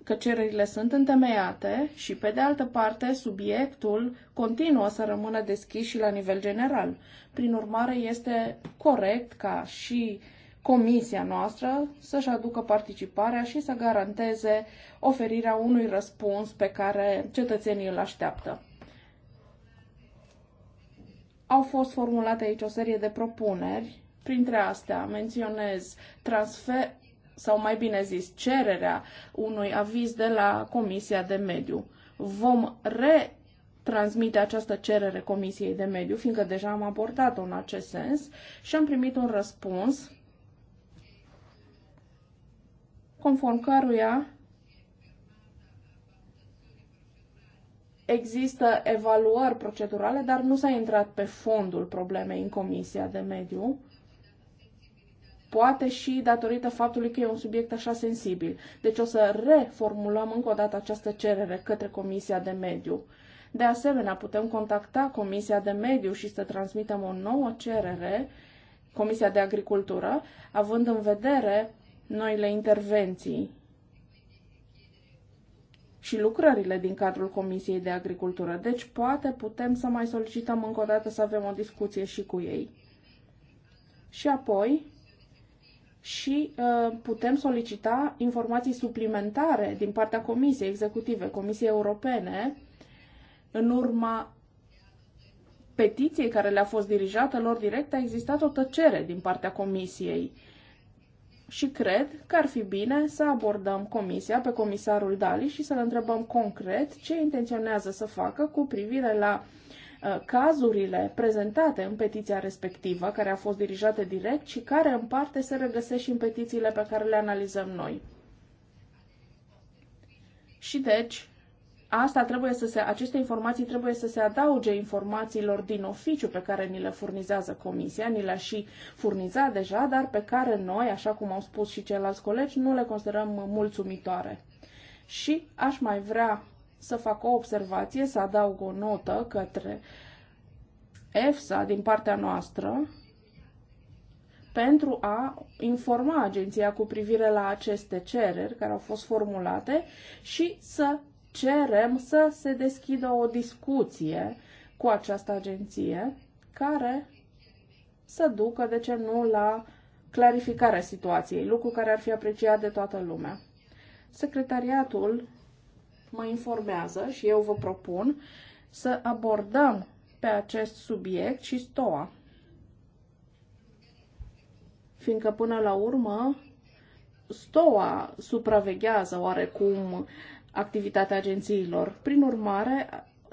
că cererile sunt întemeiate și, pe de altă parte, subiectul continuă să rămână deschis și la nivel general. Prin urmare, este corect ca și uh, comisia noastră să-și aducă participarea și să garanteze oferirea unui răspuns pe care cetățenii îl așteaptă. Au fost formulate aici o serie de propuneri, printre astea menționez transfer sau mai bine zis cererea unui aviz de la Comisia de Mediu. Vom re transmite această cerere Comisiei de Mediu, fiindcă deja am abordat-o în acest sens și am primit un răspuns conform căruia există evaluări procedurale, dar nu s-a intrat pe fondul problemei în Comisia de Mediu, poate și datorită faptului că e un subiect așa sensibil. Deci o să reformulăm încă o dată această cerere către Comisia de Mediu. De asemenea, putem contacta Comisia de Mediu și să transmitem o nouă cerere Comisia de Agricultură, având în vedere noile intervenții și lucrările din cadrul Comisiei de Agricultură. Deci poate putem să mai solicităm încă o dată să avem o discuție și cu ei. Și apoi și uh, putem solicita informații suplimentare din partea Comisiei Executive, Comisiei Europene, în urma petiției care le-a fost dirijată lor direct, a existat o tăcere din partea Comisiei și cred că ar fi bine să abordăm comisia pe comisarul Dali și să-l întrebăm concret ce intenționează să facă cu privire la uh, cazurile prezentate în petiția respectivă, care a fost dirijată direct și care în parte se regăsesc și în petițiile pe care le analizăm noi. Și deci, asta trebuie să se, aceste informații trebuie să se adauge informațiilor din oficiu pe care ni le furnizează comisia, ni le-a și furnizat deja, dar pe care noi, așa cum au spus și ceilalți colegi, nu le considerăm mulțumitoare. Și aș mai vrea să fac o observație, să adaug o notă către EFSA din partea noastră pentru a informa agenția cu privire la aceste cereri care au fost formulate și să cerem să se deschidă o discuție cu această agenție care să ducă, de ce nu, la clarificarea situației, lucru care ar fi apreciat de toată lumea. Secretariatul mă informează și eu vă propun să abordăm pe acest subiect și stoa. Fiindcă până la urmă stoa supraveghează oarecum activitatea agențiilor. Prin urmare,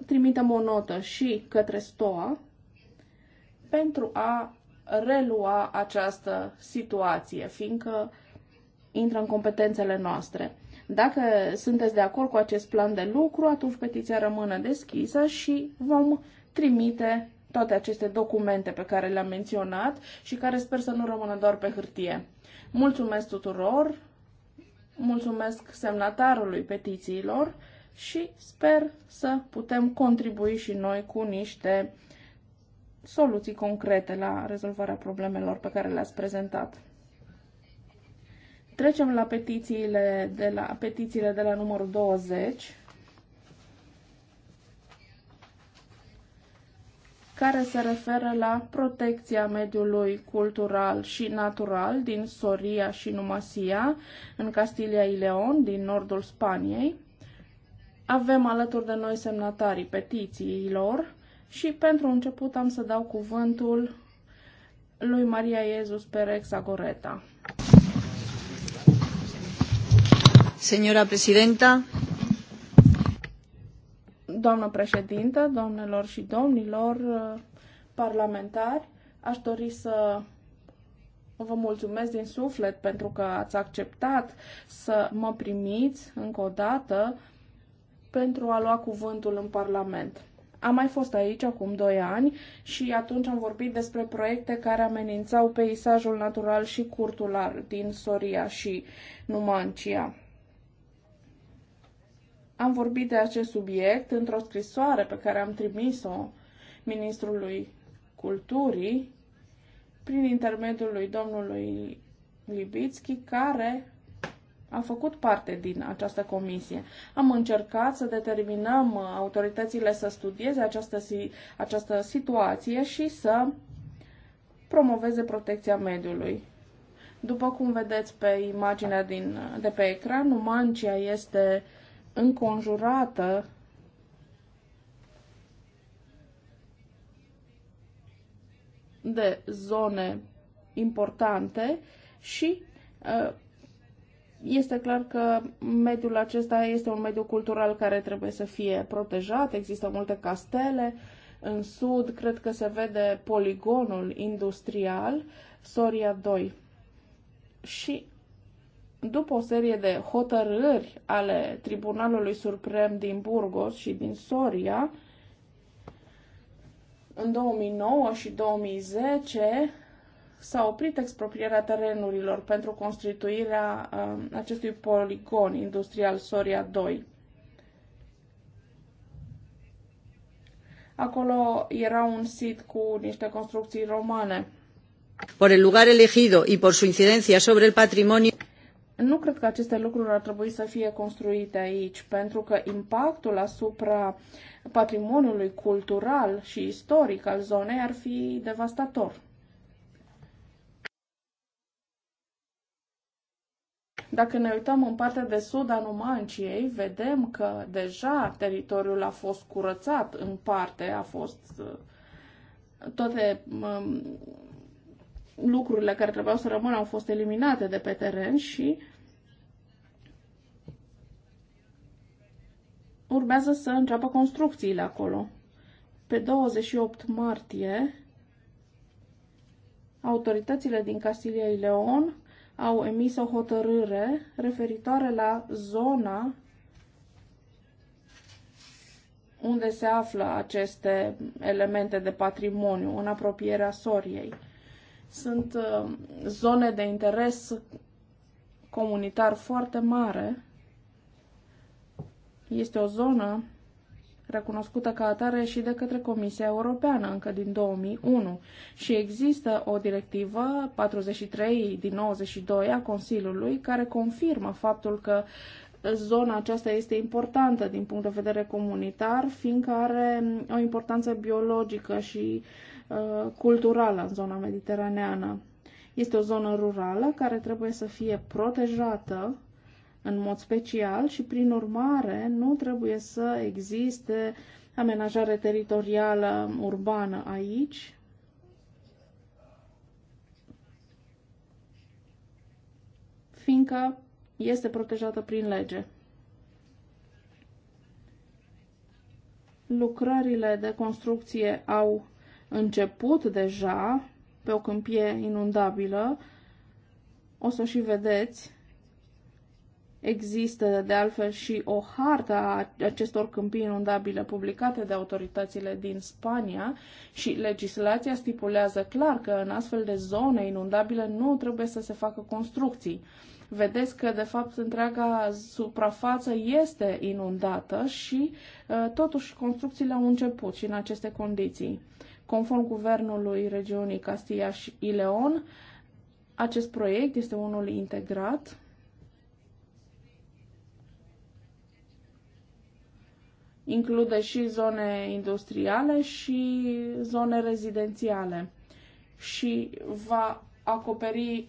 trimitem o notă și către STOA pentru a relua această situație, fiindcă intră în competențele noastre. Dacă sunteți de acord cu acest plan de lucru, atunci petiția rămâne deschisă și vom trimite toate aceste documente pe care le-am menționat și care sper să nu rămână doar pe hârtie. Mulțumesc tuturor! mulțumesc semnatarului petițiilor și sper să putem contribui și noi cu niște soluții concrete la rezolvarea problemelor pe care le-ați prezentat. Trecem la petițiile de la, petițiile de la numărul 20. care se referă la protecția mediului cultural și natural din Soria și Numasia, în Castilia y Leon, din nordul Spaniei. Avem alături de noi semnatarii petițiilor și pentru început am să dau cuvântul lui Maria Iezus Perex Agoreta. Señora Presidenta, Doamnă președintă, domnilor și domnilor uh, parlamentari, aș dori să vă mulțumesc din suflet pentru că ați acceptat să mă primiți încă o dată pentru a lua cuvântul în Parlament. Am mai fost aici acum 2 ani și atunci am vorbit despre proiecte care amenințau peisajul natural și curtular din Soria și Numancia. Am vorbit de acest subiect într-o scrisoare pe care am trimis-o ministrului culturii prin intermediul lui domnului Libitski, care a făcut parte din această comisie. Am încercat să determinăm autoritățile să studieze această, această situație și să promoveze protecția mediului. După cum vedeți pe imaginea din, de pe ecran, Numancia este uh, înconjurată de zone importante și uh, este clar că mediul acesta este un mediu cultural care trebuie să fie protejat, există multe castele, în sud cred că se vede poligonul industrial Soria 2. Și după o serie de hotărâri ale Tribunalului Suprem din Burgos și din Soria, în 2009 și 2010 s-a oprit exproprierea terenurilor pentru constituirea uh, acestui poligon industrial Soria 2. Acolo era un sit cu niște construcții romane. Por el lugar elegido y por su incidencia sobre el patrimonio nu cred că aceste lucruri ar trebui să fie construite aici, pentru că impactul asupra patrimoniului cultural și istoric al zonei ar fi devastator. Dacă ne uităm în partea de sud a Numanciei, vedem că deja teritoriul a fost curățat în parte, a fost uh, toate um, lucrurile care trebuiau să rămână au fost eliminate de pe teren și urmează să înceapă construcțiile acolo. Pe 28 martie, autoritățile din Castilia Leon au emis o hotărâre referitoare la zona unde se află aceste elemente de patrimoniu, în apropierea Soriei. Sunt uh, zone de interes comunitar foarte mare. Este o zonă recunoscută ca atare și de către Comisia Europeană încă din 2001 și există o directivă 43 din 92 a Consiliului care confirmă faptul că zona aceasta este importantă din punct de vedere comunitar, fiindcă are o importanță biologică și uh, Uh, culturală în zona mediteraneană. Este o zonă rurală care trebuie să fie protejată în mod special și, prin urmare, nu trebuie să existe amenajare teritorială urbană aici. fiindcă este protejată prin lege. Lucrările de construcție au început deja pe o câmpie inundabilă. O să și vedeți. Există de altfel și o hartă a acestor câmpii inundabile publicate de autoritățile din Spania și legislația stipulează clar că în astfel de zone inundabile nu trebuie să se facă construcții. Vedeți că, de fapt, întreaga suprafață este inundată și, uh, totuși, construcțiile au început și în aceste condiții. Conform guvernului regiunii Castilla și Leon, acest proiect este unul integrat include și zone industriale și zone rezidențiale și va acoperi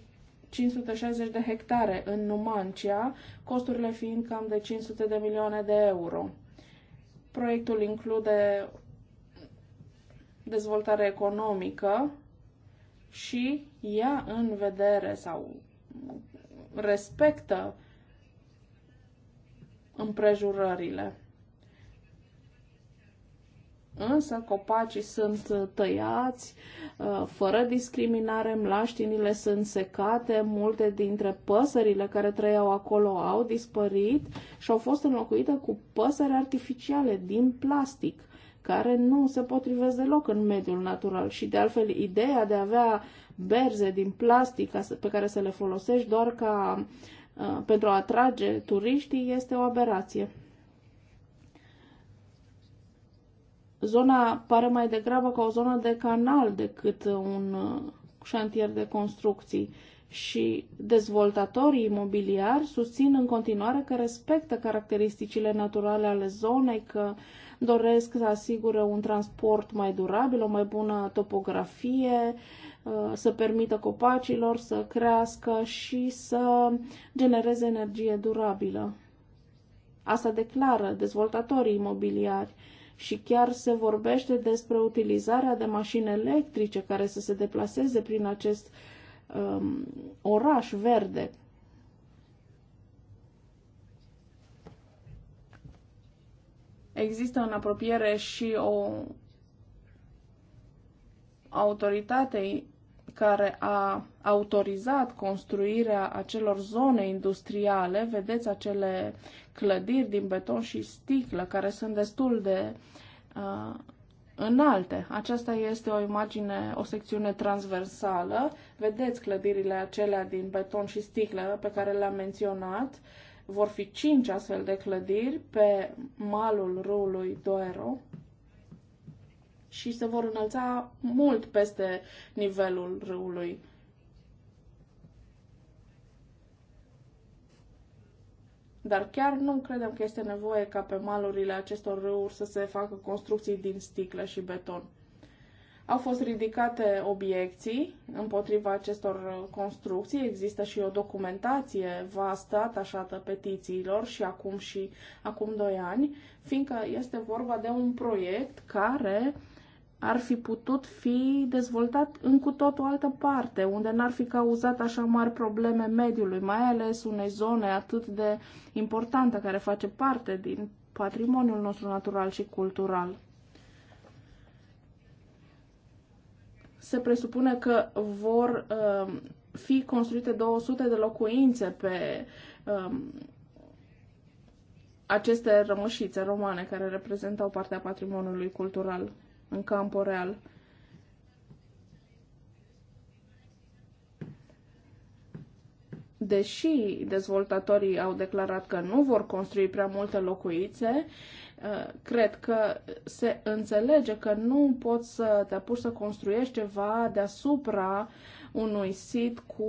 560 de hectare în Numancia, costurile fiind cam de 500 de milioane de euro. Proiectul include dezvoltare economică și ia în vedere sau respectă împrejurările. Însă copacii sunt tăiați uh, fără discriminare, mlaștinile sunt secate, multe dintre păsările care trăiau acolo au dispărit și au fost înlocuite cu păsări artificiale din plastic care nu se potrivesc deloc în mediul natural. Și de altfel, ideea de a avea berze din plastic pe care să le folosești doar ca uh, pentru a atrage turiștii este o aberație. Zona pare mai degrabă ca o zonă de canal decât un uh, șantier de construcții și dezvoltatorii imobiliari susțin în continuare că respectă caracteristicile naturale ale zonei, că uh, doresc să asigure un transport mai durabil, o mai bună topografie, uh, să permită copacilor să crească și să genereze energie durabilă. Asta declară dezvoltatorii imobiliari și chiar se vorbește despre utilizarea de mașini electrice care să se deplaseze prin acest um, oraș verde Există în apropiere și o autoritate care a autorizat construirea acelor zone industriale, vedeți acele clădiri din beton și sticlă care sunt destul de uh, înalte. Aceasta este o imagine, o secțiune transversală. Vedeți clădirile acelea din beton și sticlă pe care le-am menționat. Uh, vor fi cinci astfel de clădiri pe malul râului Doero și se vor înălța mult peste nivelul râului. Dar chiar nu credem că este nevoie ca pe malurile acestor râuri să se facă construcții din sticlă și beton. Au fost ridicate obiecții împotriva acestor construcții. Există și o documentație vastă atașată petițiilor și acum și acum doi ani, fiindcă este vorba de un proiect care ar fi putut fi dezvoltat în cu tot o altă parte, unde n-ar fi cauzat așa mari probleme mediului, mai ales unei zone atât de importante care face parte din patrimoniul nostru natural și cultural. se presupune că vor uh, fi construite 200 de locuințe pe uh, aceste rămășițe romane care reprezentau partea patrimoniului cultural în Campo Real. Deși dezvoltatorii au declarat că nu vor construi prea multe locuințe, Eh, cred că se înțelege că nu poți să te apuci să construiești ceva deasupra unui sit cu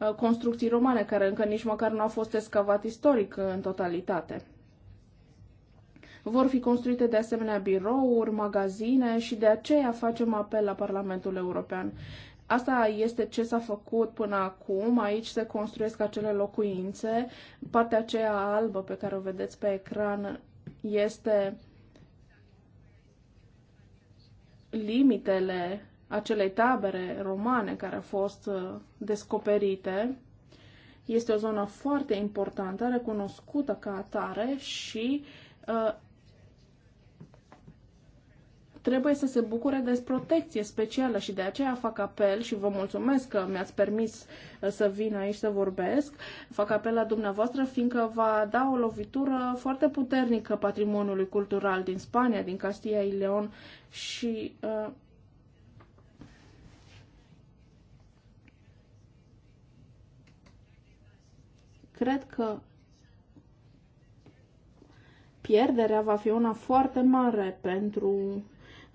eh, construcții romane care încă nici măcar nu au fost excavat istoric în totalitate. Vor fi construite de asemenea birouri, magazine și de aceea facem apel la Parlamentul European. Asta este ce s-a făcut până acum. Aici se construiesc acele locuințe. Partea aceea albă pe care o vedeți pe ecran este limitele acelei tabere romane care au fost uh, descoperite. Este o zonă foarte importantă, recunoscută ca atare și uh, trebuie să se bucure de protecție specială și de aceea fac apel și vă mulțumesc că mi-ați permis uh, să vin aici să vorbesc. Fac apel la dumneavoastră fiindcă va da o lovitură foarte puternică patrimoniului cultural din Spania, din Castilla și Leon și uh, cred că pierderea va fi una foarte mare pentru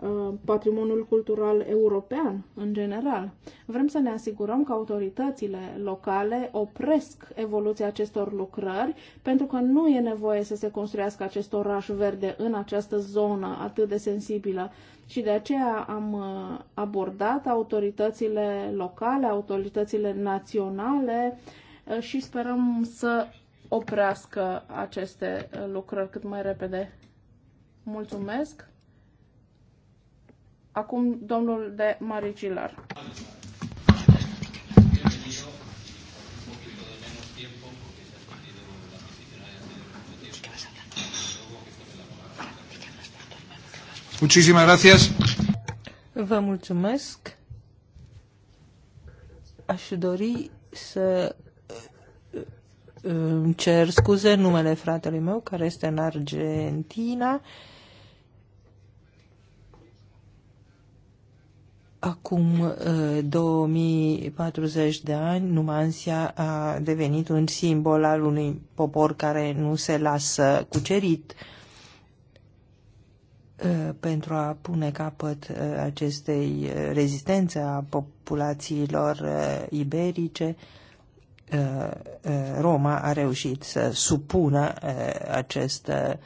Uh, patrimoniul cultural european în general. Vrem să ne asigurăm că autoritățile locale opresc evoluția acestor lucrări pentru că nu e nevoie să se construiască acest oraș verde în această zonă atât de sensibilă și de aceea am uh, abordat autoritățile locale, autoritățile naționale uh, și sperăm să oprească aceste lucrări cât mai repede. Mulțumesc! Acum domnul de Maricilar. Muchísimas gracias. Vă mulțumesc. Aș dori să uh, îmi cer scuze numele fratelui meu care este în Argentina. Acum 2040 uh, de ani, Numansia a devenit un simbol al unui popor care nu se lasă cucerit uh, pentru a pune capăt uh, acestei rezistențe a populațiilor iberice. Roma a reușit să supună această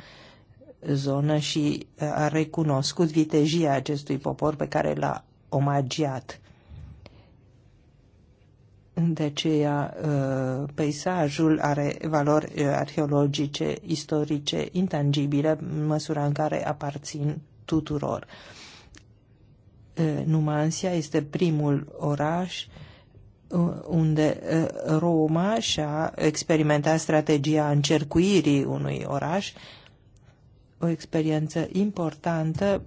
zonă și a recunoscut vitejia acestui popor pe care l-a omagiat. De aceea, uh, peisajul are valori uh, arheologice, istorice, intangibile, în măsura în care aparțin tuturor. Uh, Numansia este primul oraș unde Roma și-a experimentat strategia încercuirii unui oraș, o experiență importantă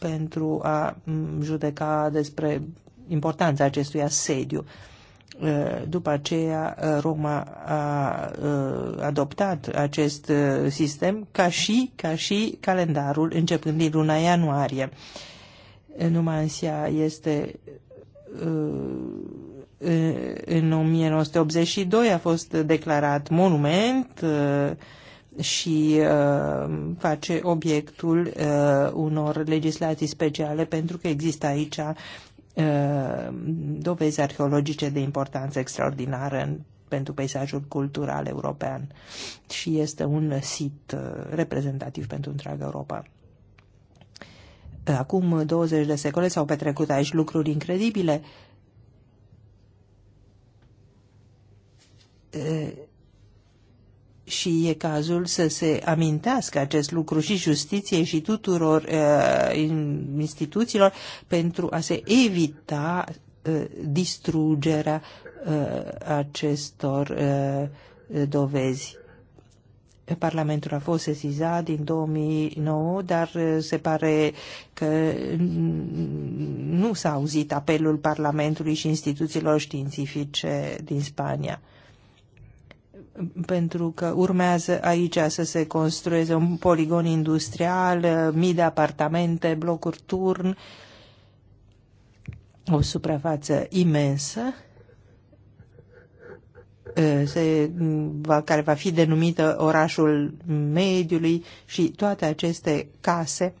pentru a mm, judeca despre importanța acestui asediu. Uh, după aceea, uh, Roma a uh, adoptat acest sistem ca și, ca și calendarul începând din luna ianuarie. Numansia este în 1982 a fost declarat monument și uh, face obiectul uh, unor legislații speciale pentru că există aici uh, dovezi arheologice de importanță extraordinară în, pentru peisajul cultural european și este un sit reprezentativ pentru întreaga Europa. Acum 20 de secole s-au petrecut aici lucruri incredibile. Uh, și e cazul să se amintească acest lucru și justiției și tuturor uh, instituțiilor pentru a se evita uh, distrugerea uh, acestor uh, dovezi. Parlamentul a fost sesizat din 2009, dar uh, se pare că nu s-a auzit apelul Parlamentului și instituțiilor științifice din Spania pentru că urmează aici să se construieze un poligon industrial, mii de apartamente, blocuri turn, o suprafață imensă se, va, care va fi denumită orașul mediului și toate aceste case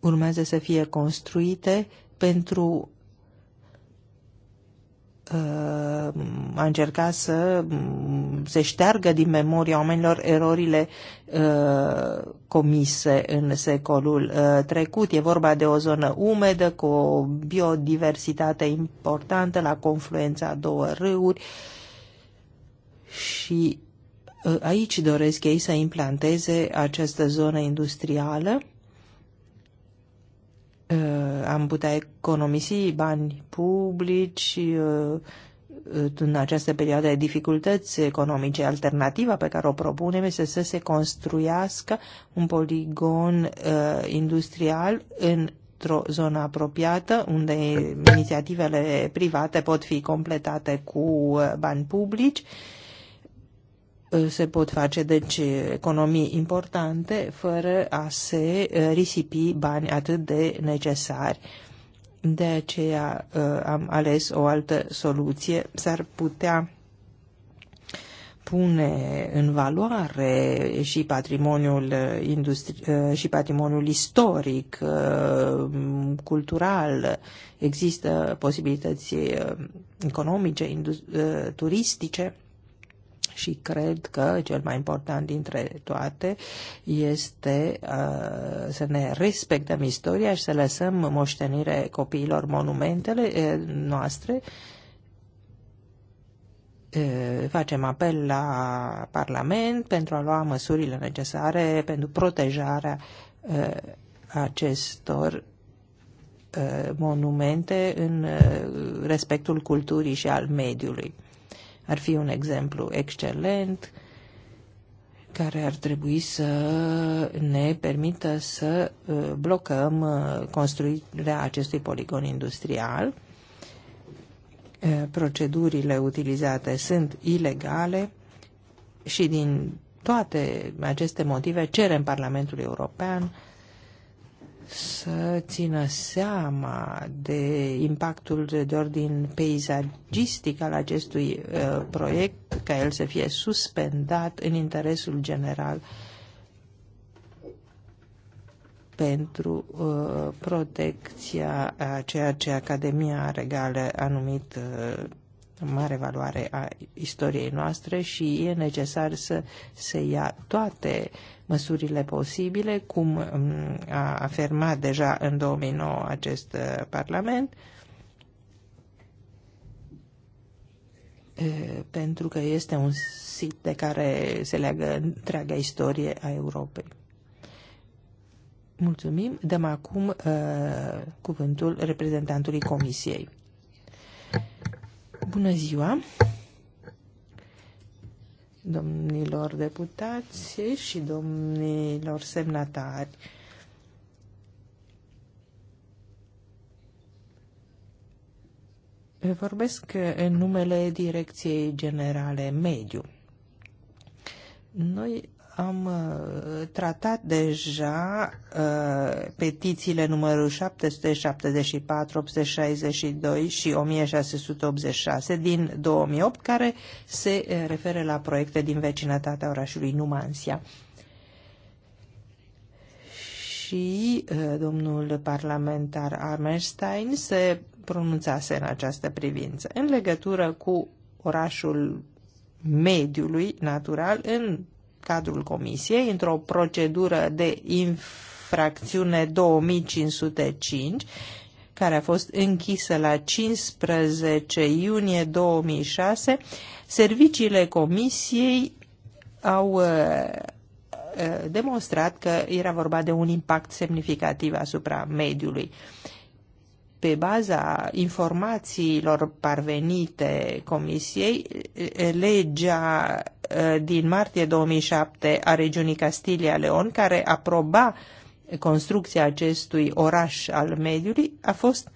urmează să fie construite pentru Uh, a încercat să mm, se șteargă din memoria oamenilor erorile uh, comise în secolul uh, trecut. E vorba de o zonă umedă cu o biodiversitate importantă la confluența două râuri și aici doresc ei să implanteze această zonă industrială Eh, am putea economisi bani publici eh, în această perioadă de dificultăți economice. Alternativa pe care o propunem este să se construiască un poligon eh, industrial în într-o zonă apropiată, unde inițiativele private pot fi completate cu bani publici se pot face deci economii importante fără a se eh, risipi bani atât de necesari. De aceea eh, am ales o altă soluție. S-ar putea pune în valoare și patrimoniul, eh, industri- și patrimoniul istoric, cultural. Există posibilități economice, turistice și cred că cel mai important dintre toate este uh, să ne respectăm istoria și să lăsăm moștenire copiilor monumentele uh, noastre. Uh, facem apel la Parlament pentru a lua măsurile necesare pentru protejarea uh, acestor uh, monumente în uh, respectul culturii și al mediului ar fi un exemplu excelent care ar trebui să ne permită să uh, blocăm uh, construirea acestui poligon industrial. Uh, procedurile utilizate sunt ilegale și din toate aceste motive cerem Parlamentului European să țină seama de impactul de ordin peisagistic al acestui uh, proiect, ca el să fie suspendat în interesul general pentru uh, protecția a ceea ce Academia Regală a numit uh, mare valoare a istoriei noastre și e necesar să se ia toate măsurile posibile, cum um, a afirmat deja în 2009 acest uh, Parlament, uh, pentru că este un sit de care se leagă întreaga istorie a Europei. Mulțumim. Dăm acum uh, cuvântul reprezentantului Comisiei. Bună ziua! domnilor deputați și domnilor semnatari. Vorbesc în numele Direcției Generale Mediu. Noi am uh, tratat deja uh, petițiile numărul 774, 862 și 1686 din 2008 care se uh, referă la proiecte din vecinătatea orașului Numansia. Și uh, domnul parlamentar Armenstein se pronunțase în această privință. În legătură cu orașul mediului natural în cadrul comisiei într-o procedură de infracțiune 2505 care a fost închisă la 15 iunie 2006, serviciile comisiei au uh, uh, demonstrat că era vorba de un impact semnificativ asupra mediului pe baza informațiilor parvenite Comisiei, legea eh, din martie 2007 a regiunii Castilia-Leon, care aproba construcția acestui oraș al mediului, a fost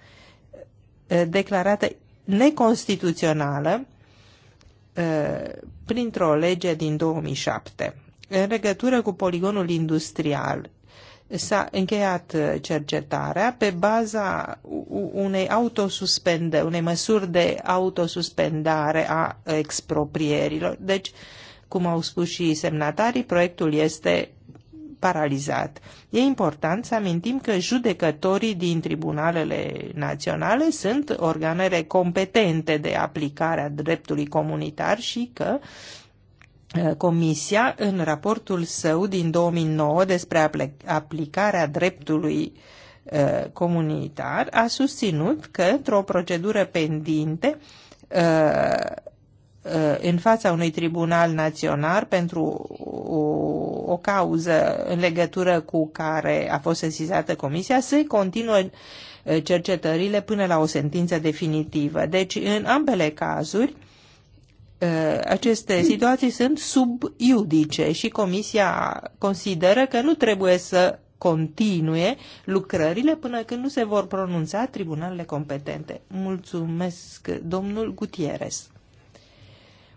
eh, declarată neconstituțională eh, printr-o lege din 2007. În legătură cu poligonul industrial s-a încheiat uh, cercetarea pe baza unei autosuspende, unei măsuri de autosuspendare a exproprierilor. Deci, cum au spus și semnatarii, proiectul este paralizat. E important să amintim că judecătorii din tribunalele naționale sunt organele competente de aplicare a dreptului comunitar și că uh, Eh, comisia, în raportul său din 2009 despre aplicarea dreptului eh, comunitar, a susținut că, într-o procedură pendinte, eh, în fața unui tribunal național pentru o, o cauză în legătură cu care a fost sesizată comisia, se continuă cercetările până la o sentință definitivă. Deci, în ambele cazuri, Uh, aceste situații sunt subiudice și Comisia consideră că nu trebuie să continue lucrările până când nu se vor pronunța tribunalele competente. Mulțumesc, domnul Gutierrez.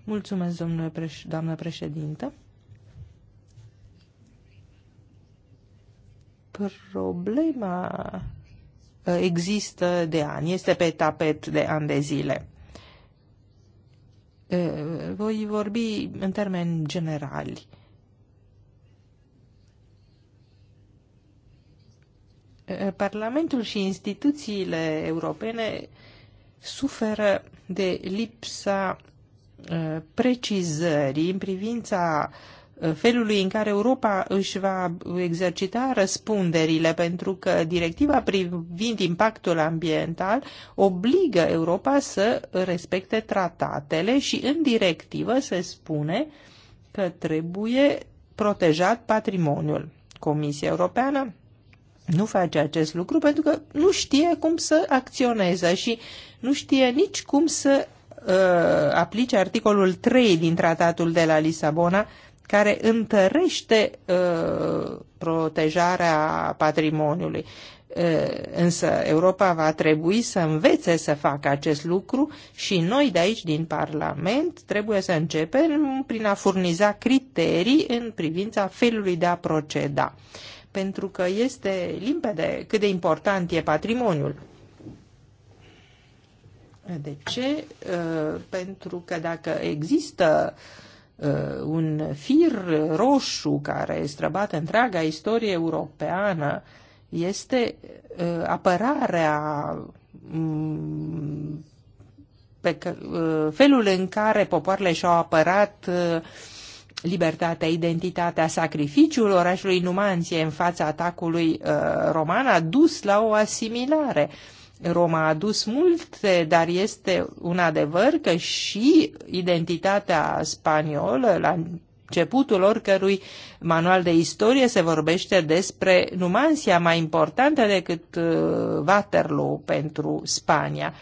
Mulțumesc, domnule preș doamnă președintă. Problema uh, există de ani, este pe tapet de ani de zile Eh, voi vorbi în termeni generali. Eh, Parlamentul și instituțiile europene suferă de lipsa eh, precizării în privința uh, felului în care Europa își va exercita răspunderile, pentru că directiva privind impactul ambiental obligă Europa să respecte tratatele și în directivă se spune că trebuie protejat patrimoniul. Comisia Europeană nu face acest lucru pentru că nu știe cum să acționeze și nu știe nici cum să uh, aplice articolul 3 din tratatul de la Lisabona care întărește uh, protejarea patrimoniului. Uh, însă Europa va trebui să învețe să facă acest lucru și noi de aici, din Parlament, trebuie să începem prin a furniza criterii în privința felului de a proceda. Pentru că este limpede cât de important e patrimoniul. De ce? Uh, pentru că dacă există uh, Uh, un fir roșu care străbate întreaga istorie europeană este uh, apărarea mm, pe uh, felul în care popoarele și-au apărat libertatea, identitatea, sacrificiul orașului Numanție în fața atacului roman a dus la o asimilare. Uh, Roma a adus multe, dar este un adevăr că și identitatea spaniolă, la începutul oricărui manual de istorie se vorbește despre Numansia mai importantă decât uh, Waterloo pentru Spania.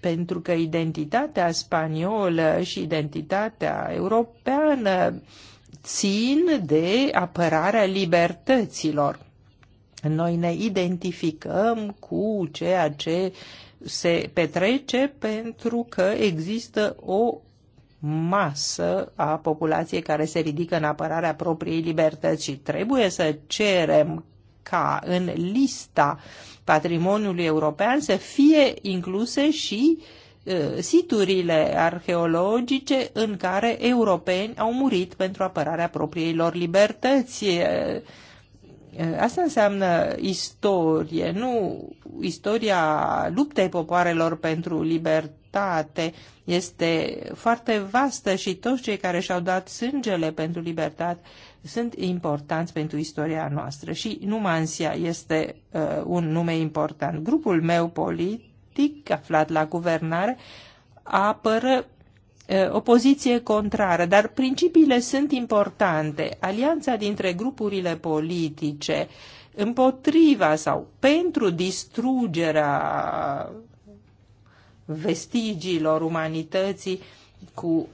Pentru că identitatea spaniolă și identitatea europeană țin de apărarea libertăților noi ne identificăm cu ceea ce se petrece pentru că există o masă a populației care se ridică în apărarea propriei libertăți și trebuie să cerem ca în lista patrimoniului european să fie incluse și uh, siturile arheologice în care europeni au murit pentru apărarea propriilor libertăți. Uh, Asta înseamnă istorie, nu istoria luptei popoarelor pentru libertate. Este foarte vastă și toți cei care și-au dat sângele pentru libertate sunt importanți pentru istoria noastră și Numansia este uh, un nume important. Grupul meu politic, aflat la guvernare, apără opoziție contrară, dar principiile sunt importante. Alianța dintre grupurile politice împotriva sau pentru distrugerea vestigiilor umanității cu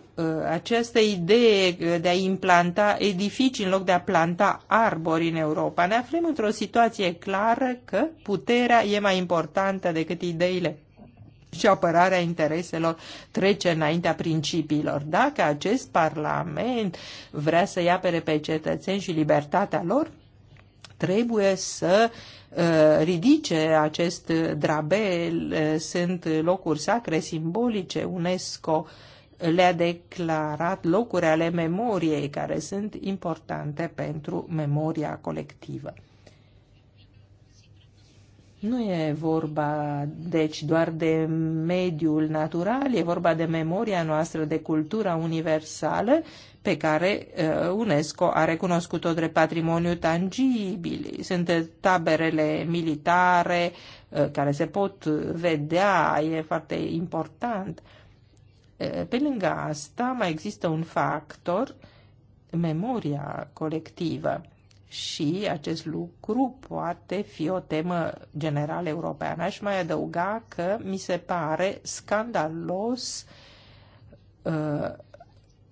această idee de a implanta edificii în loc de a planta arbori în Europa. Ne aflăm într-o situație clară că puterea e mai importantă decât ideile și apărarea intereselor trece înaintea principiilor. Dacă acest Parlament vrea să-i apere pe cetățeni și libertatea lor, trebuie să uh, ridice acest drabel. Uh, sunt locuri sacre, simbolice, UNESCO le-a declarat locuri ale memoriei care sunt importante pentru memoria colectivă. Nu e vorba, deci, doar de mediul natural, e vorba de memoria noastră, de cultura universală pe care uh, UNESCO a recunoscut-o drept patrimoniu tangibil. Sunt taberele militare uh, care se pot vedea, e foarte important. Uh, pe lângă asta mai există un factor, memoria colectivă și acest lucru poate fi o temă generală europeană. Aș mai adăuga că mi se pare scandalos uh,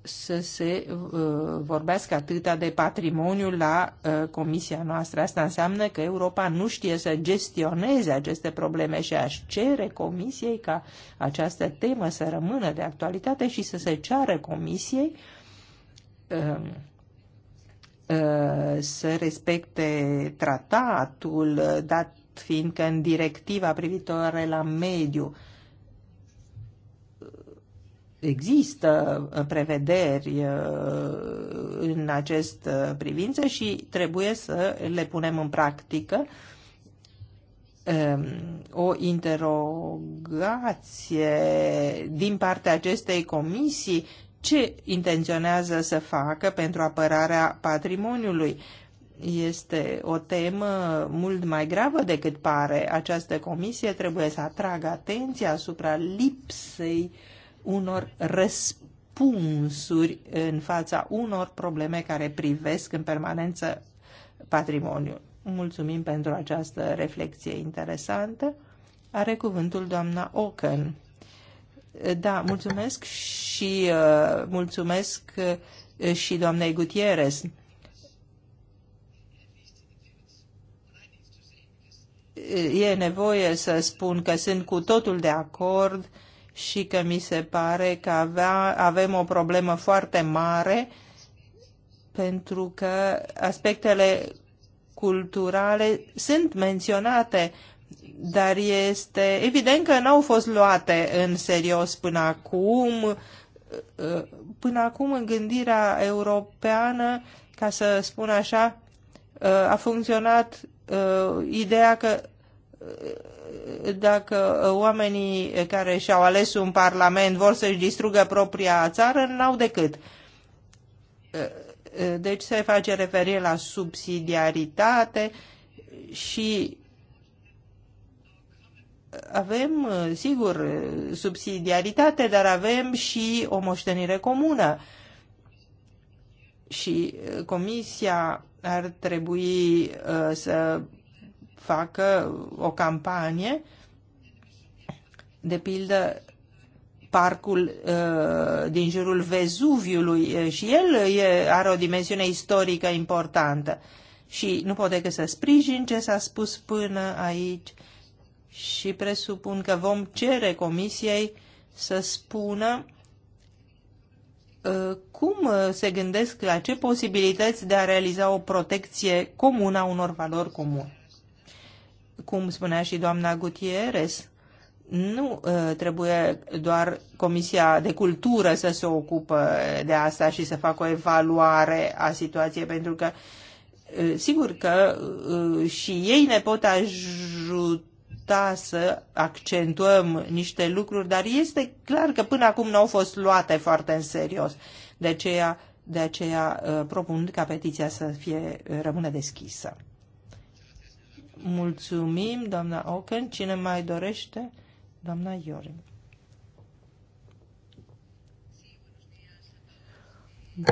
să se uh, vorbească atâta de patrimoniu la uh, comisia noastră. Asta înseamnă că Europa nu știe să gestioneze aceste probleme și aș cere comisiei ca această temă să rămână de actualitate și să se ceară comisiei uh, Uh, să respecte tratatul, uh, dat fiindcă în directiva privitoare la mediu uh, există prevederi în acest privință și trebuie să le punem în practică. Um, o interogație din partea acestei comisii ce intenționează să facă pentru apărarea patrimoniului. Este o temă mult mai gravă decât pare. Această comisie trebuie să atragă atenția asupra lipsei unor răspunsuri în fața unor probleme care privesc în permanență patrimoniul. Mulțumim pentru această reflexie interesantă. Are cuvântul doamna Ocken. Da, mulțumesc și uh, mulțumesc uh, și doamnei Gutierrez. Uh, e nevoie să spun că sunt cu totul de acord și că mi se pare că avea, avem o problemă foarte mare pentru că aspectele culturale sunt menționate dar este evident că n-au fost luate în serios până acum. Uh, până acum, în gândirea europeană, ca să spun așa, uh, a funcționat uh, ideea că dacă oamenii care și-au ales un parlament vor să-și distrugă propria țară, n-au decât. Deci se face referire la subsidiaritate și avem, uh, sigur, uh, subsidiaritate, dar avem și o moștenire comună. Și uh, Comisia ar trebui să facă o campanie, de pildă parcul uh, din jurul Vezuviului și el e, are o dimensiune istorică importantă. Și nu pot decât să sprijin ce s-a spus până aici și presupun că vom cere comisiei să spună uh, cum uh, se gândesc la ce posibilități de a realiza o protecție comună a unor valori comune. Cum spunea și doamna Gutierrez, nu uh, trebuie doar Comisia de Cultură să se ocupă de asta și să facă o evaluare a situației, pentru că sigur că și ei ne pot ajuta putea să accentuăm niște lucruri, dar este clar că până acum nu au fost luate foarte în serios. De aceea, de aceea uh, propun ca petiția să fie uh, rămână deschisă. Mulțumim, doamna Ocken. Cine mai dorește? Doamna Iorin.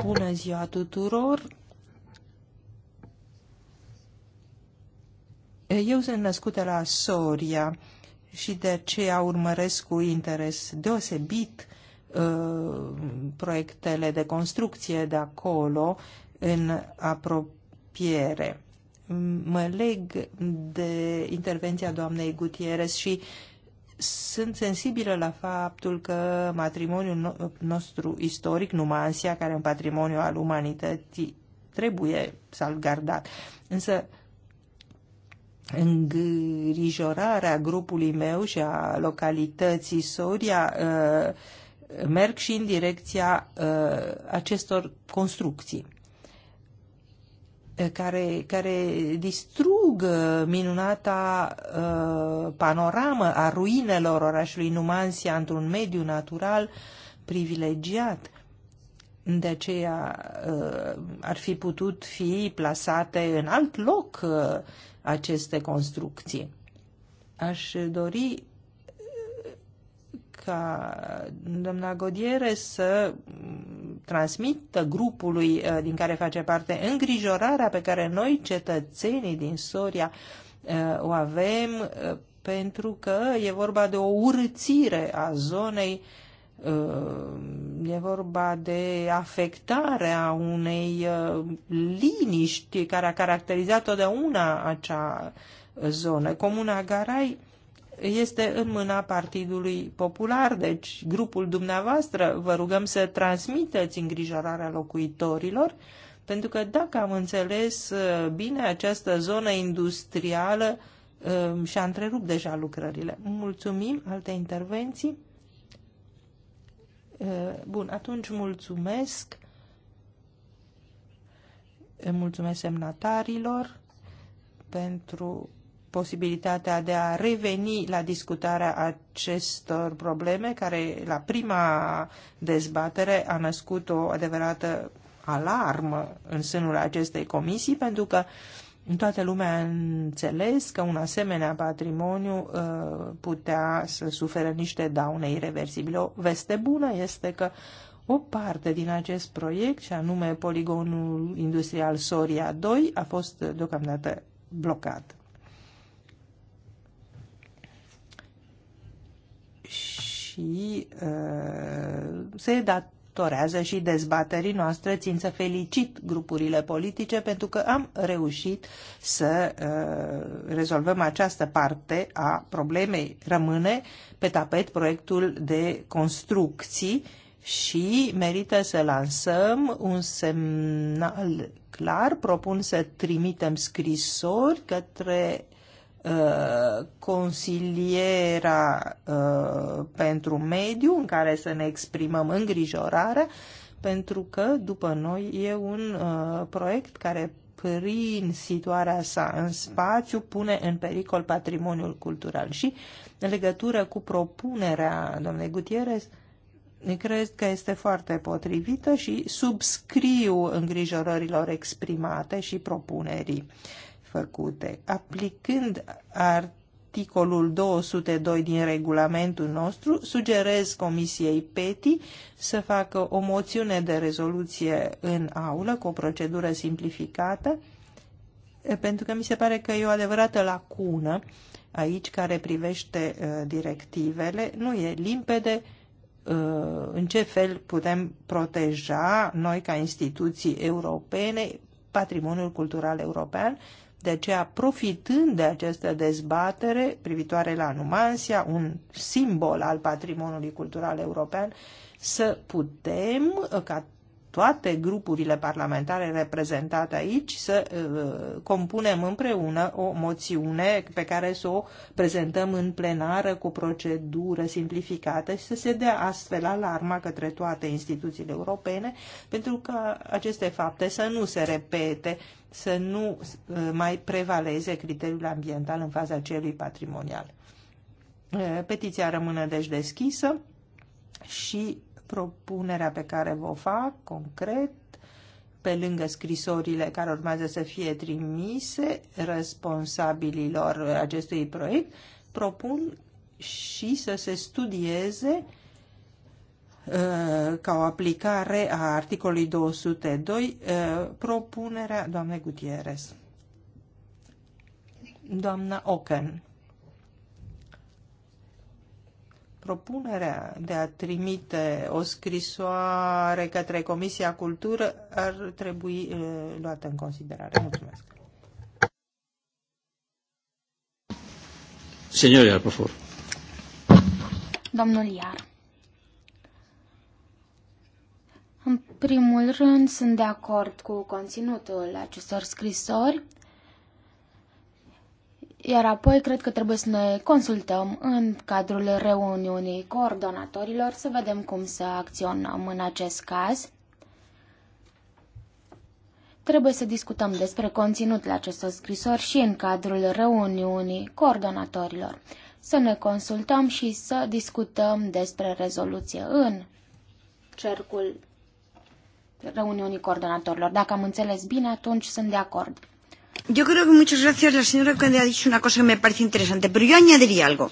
Bună ziua tuturor! Eu sunt născută la Soria și de aceea urmăresc cu interes deosebit uh, proiectele de construcție de acolo în apropiere. Mă leg de intervenția doamnei Gutierrez și sunt sensibilă la faptul că matrimoniul nostru istoric, Numansia, care e un patrimoniu al umanității, trebuie salvgardat. Însă îngrijorarea grupului meu și a localității Soria uh, merg și în direcția uh, acestor construcții uh, care, care distrug minunata panoramă a ruinelor orașului Numansia într-un mediu natural privilegiat. De aceea ar fi putut fi plasate în alt loc aceste construcții. Aș dori uh, ca doamna Godiere să transmită grupului uh, din care face parte îngrijorarea pe care noi, cetățenii din Soria, uh, o avem pentru că e vorba de o urățire a zonei Ehm, e vorba de afectarea unei eh, liniști care a caracterizat totdeauna acea zonă. Comuna Garai este în mâna Partidului Popular, deci grupul dumneavoastră vă rugăm să transmiteți îngrijorarea locuitorilor, pentru că dacă am înțeles eh, bine, această zonă industrială ehm, și-a întrerupt deja lucrările. Mulțumim, alte intervenții? Eh, bun, atunci mulțumesc. Eh, mulțumesc semnatarilor pentru posibilitatea de a reveni la discutarea acestor probleme care la prima dezbatere a născut o adevărată alarmă în sânul acestei comisii pentru că uh, toată lumea a înțeles că un asemenea patrimoniu uh, putea să sufere niște daune irreversibile. O veste bună este că o parte din acest proiect, și anume poligonul industrial Soria 2, a fost deocamdată blocat. Și uh, se dat torează și dezbaterii noastre. Țin să felicit grupurile politice pentru că am reușit să uh, rezolvăm această parte a problemei. Rămâne pe tapet proiectul de construcții și merită să lansăm un semnal clar. Propun să trimitem scrisori către Uh, consiliera uh, pentru mediu în care să ne exprimăm îngrijorarea, pentru că, după noi, e un uh, proiect care, prin situarea sa în spațiu, pune în pericol patrimoniul cultural. Și, în legătură cu propunerea domnului Gutierrez, cred că este foarte potrivită și subscriu îngrijorărilor exprimate și propunerii făcute. Aplicând articolul 202 din regulamentul nostru, sugerez Comisiei PETI să facă o moțiune de rezoluție în aulă cu o procedură simplificată, pentru că mi se pare că e o adevărată lacună aici care privește uh, directivele, nu e limpede uh, în ce fel putem proteja noi ca instituții europene patrimoniul cultural european de aceea, profitând de această dezbatere privitoare la Numansia, un simbol al patrimoniului cultural european, să putem, ca toate grupurile parlamentare reprezentate aici să uh, compunem împreună o moțiune pe care să o prezentăm în plenară cu procedură simplificată și să se dea astfel alarma către toate instituțiile europene pentru că aceste fapte să nu se repete, să nu uh, mai prevaleze criteriul ambiental în faza celui patrimonial. Uh, petiția rămâne deci deschisă și propunerea pe care vă fac concret, pe lângă scrisorile care urmează să fie trimise responsabililor acestui proiect, propun și să se studieze uh, ca o aplicare a articolului 202 uh, propunerea doamnei Gutierrez. Doamna Oken. Propunerea de a trimite o scrisoare către Comisia Cultură ar trebui uh, luată în considerare. Mulțumesc. Señor Iar, por favor. Domnul Iar. În primul rând, sunt de acord cu conținutul acestor scrisori. Iar apoi cred că trebuie să ne consultăm în cadrul reuniunii coordonatorilor să vedem cum să acționăm în acest caz. Trebuie să discutăm despre conținutul acestor scrisori și în cadrul reuniunii coordonatorilor. Să ne consultăm și să discutăm despre rezoluție în cercul reuniunii coordonatorilor. Dacă am înțeles bine, atunci sunt de acord. Yo creo que muchas gracias. La señora Conde ha dicho una cosa que me parece interesante, pero yo añadiría algo.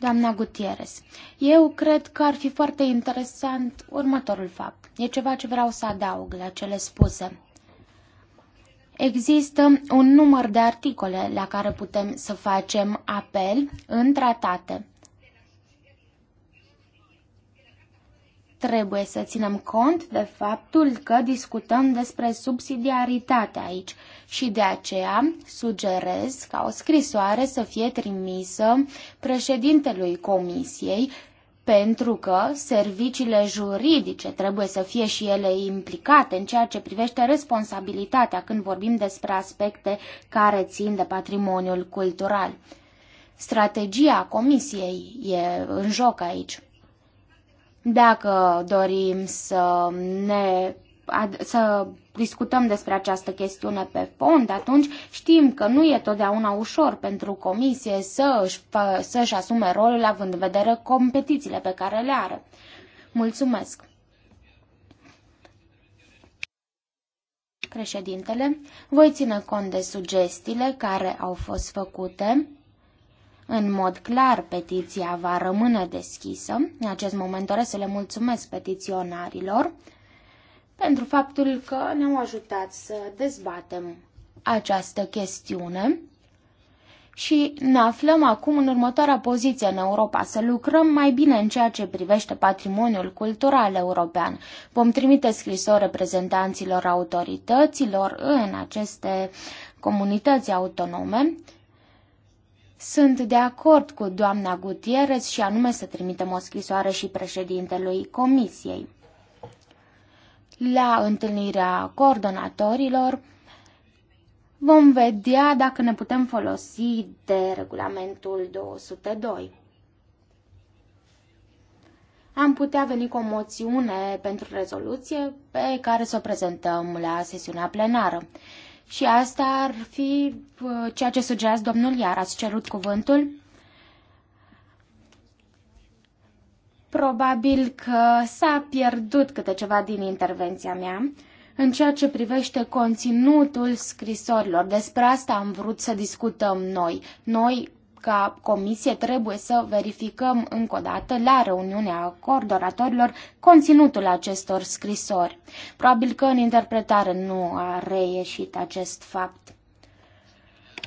Doamna Gutierrez, eu cred că ar fi foarte interesant următorul fapt. E ceva ce vreau să adaug la cele spuse. Există un număr de articole la care putem să facem apel în tratate. Trebuie să ținem cont de faptul că discutăm despre subsidiaritate aici și de aceea sugerez ca o scrisoare să fie trimisă președintelui Comisiei pentru că serviciile juridice trebuie să fie și ele implicate în ceea ce privește responsabilitatea când vorbim despre aspecte care țin de patrimoniul cultural. Strategia Comisiei e în joc aici. Dacă dorim să ne să discutăm despre această chestiune pe fond, atunci știm că nu e totdeauna ușor pentru comisie să își, să și asume rolul având în vedere competițiile pe care le are. Mulțumesc! Președintele, voi ține cont de sugestiile care au fost făcute. În mod clar, petiția va rămâne deschisă. În acest moment doresc să le mulțumesc petiționarilor pentru faptul că ne-au ajutat să dezbatem această chestiune și ne aflăm acum în următoarea poziție în Europa, să lucrăm mai bine în ceea ce privește patrimoniul cultural european. Vom trimite scrisori reprezentanților autorităților în aceste comunități autonome. Sunt de acord cu doamna Gutierrez și anume să trimitem o scrisoare și președintelui Comisiei la întâlnirea coordonatorilor vom vedea dacă ne putem folosi de regulamentul 202. Am putea veni cu o moțiune pentru rezoluție pe care să o prezentăm la sesiunea plenară. Și asta ar fi uh, ceea ce sugerează domnul Iar. Ați cerut cuvântul? Probabil că s-a pierdut câte ceva din intervenția mea. În ceea ce privește conținutul scrisorilor, despre asta am vrut să discutăm noi. Noi, ca comisie, trebuie să verificăm încă o dată la reuniunea coordonatorilor conținutul acestor scrisori. Probabil că în interpretare nu a reieșit acest fapt.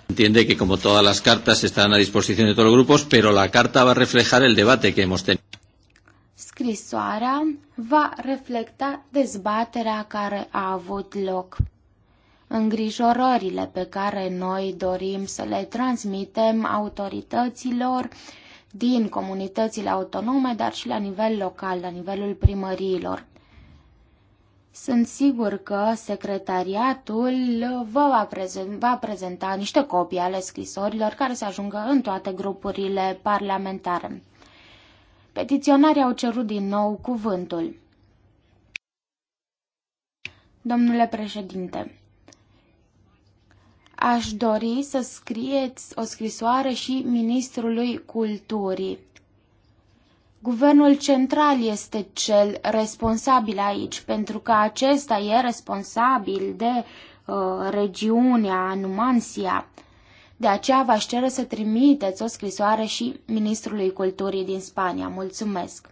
Entiende que como todas las cartas están a disposición de todos los grupos, pero la carta va a reflejar el debate que hemos tenido. Scrisoarea va reflecta dezbaterea care a avut loc. Îngrijorările pe care noi dorim să le transmitem autorităților din comunitățile autonome, dar și la nivel local, la nivelul primăriilor. Sunt sigur că secretariatul vă va, prezen- va prezenta niște copii ale scrisorilor care se ajungă în toate grupurile parlamentare. Petiționarii au cerut din nou cuvântul. Domnule președinte, aș dori să scrieți o scrisoare și ministrului culturii. Guvernul central este cel responsabil aici, pentru că acesta e responsabil de uh, regiunea Numansia. De aceea vă cere să trimiteți o scrisoare și Ministrului Culturii din Spania. Mulțumesc!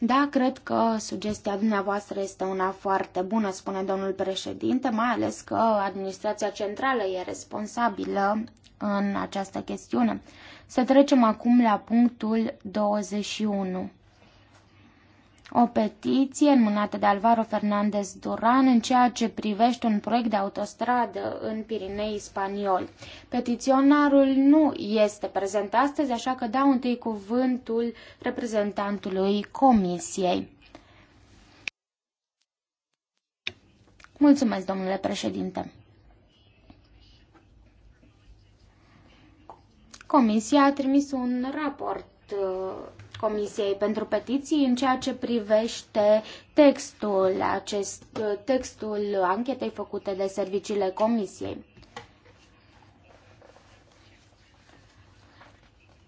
Da, cred că sugestia dumneavoastră este una foarte bună, spune domnul președinte, mai ales că administrația centrală e responsabilă în această chestiune. Să trecem acum la punctul 21 o petiție înmânată de Alvaro Fernandez Duran în ceea ce privește un proiect de autostradă în Pirinei spaniol. Petiționarul nu este prezent astăzi, așa că dau întâi cuvântul reprezentantului comisiei. Mulțumesc, domnule președinte. Comisia a trimis un raport uh, Comisiei pentru Petiții în ceea ce privește textul, acest, textul anchetei făcute de serviciile Comisiei.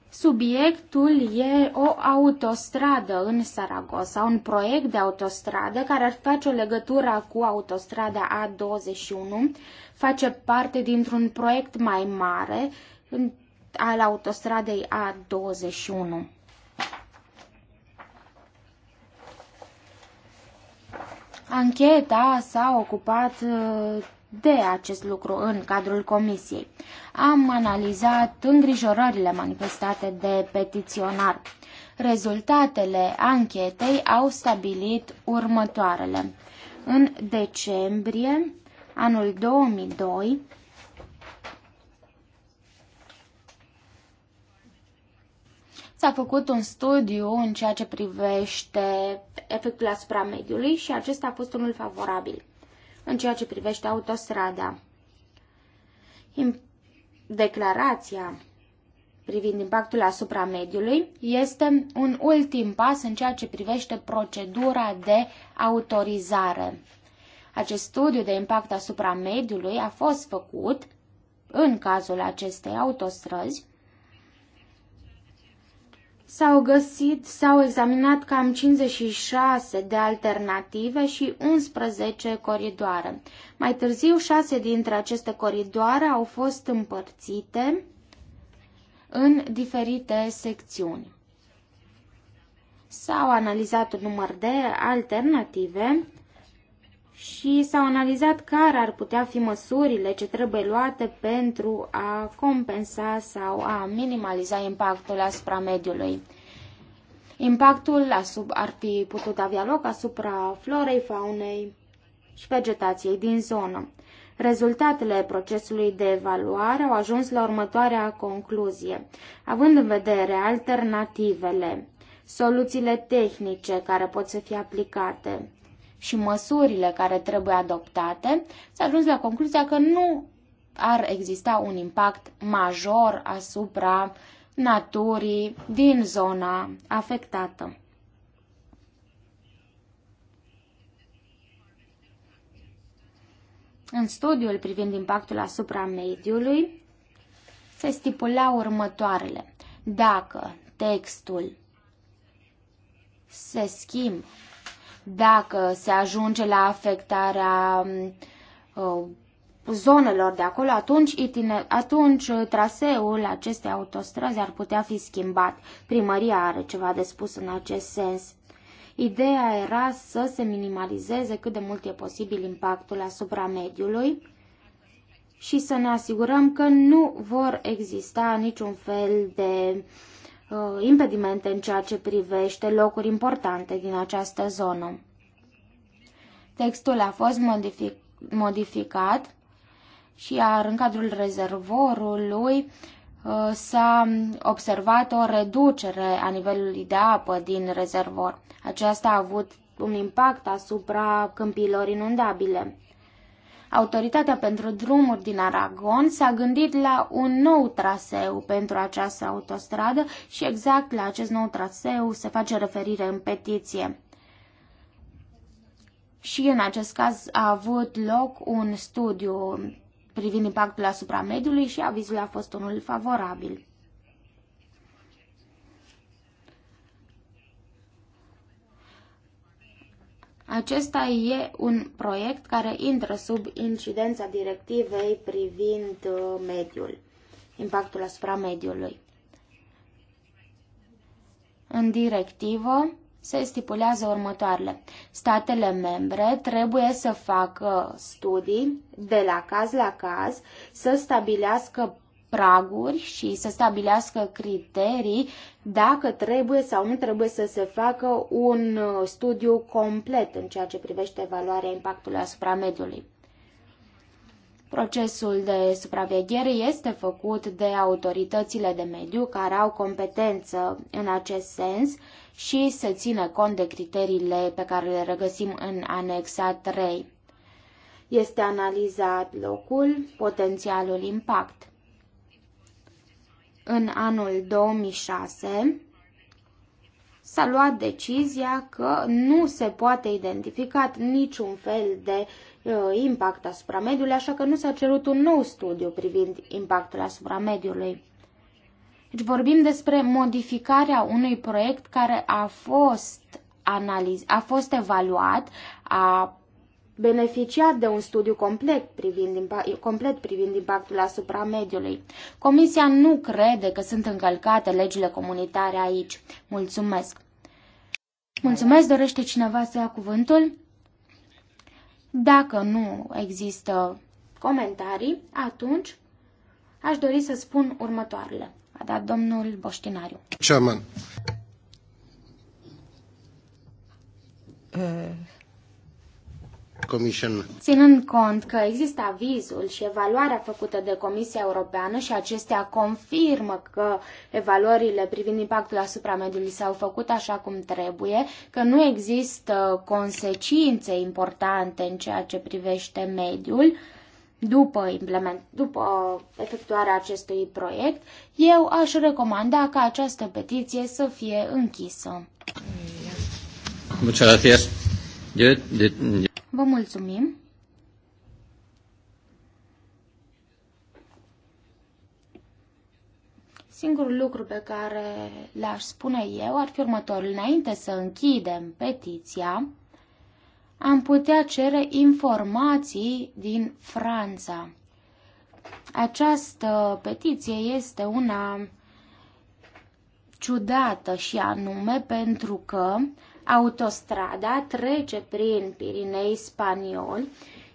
Subiectul e o autostradă în Saragossa, un proiect de autostradă care ar face o legătură cu autostrada A21, face parte dintr-un proiect mai mare al autostradei A21. Ancheta s-a ocupat uh, de acest lucru în cadrul comisiei. Am analizat îngrijorările manifestate de petiționar. Rezultatele anchetei au stabilit următoarele. În decembrie anul 2002, S-a făcut un studiu în ceea ce privește efectul asupra mediului și acesta a fost unul favorabil în ceea ce privește autostrada. Declarația privind impactul asupra mediului este un ultim pas în ceea ce privește procedura de autorizare. Acest studiu de impact asupra mediului a fost făcut în cazul acestei autostrăzi S-au găsit, s-au examinat cam 56 de alternative și 11 coridoare. Mai târziu, 6 dintre aceste coridoare au fost împărțite în diferite secțiuni. S-au analizat un număr de alternative și s-au analizat care ar putea fi măsurile ce trebuie luate pentru a compensa sau a minimaliza impactul asupra mediului. Impactul ar fi putut avea loc asupra florei, faunei și vegetației din zonă. Rezultatele procesului de evaluare au ajuns la următoarea concluzie, având în vedere alternativele, soluțiile tehnice care pot să fie aplicate, și măsurile care trebuie adoptate, s-a ajuns la concluzia că nu ar exista un impact major asupra naturii din zona afectată. În studiul privind impactul asupra mediului, se stipula următoarele. Dacă textul se schimbă dacă se ajunge la afectarea uh, zonelor de acolo, atunci, itine, atunci uh, traseul acestei autostrăzi ar putea fi schimbat. Primăria are ceva de spus în acest sens. Ideea era să se minimalizeze cât de mult e posibil impactul asupra mediului și să ne asigurăm că nu vor exista niciun fel de uh, Uh, impedimente în ceea ce privește locuri importante din această zonă. Textul a fost modific modificat și iar în cadrul rezervorului uh, s-a observat o reducere a nivelului de apă din rezervor. Aceasta a avut un impact asupra câmpiilor inundabile. Autoritatea pentru drumuri din Aragon s-a gândit la un nou traseu pentru această autostradă și exact la acest nou traseu se face referire în petiție. Și în acest caz a avut loc un studiu privind impactul asupra mediului și avizul a fost unul favorabil. Acesta e un proiect care intră sub incidența directivei privind uh, mediul, impactul asupra mediului. În directivă se stipulează următoarele. Statele membre trebuie să facă studii de la caz la caz, să stabilească praguri și să stabilească criterii dacă trebuie sau nu trebuie să se facă un uh, studiu complet în ceea ce privește evaluarea impactului asupra mediului. Procesul de supraveghere este făcut de autoritățile de mediu care au competență în acest sens și se ține cont de criteriile pe care le regăsim în anexa 3. Este analizat locul, potențialul impact în anul 2006 s-a luat decizia că nu se poate identifica niciun fel de uh, impact asupra mediului, așa că nu s-a cerut un nou studiu privind impactul asupra mediului. Deci vorbim despre modificarea unui proiect care a fost analiz, a fost evaluat, a beneficiat de un studiu complet privind, complet privind impactul asupra mediului. Comisia nu crede că sunt încălcate legile comunitare aici. Mulțumesc! Mulțumesc! Dorește cineva să ia cuvântul? Dacă nu există comentarii, atunci aș dori să spun următoarele. A dat domnul Boștinariu. Chairman. Uh Commission. Ținând cont că există avizul și evaluarea făcută de Comisia Europeană și acestea confirmă că evaluările privind impactul asupra mediului s-au făcut așa cum trebuie, că nu există consecințe importante în ceea ce privește mediul, după, implement, după efectuarea acestui proiect, eu aș recomanda ca această petiție să fie închisă. Mulțumesc. Vă mulțumim! Singurul lucru pe care l-aș spune eu ar fi următorul. Înainte să închidem petiția, am putea cere informații din Franța. Această petiție este una ciudată și anume pentru că Autostrada trece prin Pirinei spanioli,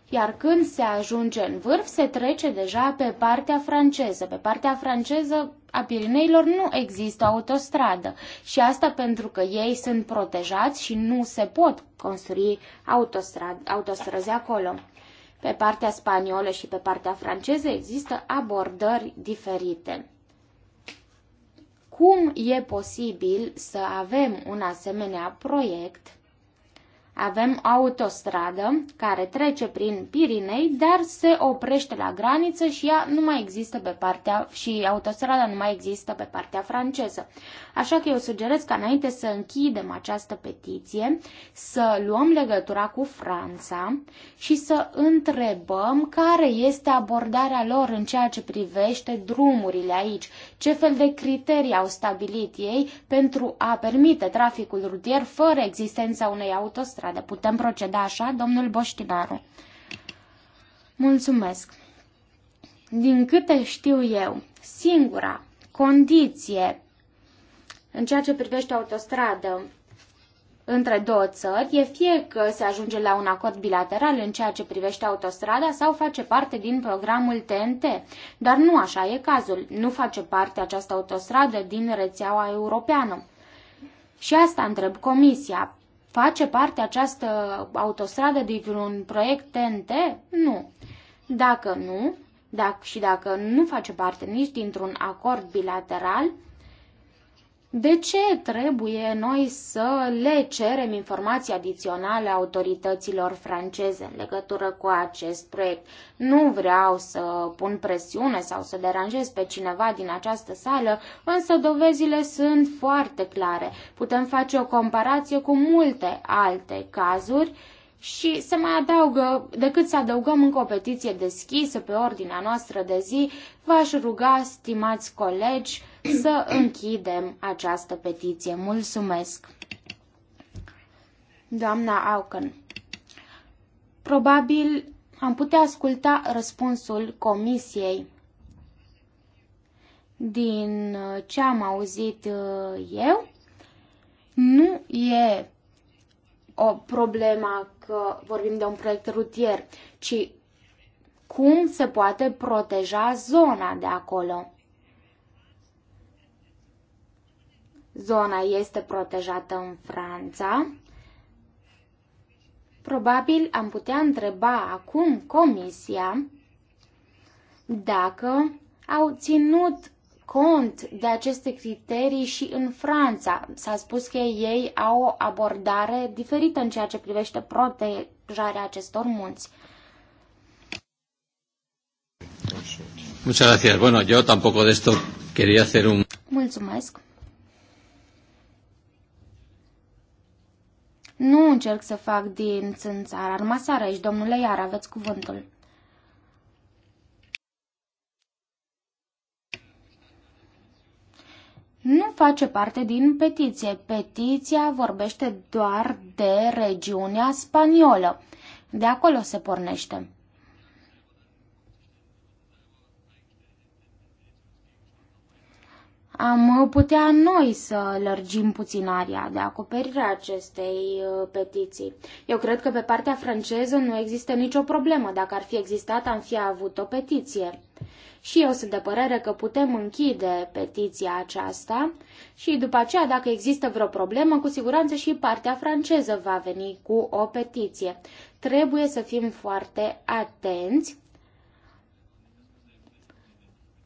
iar când se ajunge în vârf, se trece deja pe partea franceză. Pe partea franceză a Pirineilor nu există autostradă și asta pentru că ei sunt protejați și nu se pot construi autostrăzi acolo. Pe partea spaniolă și pe partea franceză există abordări diferite cum e posibil să avem un asemenea proiect. Avem o autostradă care trece prin Pirinei, dar se oprește la graniță și ea nu mai există pe partea și autostrada nu mai există pe partea franceză. Așa că eu sugerez ca înainte să închidem această petiție, să luăm legătura cu Franța și să întrebăm care este abordarea lor în ceea ce privește drumurile aici, ce fel de criterii au stabilit ei pentru a permite traficul rutier fără existența unei autostrade. Putem proceda așa, domnul Boștinaru? Mulțumesc! Din câte știu eu, singura condiție în ceea ce privește autostradă între două țări, e fie că se ajunge la un acord bilateral în ceea ce privește autostrada sau face parte din programul TNT. Dar nu așa e cazul. Nu face parte această autostradă din rețeaua europeană. Și asta întreb Comisia. Face parte această autostradă dintr-un proiect TNT? Nu. Dacă nu, dacă, și dacă nu face parte nici dintr-un acord bilateral, de ce trebuie noi să le cerem informații adiționale autorităților franceze în legătură cu acest proiect? Nu vreau să pun presiune sau să deranjez pe cineva din această sală, însă dovezile sunt foarte clare. Putem face o comparație cu multe alte cazuri și se mai adaugă, decât să adăugăm încă o petiție deschisă pe ordinea noastră de zi, v-aș ruga, stimați colegi, să închidem această petiție. Mulțumesc! Doamna Auken, probabil am putea asculta răspunsul comisiei. Din uh, ce am auzit uh, eu, nu e o problemă că vorbim de un proiect rutier, ci cum se poate proteja zona de acolo. Zona este protejată în Franța. Probabil am putea întreba acum Comisia dacă au ținut cont de aceste criterii și în Franța. S-a spus că ei au o abordare diferită în ceea ce privește protejarea acestor munți. Muchas gracias. Bueno, yo tampoco de esto quería hacer un... Mulțumesc. Nu încerc să fac din țânțar armasar aici, domnule, iar aveți cuvântul. nu face parte din petiție. Petiția vorbește doar de regiunea spaniolă. De acolo se pornește. am putea noi să lărgim puțin aria de acoperire a acestei uh, petiții. Eu cred că pe partea franceză nu există nicio problemă. Dacă ar fi existat, am fi avut o petiție. Și eu sunt de părere că putem închide petiția aceasta și după aceea, dacă există vreo problemă, cu siguranță și partea franceză va veni cu o petiție. Trebuie să fim foarte atenți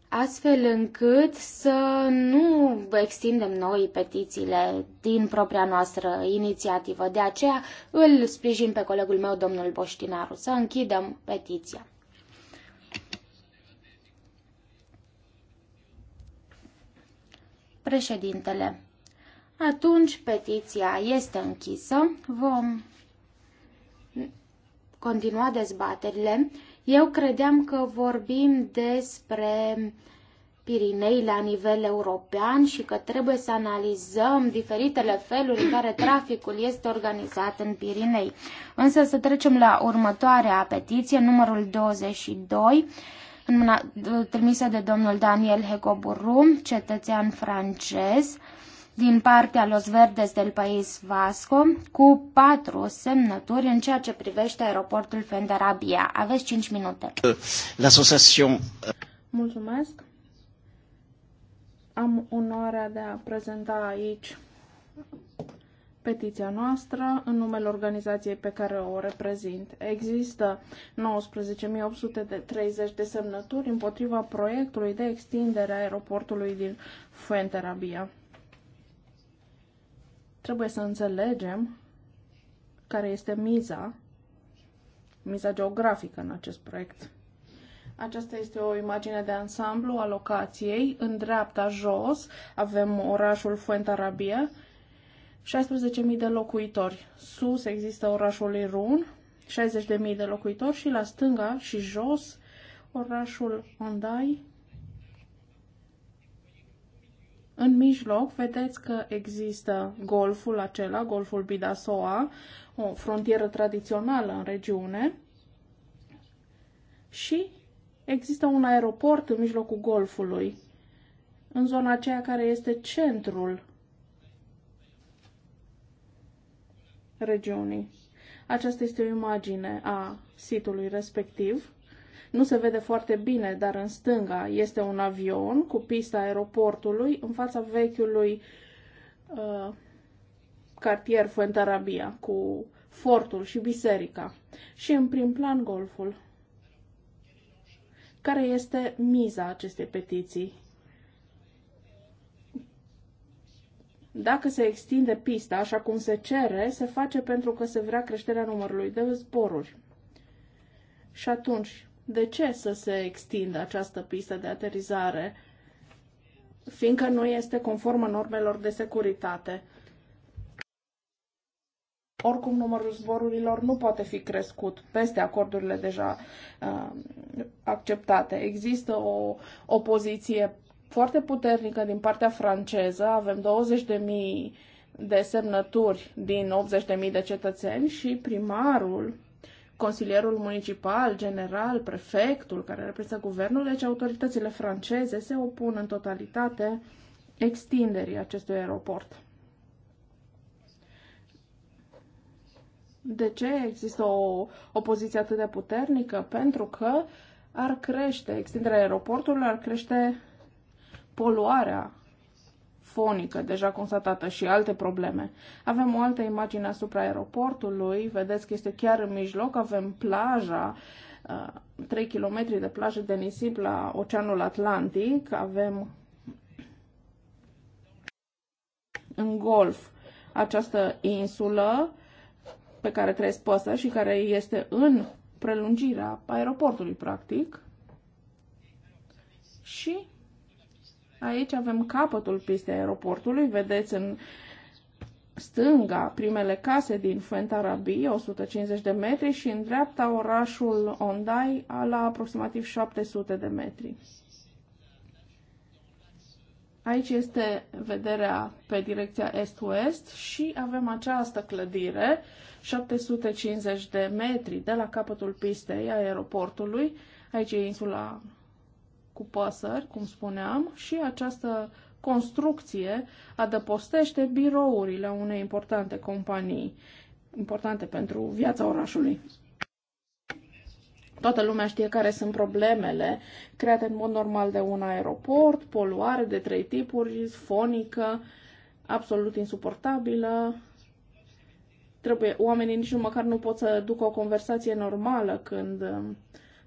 astfel încât să nu extindem noi petițiile din propria noastră inițiativă. De aceea îl sprijin pe colegul meu, domnul Boștinaru, să închidem petiția. Președintele, atunci petiția este închisă, vom continua dezbaterile. Eu credeam că vorbim despre Pirinei la nivel european și că trebuie să analizăm diferitele feluri în care traficul este organizat în Pirinei. Însă să trecem la următoarea petiție, numărul 22, trimisă de domnul Daniel Hegoburu, cetățean francez. Uh, din partea Los Verdes del País Vasco cu patru semnături în ceea ce privește aeroportul Fenderabia. Aveți 5 minute. Eh. Mulțumesc. Am onoarea de a prezenta aici petiția noastră în numele organizației pe care o reprezint. Există 19.830 de semnături împotriva proiectului de extindere a aeroportului din Fuenterabia. Trebuie să înțelegem care este miza, miza geografică în acest proiect. Aceasta este o imagine de ansamblu a locației. În dreapta jos avem orașul Fuentarabia, 16.000 de locuitori. Sus există orașul Irun, 60.000 de locuitori și la stânga și jos orașul Ondai, În mijloc vedeți că există golful acela, golful Bidasoa, o frontieră tradițională în regiune și există un aeroport în mijlocul golfului, în zona aceea care este centrul regiunii. Aceasta este o imagine a sitului respectiv. Nu se vede foarte bine, dar în stânga este un avion cu pista aeroportului în fața vechiului uh, cartier Fuentarabia cu fortul și biserica și în prim plan golful. Care este miza acestei petiții? Dacă se extinde pista așa cum se cere, se face pentru că se vrea creșterea numărului de zboruri. Și atunci, de ce să se extindă această pistă de aterizare, fiindcă nu este conformă normelor de securitate. Oricum, numărul zborurilor nu poate fi crescut peste acordurile deja uh, acceptate. Există o opoziție foarte puternică din partea franceză. Avem 20.000 de semnături din 80.000 de cetățeni și primarul consilierul municipal, general, prefectul care reprezintă guvernul, deci autoritățile franceze se opun în totalitate extinderii acestui aeroport. De ce există o opoziție atât de puternică? Pentru că ar crește, extinderea aeroportului ar crește poluarea fonică deja constatată și alte probleme. Avem o altă imagine asupra aeroportului, vedeți că este chiar în mijloc, avem plaja, 3 uh, km de plajă de nisip la Oceanul Atlantic, avem în golf această insulă pe care trăiesc păsări și care este în prelungirea aeroportului, practic. Și Aici avem capătul pistei aeroportului, vedeți în stânga primele case din Fuentarabi, 150 de metri, și în dreapta orașul Ondai, la aproximativ 700 de metri. Aici este vederea pe direcția est-west și avem această clădire, 750 de metri de la capătul pistei aeroportului. Aici e insula cu păsări, cum spuneam, și această construcție adăpostește birourile unei importante companii, importante pentru viața orașului. Toată lumea știe care sunt problemele create în mod normal de un aeroport, poluare de trei tipuri, fonică, absolut insuportabilă. Trebuie, oamenii nici măcar nu pot să ducă o conversație normală când uh,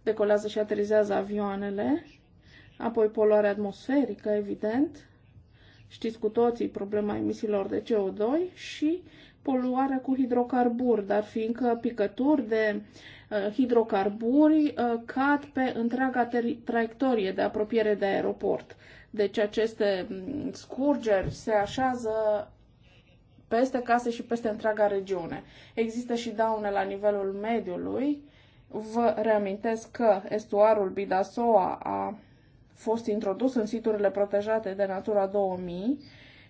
decolează și aterizează avioanele apoi poluarea atmosferică, evident, știți cu toții problema emisiilor de CO2 și poluarea cu hidrocarburi, dar fiindcă picături de uh, hidrocarburi uh, cad pe întreaga traiectorie de apropiere de aeroport. Deci aceste mm, scurgeri se așează peste case și peste întreaga regiune. Există și daune la nivelul mediului. Vă reamintesc că estuarul Bidasoa a fost introdus în siturile protejate de Natura 2000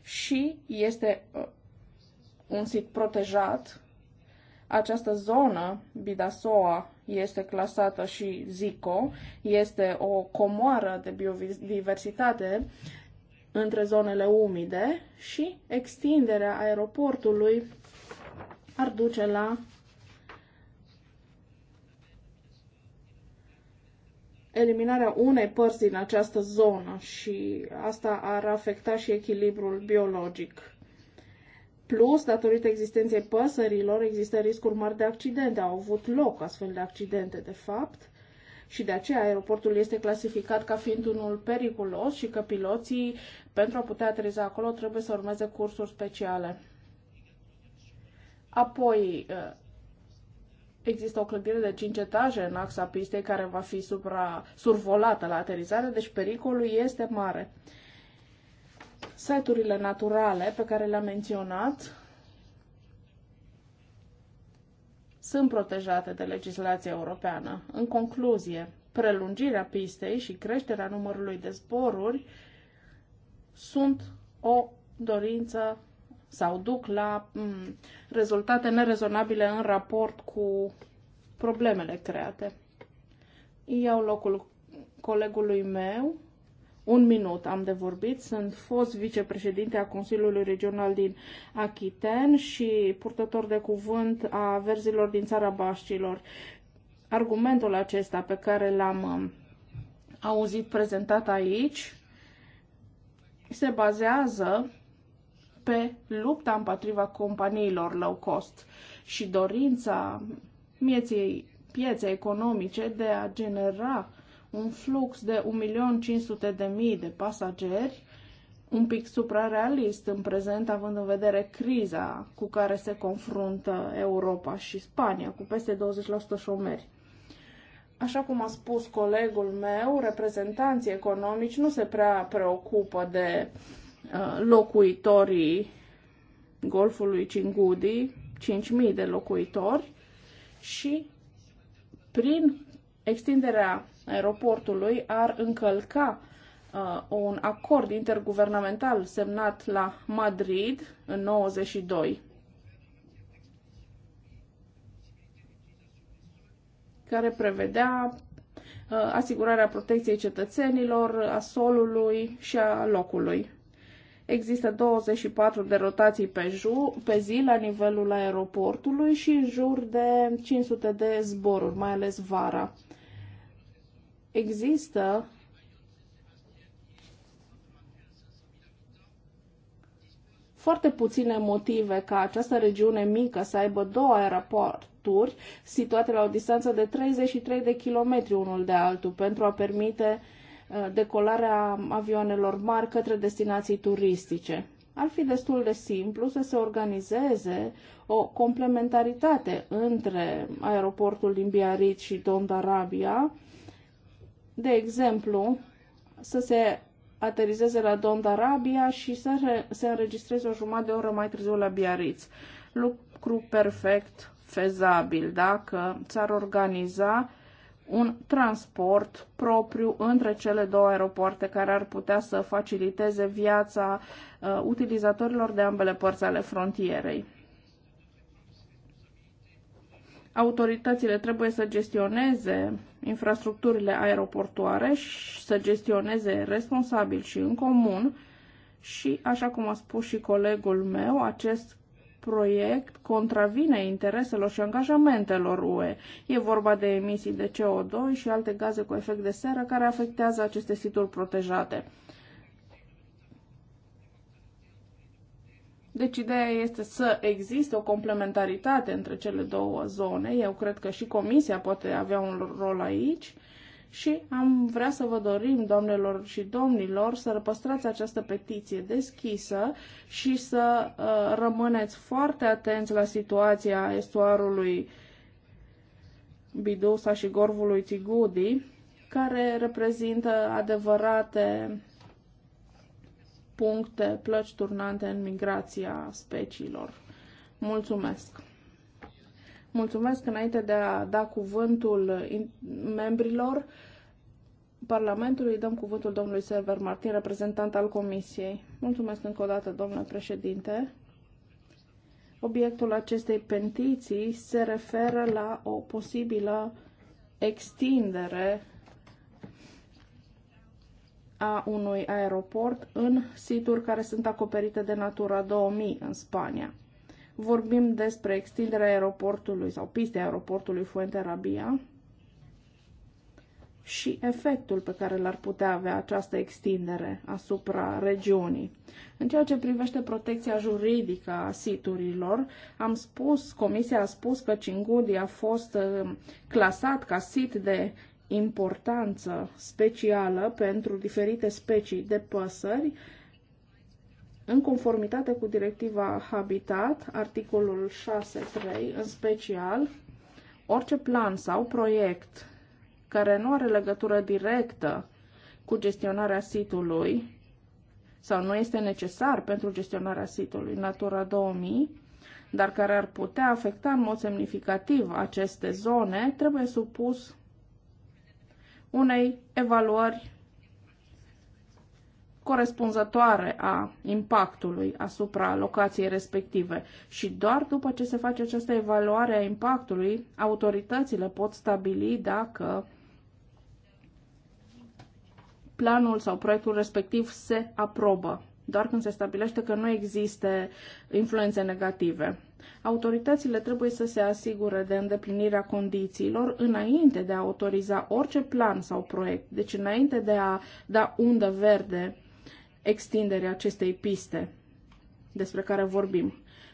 și este uh, un sit protejat. Această zonă, Bidasoa, este clasată și ZICO, este o comoară de biodiversitate între zonele umide și extinderea aeroportului ar duce la eliminarea unei părți din această zonă și asta ar afecta și echilibrul biologic. Plus, datorită existenței păsărilor, există riscuri mari de accidente. Au avut loc astfel de accidente, de fapt, și de aceea aeroportul este clasificat ca fiind unul periculos și că piloții, pentru a putea ateriza acolo, trebuie să urmeze cursuri speciale. Apoi, Există o clădire de 5 etaje în axa pistei care va fi supra, survolată la aterizare, deci pericolul este mare. Seturile naturale pe care le-am menționat sunt protejate de legislația europeană. În concluzie, prelungirea pistei și creșterea numărului de zboruri sunt o dorință sau duc la mm, rezultate nerezonabile în raport cu problemele create. Iau locul colegului meu. Un minut am de vorbit. Sunt fost vicepreședinte a Consiliului Regional din Achiten și purtător de cuvânt a verzilor din țara Baștilor. Argumentul acesta pe care l-am mm, auzit prezentat aici se bazează pe lupta împotriva companiilor low cost și dorința mieții piețe economice de a genera un flux de 1.500.000 de pasageri, un pic suprarealist în prezent, având în vedere criza cu care se confruntă Europa și Spania, cu peste 20% șomeri. Așa cum a spus colegul meu, reprezentanții economici nu se prea preocupă de uh, Uh, locuitorii golfului Cingudi, 5.000 de locuitori și prin extinderea aeroportului ar încălca uh, un acord interguvernamental semnat la Madrid în 92 care prevedea uh, asigurarea protecției cetățenilor, a solului și a locului. Există 24 de rotații pe, ju, pe zi la nivelul aeroportului și în jur de 500 de zboruri, mai ales vara. Există foarte puține motive ca această regiune mică să aibă două aeroporturi situate la o distanță de 33 de kilometri unul de altul pentru a permite uh, Uh, decolarea avioanelor mari către destinații turistice. Ar fi destul de simplu să se organizeze o complementaritate între aeroportul din Biarritz și Dondarabia, de exemplu, să se aterizeze la Dondarabia și să se înregistreze o jumătate de oră mai târziu la Biarritz. Lucru perfect fezabil dacă s-ar organiza un transport propriu între cele două aeropoarte care ar putea să faciliteze viața uh, utilizatorilor de ambele părți ale frontierei. Autoritățile trebuie să gestioneze infrastructurile aeroportoare și să gestioneze responsabil și în comun și, așa cum a spus și colegul meu, acest proiect contravine intereselor și angajamentelor UE. E vorba de emisii de CO2 și alte gaze cu efect de seră care afectează aceste situri protejate. Deci ideea este să existe o complementaritate între cele două zone. Eu cred că și Comisia poate avea un rol aici și am vrea să vă dorim, doamnelor și domnilor, să păstrați această petiție deschisă și să uh, rămâneți foarte atenți la situația estuarului Bidusa și Gorvului Tigudi, care reprezintă adevărate puncte, plăci turnante în migrația speciilor. Mulțumesc! Mulțumesc înainte de a da cuvântul membrilor Parlamentului, dăm cuvântul domnului Server Martin, reprezentant al Comisiei. Mulțumesc încă o dată, domnule președinte. Obiectul acestei petiții se referă la o posibilă extindere a unui aeroport în situri care sunt acoperite de Natura 2000 în Spania. Vorbim despre extinderea aeroportului sau pistei aeroportului Rabia și efectul pe care l-ar putea avea această extindere asupra regiunii. În ceea ce privește protecția juridică a siturilor, am spus, comisia a spus că Cingudi a fost uh, clasat ca sit de importanță specială pentru diferite specii de păsări, în conformitate cu directiva Habitat, articolul 6.3, în special, orice plan sau proiect care nu are legătură directă cu gestionarea sitului sau nu este necesar pentru gestionarea sitului Natura 2000, dar care ar putea afecta în mod semnificativ aceste zone, trebuie supus unei evaluări corespunzătoare a impactului asupra locației respective și doar după ce se face această evaluare a impactului, autoritățile pot stabili dacă planul sau proiectul respectiv se aprobă, doar când se stabilește că nu există influențe negative. Autoritățile trebuie să se asigure de îndeplinirea condițiilor înainte de a autoriza orice plan sau proiect, deci înainte de a da undă verde extinderea acestei piste despre care vorbim.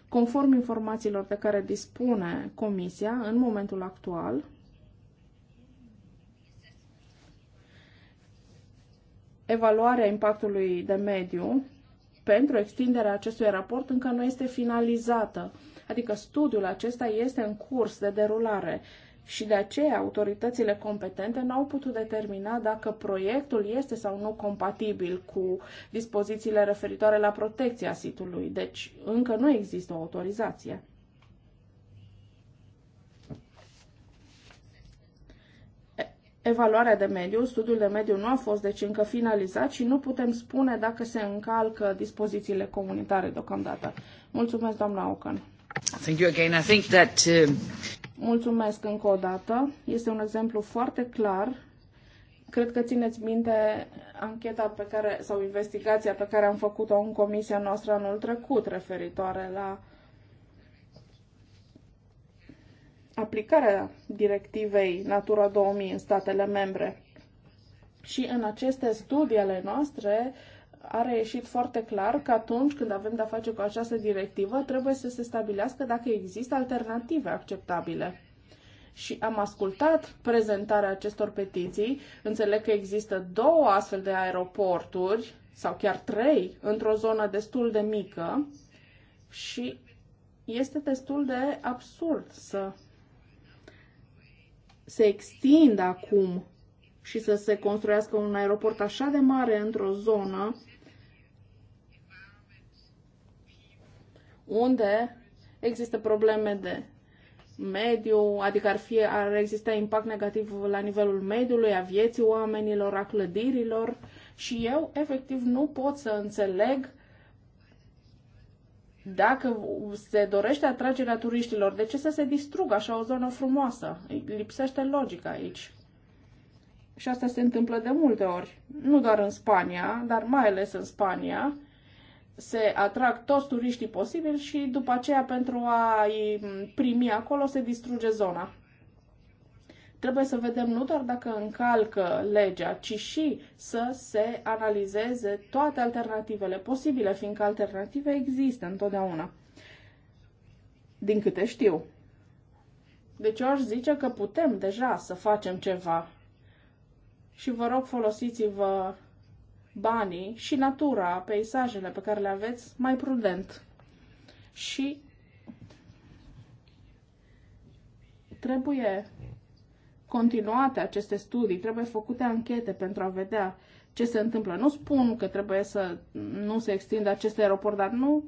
Conform informațiilor de care dispune Comisia, în momentul actual, evaluarea impactului de mediu pentru extinderea acestui raport încă nu este finalizată, adică studiul acesta este în curs de derulare și de aceea autoritățile competente n-au putut determina dacă proiectul este sau nu compatibil cu dispozițiile referitoare la protecția sitului, deci încă nu există o autorizație. Evaluarea de mediu, studiul de mediu nu a fost deci încă finalizat și nu putem spune dacă se încalcă dispozițiile comunitare deocamdată. Mulțumesc, doamna Ocan. Thank you again. I think that, uh... Mulțumesc încă o dată. Este un exemplu foarte clar. Cred că țineți minte ancheta pe care, sau investigația pe care am făcut-o în comisia noastră anul trecut referitoare la aplicarea directivei Natura 2000 în statele membre. Și în aceste studii ale noastre a reieșit foarte clar că atunci când avem de-a face cu această directivă, trebuie să se stabilească dacă există alternative acceptabile. Și am ascultat prezentarea acestor petiții, înțeleg că există două astfel de aeroporturi, sau chiar trei, într-o zonă destul de mică și este destul de absurd să se extindă acum și să se construiască un aeroport așa de mare într-o zonă unde există probleme de mediu, adică ar, fi, ar exista impact negativ la nivelul mediului, a vieții oamenilor, a clădirilor și eu efectiv nu pot să înțeleg dacă se dorește atragerea turiștilor, de ce să se distrugă așa o zonă frumoasă? Lipsește logica aici. Și asta se întâmplă de multe ori, nu doar în Spania, dar mai ales în Spania, se atrag toți turiștii posibili și după aceea pentru a-i primi acolo se distruge zona. Trebuie să vedem nu doar dacă încalcă legea, ci și să se analizeze toate alternativele posibile, fiindcă alternative există întotdeauna. Din câte știu. Deci eu aș zice că putem deja să facem ceva. Și vă rog folosiți-vă banii și natura, peisajele pe care le aveți mai prudent. Și trebuie continuate aceste studii, trebuie făcute anchete pentru a vedea ce se întâmplă. Nu spun că trebuie să nu se extindă acest aeroport, dar nu.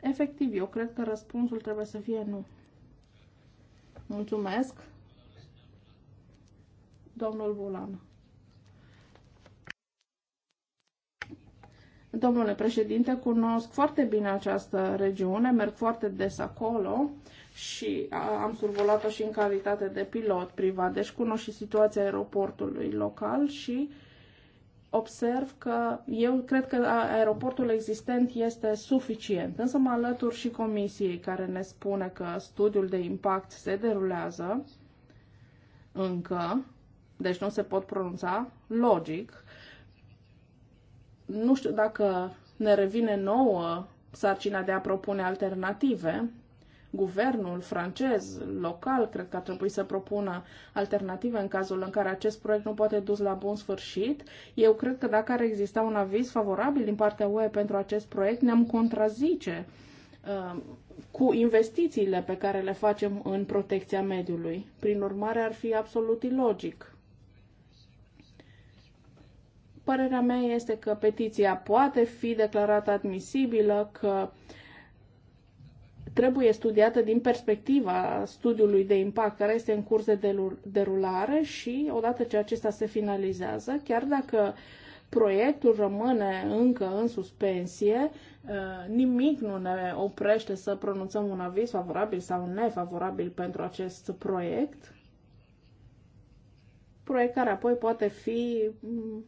Efectiv, eu cred că răspunsul trebuie să fie nu. Mulțumesc. Domnul Bulan. Domnule președinte, cunosc foarte bine această regiune, merg foarte des acolo și am survolat-o și în calitate de pilot privat, deci cunosc și situația aeroportului local și observ că eu cred că aeroportul existent este suficient, însă mă alătur și comisiei care ne spune că studiul de impact se derulează încă, deci nu se pot pronunța, logic, nu știu dacă ne revine nouă sarcina de a propune alternative. Guvernul francez, local, cred că ar trebui să propună alternative în cazul în care acest proiect nu poate dus la bun sfârșit. Eu cred că dacă ar exista un aviz favorabil din partea UE pentru acest proiect, ne-am contrazice uh, cu investițiile pe care le facem în protecția mediului. Prin urmare, ar fi absolut ilogic Părerea mea este că petiția poate fi declarată admisibilă, că trebuie studiată din perspectiva studiului de impact care este în curs de derulare și odată ce acesta se finalizează, chiar dacă proiectul rămâne încă în suspensie, uh, nimic nu ne oprește să pronunțăm un aviz favorabil sau nefavorabil pentru acest proiect, proiect care apoi poate fi mm,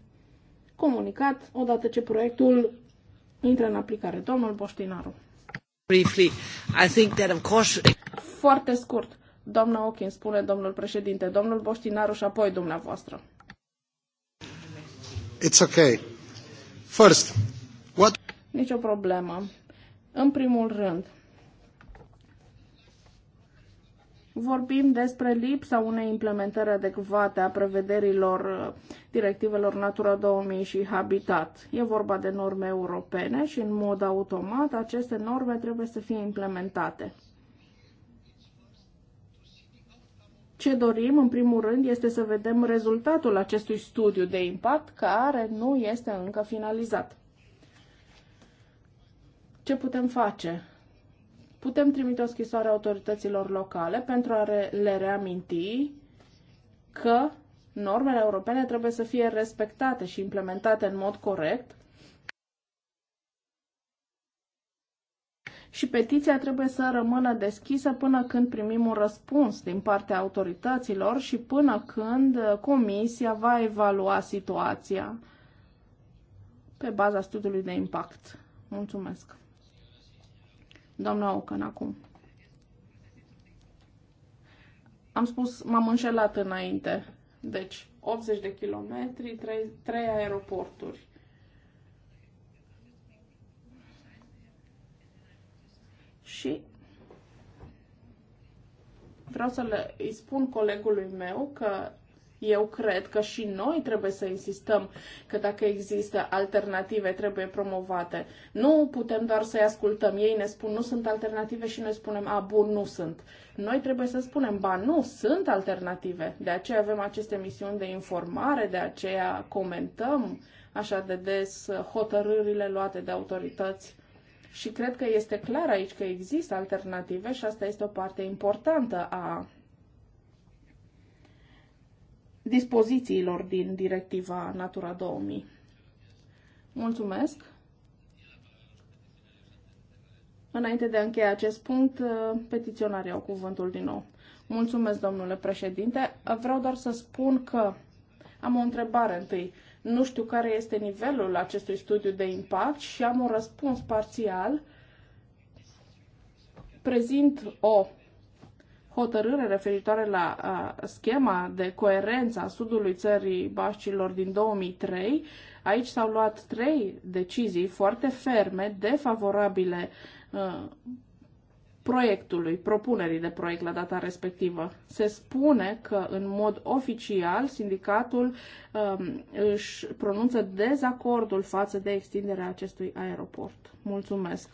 comunicat odată ce proiectul intră în aplicare. Domnul Boștinaru. Briefly, I think that of course... Foarte scurt. Doamna Ochin, spune domnul președinte, domnul Boștinaru și apoi dumneavoastră. It's okay. First, what... Nicio problemă. În primul rând, Vorbim despre lipsa unei implementări adecvate a prevederilor uh, directivelor Natura 2000 și Habitat. E vorba de norme europene și, în mod automat, aceste norme trebuie să fie implementate. Ce dorim, în primul rând, este să vedem rezultatul acestui studiu de impact care nu este încă finalizat. Ce putem face? Putem trimite o scrisoare autorităților locale pentru a le reaminti că normele europene trebuie să fie respectate și implementate în mod corect și petiția trebuie să rămână deschisă până când primim un răspuns din partea autorităților și până când comisia va evalua situația pe baza studiului de impact. Mulțumesc! Doamna Ocan, acum. Am spus, m-am înșelat înainte. Deci, 80 de kilometri, 3, 3 aeroporturi. Și vreau să le, îi spun colegului meu că eu cred că și noi trebuie să insistăm că dacă există alternative, trebuie promovate. Nu putem doar să-i ascultăm. Ei ne spun nu sunt alternative și noi spunem a, bun, nu sunt. Noi trebuie să spunem, ba nu, sunt alternative. De aceea avem aceste misiuni de informare, de aceea comentăm așa de des hotărârile luate de autorități. Și cred că este clar aici că există alternative și asta este o parte importantă a dispozițiilor din directiva Natura 2000. Mulțumesc! Înainte de a încheia acest punct, uh, petiționarii au cuvântul din nou. Mulțumesc, domnule președinte. Vreau doar să spun că am o întrebare întâi. Nu știu care este nivelul acestui studiu de impact și am un răspuns parțial. Prezint o hotărâre referitoare la uh, schema de coerență a sudului țării Bașcilor din 2003. Aici s-au luat trei decizii foarte ferme, defavorabile uh, proiectului, propunerii de proiect la data respectivă. Se spune că, în mod oficial, sindicatul um, își pronunță dezacordul față de extinderea acestui aeroport. Mulțumesc!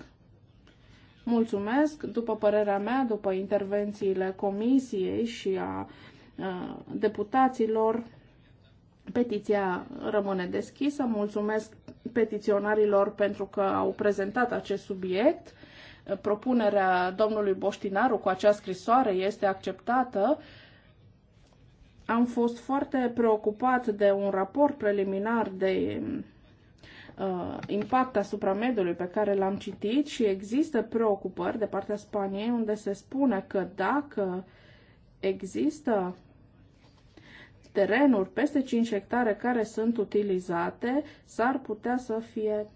Mulțumesc, după părerea mea, după intervențiile comisiei și a deputaților, petiția rămâne deschisă. Mulțumesc petiționarilor pentru că au prezentat acest subiect. Propunerea domnului Boștinaru cu acea scrisoare este acceptată. Am fost foarte preocupat de un raport preliminar de uh, impact asupra mediului pe care l-am citit și există preocupări de partea Spaniei unde se spune că dacă există terenuri peste 5 hectare care sunt utilizate, s-ar putea să fie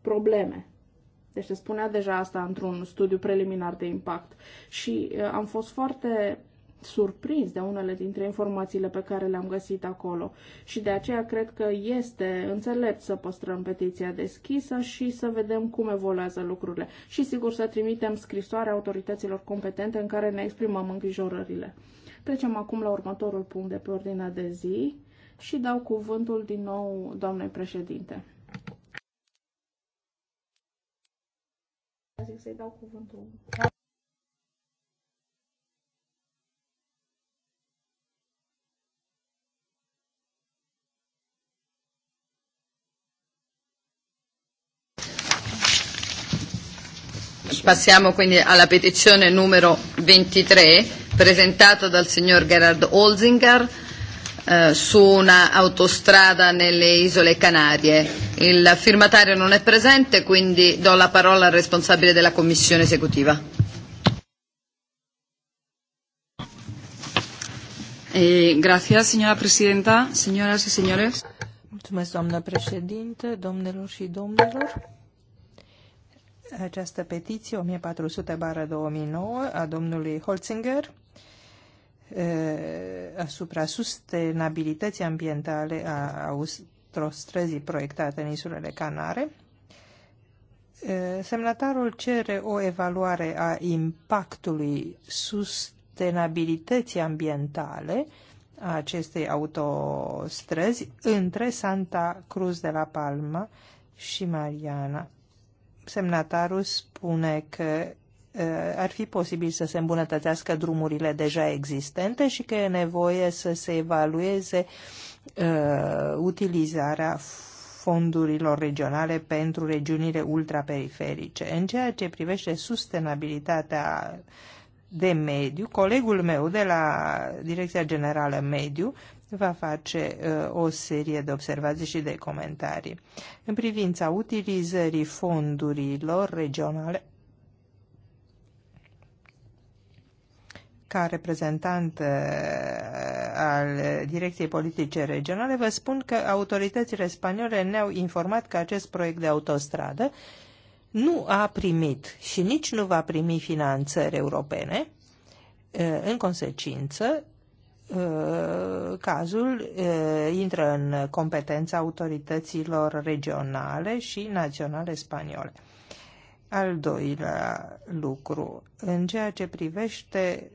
probleme. Deci se spunea deja asta într-un studiu preliminar de impact și uh, am fost foarte surprins de unele dintre informațiile pe care le-am găsit acolo și de aceea cred că este înțelept să păstrăm petiția deschisă și să vedem cum evoluează lucrurile și sigur să trimitem scrisoare autorităților competente în care ne exprimăm îngrijorările. Trecem acum la următorul punct de pe ordinea de zi și dau cuvântul din nou doamnei președinte. Zic să-i dau cuvântul. Passiamo quindi alla petizione numero 23 presentata dal signor Gerard Olzinger eh, su una autostrada nelle isole Canarie. Il firmatario non è presente, quindi do la parola al responsabile della commissione esecutiva. Eh, grazie signora presidenta, señoras e señores. Mulțumesc, doamnă președinte, domnilor și domnilor această petiție 1400-2009 a domnului Holzinger asupra sustenabilității ambientale a autostrăzii proiectate în insulele Canare. Semnatarul cere o evaluare a impactului sustenabilității ambientale a acestei autostrăzi între Santa Cruz de la Palma și Mariana semnatarul spune că ar fi posibil să se îmbunătățească drumurile deja existente și că e nevoie să se evalueze uh, utilizarea fondurilor regionale pentru regiunile ultraperiferice. În ceea ce privește sustenabilitatea de mediu, colegul meu de la Direcția Generală Mediu va face uh, o serie de observații și de comentarii. În privința utilizării fondurilor regionale, ca reprezentant uh, al Direcției Politice Regionale, vă spun că autoritățile spaniole ne-au informat că acest proiect de autostradă nu a primit și nici nu va primi finanțări europene. Uh, în consecință, Uh, cazul uh, intră în competența autorităților regionale și naționale spaniole. Al doilea lucru, în ceea ce privește,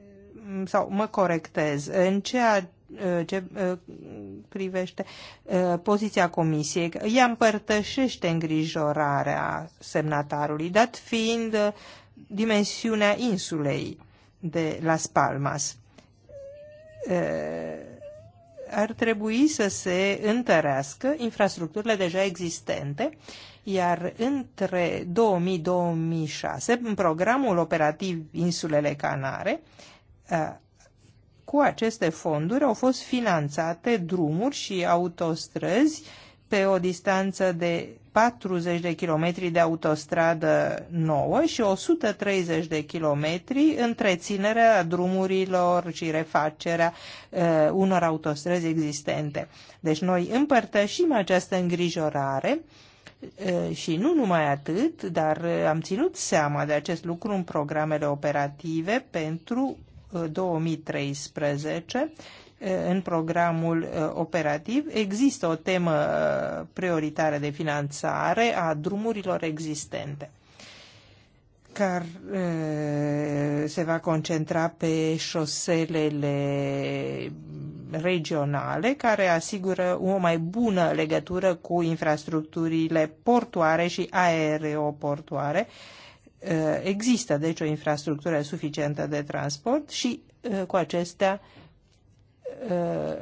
sau mă corectez, în ceea uh, ce privește poziția comisiei, ea împărtășește îngrijorarea semnatarului, dat fiind dimensiunea insulei de Las Palmas Eh, ar trebui să se întărească infrastructurile deja existente, iar între 2000-2006, în programul operativ Insulele Canare, eh, cu aceste fonduri au fost finanțate drumuri și autostrăzi pe o distanță de 40 de kilometri de autostradă nouă și 130 de kilometri întreținerea drumurilor și refacerea uh, unor autostrăzi existente. Deci noi împărtășim această îngrijorare uh, și nu numai atât, dar uh, am ținut seama de acest lucru în programele operative pentru 2013 uh, în programul uh, operativ. Există o temă uh, prioritară de finanțare a drumurilor existente care uh, se va concentra pe șoselele regionale care asigură o mai bună legătură cu infrastructurile portoare și aeroportoare. Există deci o infrastructură suficientă de transport și cu acestea Uh,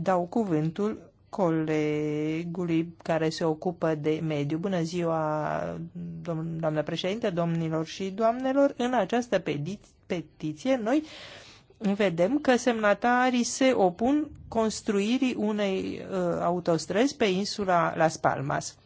dau cuvântul colegului care se ocupă de mediu. Bună ziua, doamnă președinte, domnilor și doamnelor. În această petiție noi vedem că semnatarii se opun construirii unei uh, autostrăzi pe insula Las Palmas.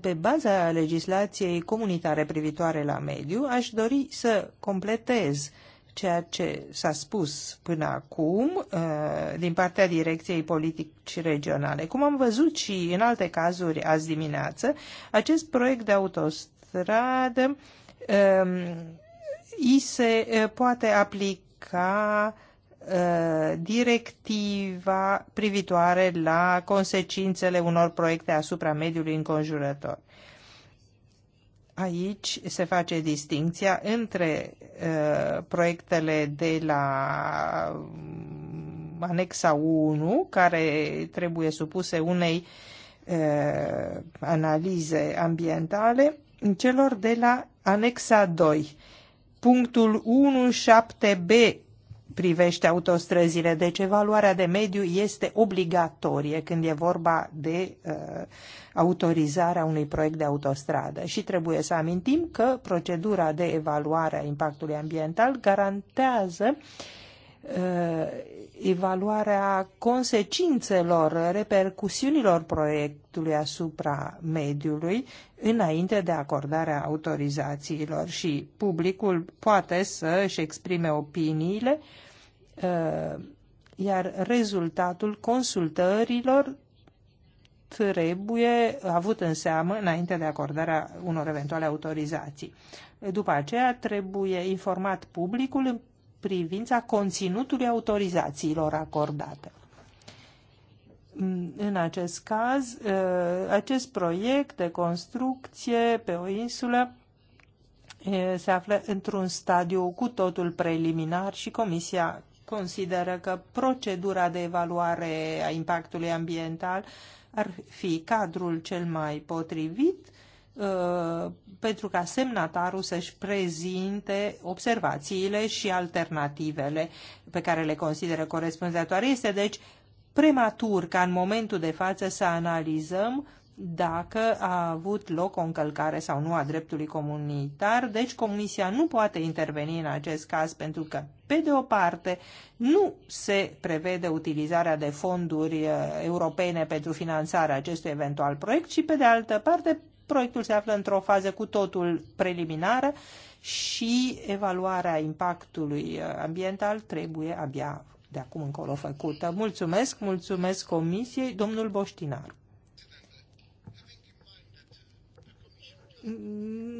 Pe baza legislației comunitare privitoare la mediu, aș dori să completez uh, ceea ce s-a spus până acum uh, din partea Direcției Politici Regionale. Cum am văzut și în alte cazuri azi dimineață, acest proiect de autostradă îi um, se uh, poate aplica uh, directiva privitoare la consecințele unor proiecte asupra mediului înconjurător. Aici se face distinția între uh, proiectele de la um, anexa 1, care trebuie supuse unei uh, analize ambientale, celor de la anexa 2. Punctul 1.7b privește autostrăzile. Deci evaluarea de mediu este obligatorie când e vorba de uh, autorizarea unui proiect de autostradă și trebuie să amintim că procedura de evaluare a impactului ambiental garantează uh, evaluarea consecințelor, repercusiunilor proiectului asupra mediului înainte de acordarea autorizațiilor și publicul poate să își exprime opiniile uh, Uh, iar rezultatul consultărilor trebuie avut în seamă înainte de acordarea unor eventuale autorizații. După aceea trebuie informat publicul în privința conținutului autorizațiilor acordate. Mm, în acest caz, uh, acest proiect de construcție pe o insulă uh, se află într-un stadiu cu totul preliminar și Comisia consideră că procedura de evaluare a impactului ambiental ar fi cadrul cel mai potrivit uh, pentru ca semnatarul să-și prezinte observațiile și alternativele pe care le consideră corespunzătoare. Este deci prematur ca în momentul de față să analizăm dacă a avut loc o încălcare sau nu a dreptului comunitar, deci Comisia nu poate interveni în acest caz pentru că, pe de o parte, nu se prevede utilizarea de fonduri uh, europene pentru finanțarea acestui eventual proiect și, pe de altă parte, proiectul se află într-o fază cu totul preliminară și evaluarea impactului uh, ambiental trebuie abia de acum încolo făcută. Mulțumesc, mulțumesc Comisiei, domnul Boștinaru.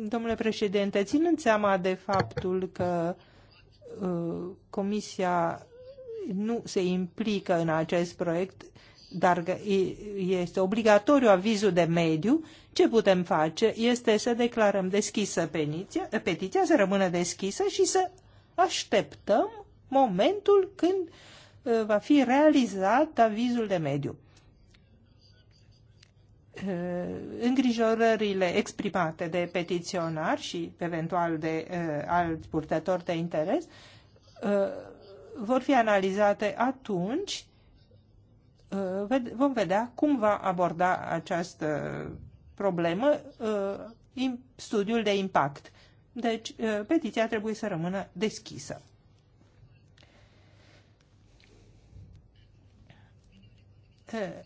Domnule președinte, ținând seama de faptul că uh, Comisia nu se implică în acest proiect, dar este obligatoriu avizul de mediu, ce putem face este să declarăm deschisă petiția, petiția să rămână deschisă și să așteptăm momentul când uh, va fi realizat avizul de mediu. Uh, îngrijorările exprimate de petiționar și eventual de uh, alți purtători de interes uh, vor fi analizate atunci vom vedea cum va aborda această problemă studiul de impact. Deci, petiția trebuie să rămână deschisă.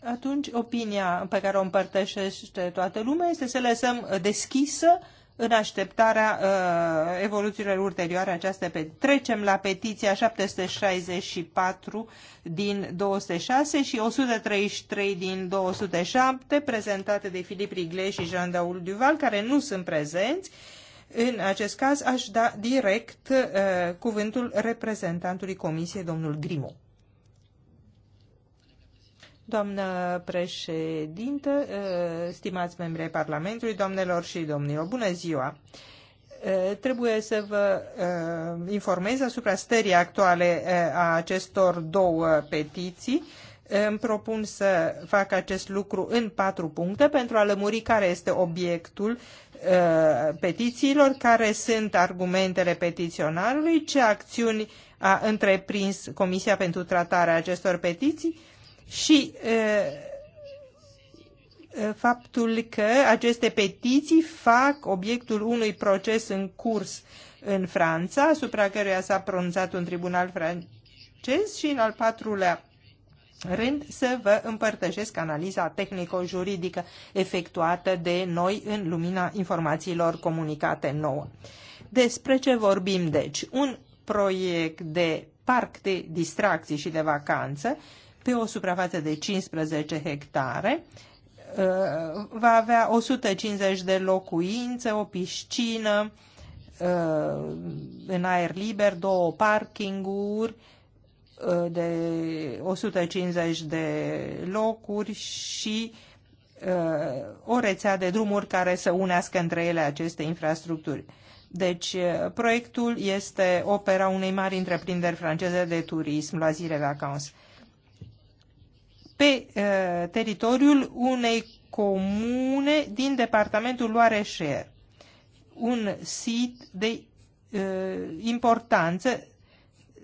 atunci opinia pe care o împărtășește toată lumea este să lăsăm deschisă în așteptarea uh, evoluțiilor ulterioare aceste pe Trecem la petiția 764 din 206 și 133 din 207 prezentate de Filip Rigle și Jean-Daul Duval, care nu sunt prezenți. În acest caz aș da direct uh, cuvântul reprezentantului Comisiei, domnul Grimo. Doamnă președintă, stimați membri ai Parlamentului, doamnelor și domnilor, bună ziua! Trebuie să vă informez asupra stării actuale a acestor două petiții. Îmi propun să fac acest lucru în patru puncte pentru a lămuri care este obiectul petițiilor, care sunt argumentele petiționarului, ce acțiuni a întreprins Comisia pentru tratarea acestor petiții, și faptul că aceste petiții fac obiectul unui proces în curs în Franța, asupra căruia s-a pronunțat un tribunal francez și în al patrulea rând să vă împărtășesc analiza tehnico-juridică efectuată de noi în lumina informațiilor comunicate nouă. Despre ce vorbim, deci? Un proiect de parc de distracții și de vacanță pe o suprafață de 15 hectare, uh, va avea 150 de locuințe, o piscină uh, în aer liber, două parkinguri uh, de 150 de locuri și o rețea de drumuri care să unească între ele aceste infrastructuri. Deci, proiectul este opera unei mari întreprinderi franceze de turism, Loisire Vacances pe uh, teritoriul unei comune din departamentul Loareșer. Un sit de uh, importanță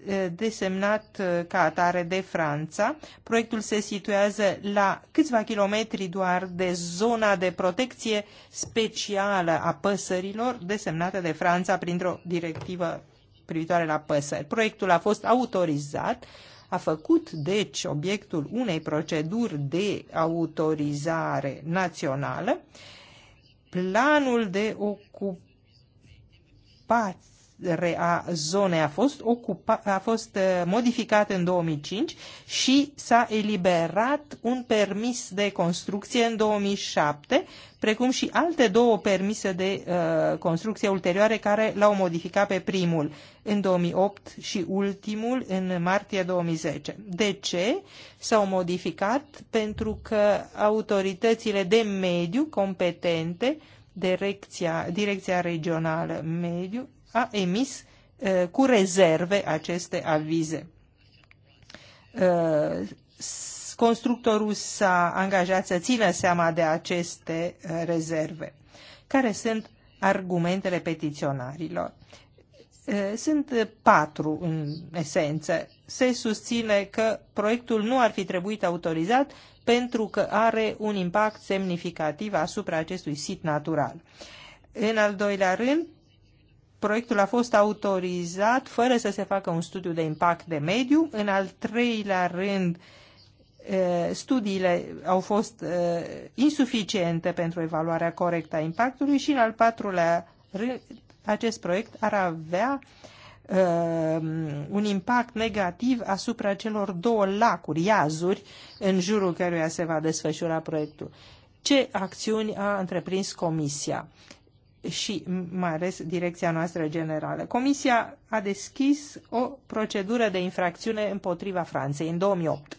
uh, desemnat uh, ca atare de Franța. Proiectul se situează la câțiva kilometri doar de zona de protecție specială a păsărilor desemnată de Franța printr-o directivă privitoare la păsări. Proiectul a fost autorizat uh, a făcut deci obiectul unei proceduri de autorizare națională, planul de ocupare a zonei a fost, ocupa, a fost eh, modificat în 2005 și s-a eliberat un permis de construcție în 2007, precum și alte două permise de uh, construcție ulterioare care l-au modificat pe primul în 2008 și ultimul în martie 2010. De ce s-au modificat? Pentru că autoritățile de mediu competente Direcția, Direcția Regională Mediu a emis uh, cu rezerve aceste avize. Uh, constructorul s-a angajat să țină seama de aceste uh, rezerve. Care sunt argumentele petiționarilor? Sunt patru în esență. Se susține că proiectul nu ar fi trebuit autorizat pentru că are un impact semnificativ asupra acestui sit natural. În al doilea rând, proiectul a fost autorizat fără să se facă un studiu de impact de mediu. În al treilea rând, studiile au fost insuficiente pentru evaluarea corectă a impactului și în al patrulea rând, acest proiect ar avea un impact negativ asupra celor două lacuri, iazuri, în jurul căruia se va desfășura proiectul. Ce acțiuni a întreprins Comisia? și mai ales direcția noastră generală. Comisia a deschis o procedură de infracțiune împotriva Franței în 2008.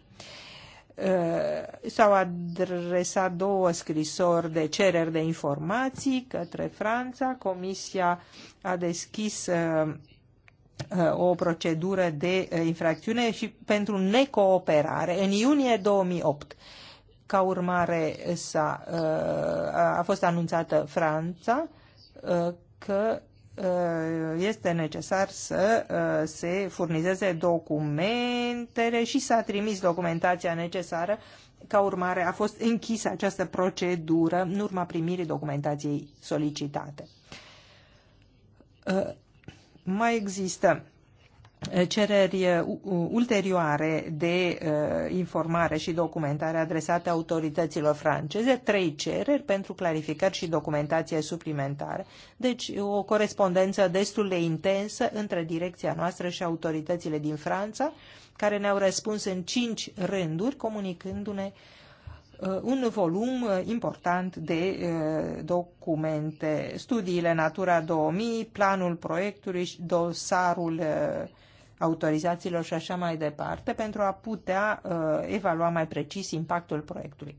S-au adresat două scrisori de cereri de informații către Franța. Comisia a deschis uh, uh, o procedură de uh, infracțiune și pentru necooperare în iunie 2008. Ca urmare s-a, a fost anunțată Franța că uh, este necesar să uh, se furnizeze documentele și s-a trimis documentația necesară. Ca urmare, a fost închisă această procedură în urma primirii documentației solicitate. Uh, mai există Uh, cereri uh, ulterioare de uh, informare și documentare adresate autorităților franceze, trei cereri pentru clarificări și documentație suplimentare. Deci o corespondență destul de intensă între direcția noastră și autoritățile din Franța, care ne-au răspuns în cinci rânduri, comunicându-ne un volum important de documente, studiile Natura 2000, planul proiectului, dosarul autorizațiilor și așa mai departe, pentru a putea uh, evalua mai precis impactul proiectului.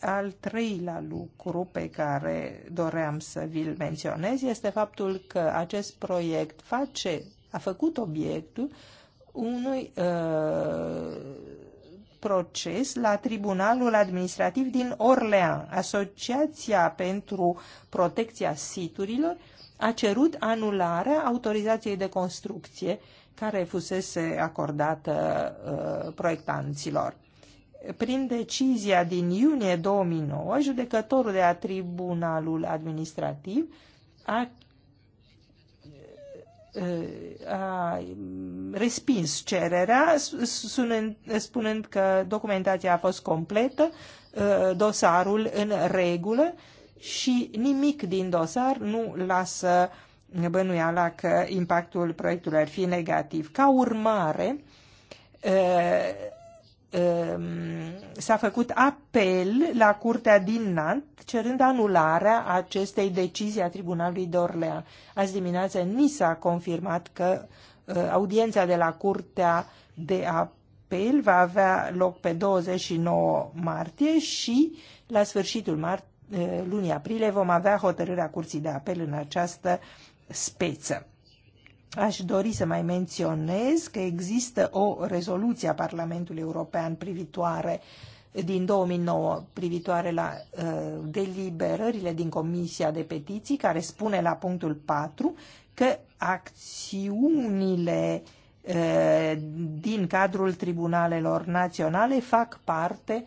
Al treilea lucru pe care doream să vi-l menționez este faptul că acest proiect face, a făcut obiectul unui uh, proces la Tribunalul Administrativ din Orlean. Asociația pentru Protecția Siturilor uh, a cerut anularea autorizației de construcție care fusese acordată uh, proiectanților. Prin decizia din iunie 2009, judecătorul de la Tribunalul Administrativ a, uh, a respins cererea, sunând, spunând că documentația a fost completă, uh, dosarul în regulă și nimic din dosar nu lasă bănuiala că impactul proiectului ar fi negativ. Ca urmare, ă, ă, s-a făcut apel la Curtea din Nant cerând anularea acestei decizii a Tribunalului de Orlean. Azi dimineață ni s-a confirmat că ă, audiența de la Curtea de Apel va avea loc pe 29 martie și la sfârșitul martie lunii aprilie vom avea hotărârea Curții de Apel în această speță. Aș dori să mai menționez că există o rezoluție a Parlamentului European privitoare din 2009 privitoare la uh, deliberările din Comisia de Petiții, care spune la punctul 4 că acțiunile uh, din cadrul tribunalelor naționale fac parte uh,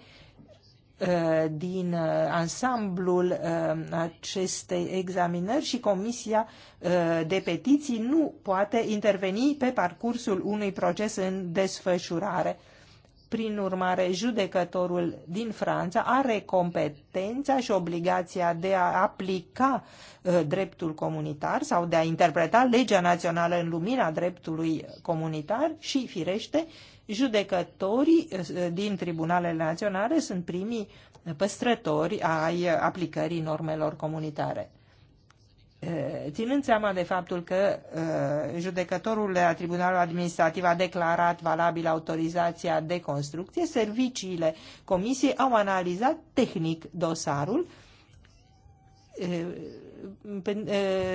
Uh, din uh, ansamblul uh, acestei examinări și Comisia de Petiții nu poate interveni pe parcursul unui proces în desfășurare. Prin urmare, judecătorul din Franța are competența și obligația de a aplica dreptul comunitar sau de a interpreta legea națională în lumina dreptului comunitar și, firește, judecătorii eh, din tribunalele naționale sunt primii păstrători ai aplicării normelor comunitare. Eh, ținând seama de faptul că eh, judecătorul la Tribunalul Administrativ a declarat valabil autorizația de construcție, serviciile comisiei au analizat tehnic dosarul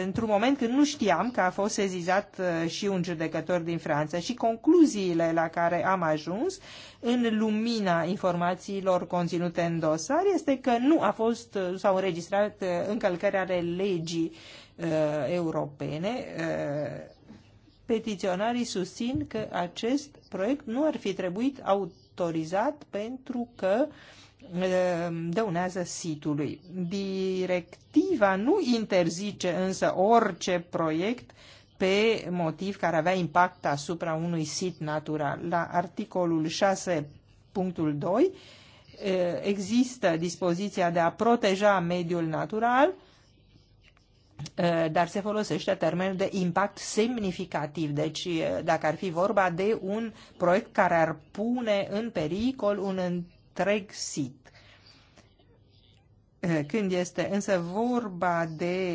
într-un moment când nu știam că a fost sezizat și un judecător din Franța și concluziile la care am ajuns în lumina informațiilor conținute în dosar este că nu a fost sau înregistrat încălcări ale legii uh, europene. Uh, petiționarii susțin că acest proiect nu ar fi trebuit autorizat pentru că uh, Eh, dăunează sitului. Directiva nu interzice însă orice proiect pe motiv care avea impact asupra unui sit natural. La articolul 6.2 eh, există dispoziția de a proteja mediul natural, eh, dar se folosește termenul de impact semnificativ. Deci, dacă ar fi vorba de un proiect care ar pune în pericol un întreg sit. Eh, când este însă vorba de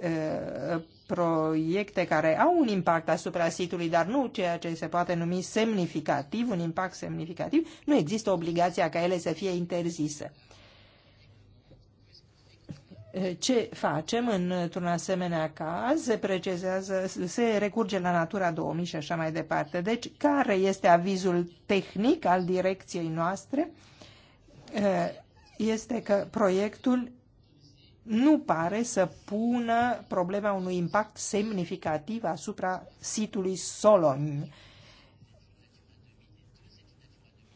eh, proiecte care au un impact asupra sitului, dar nu ceea ce se poate numi semnificativ, un impact semnificativ, nu există obligația ca ele să fie interzise. Eh, ce facem într-un asemenea caz? Se precizează, se recurge la Natura 2000 și așa mai departe. Deci, care este avizul tehnic al direcției noastre? Uh, Eh, este că proiectul nu pare să pună problema unui impact semnificativ asupra sitului Solon.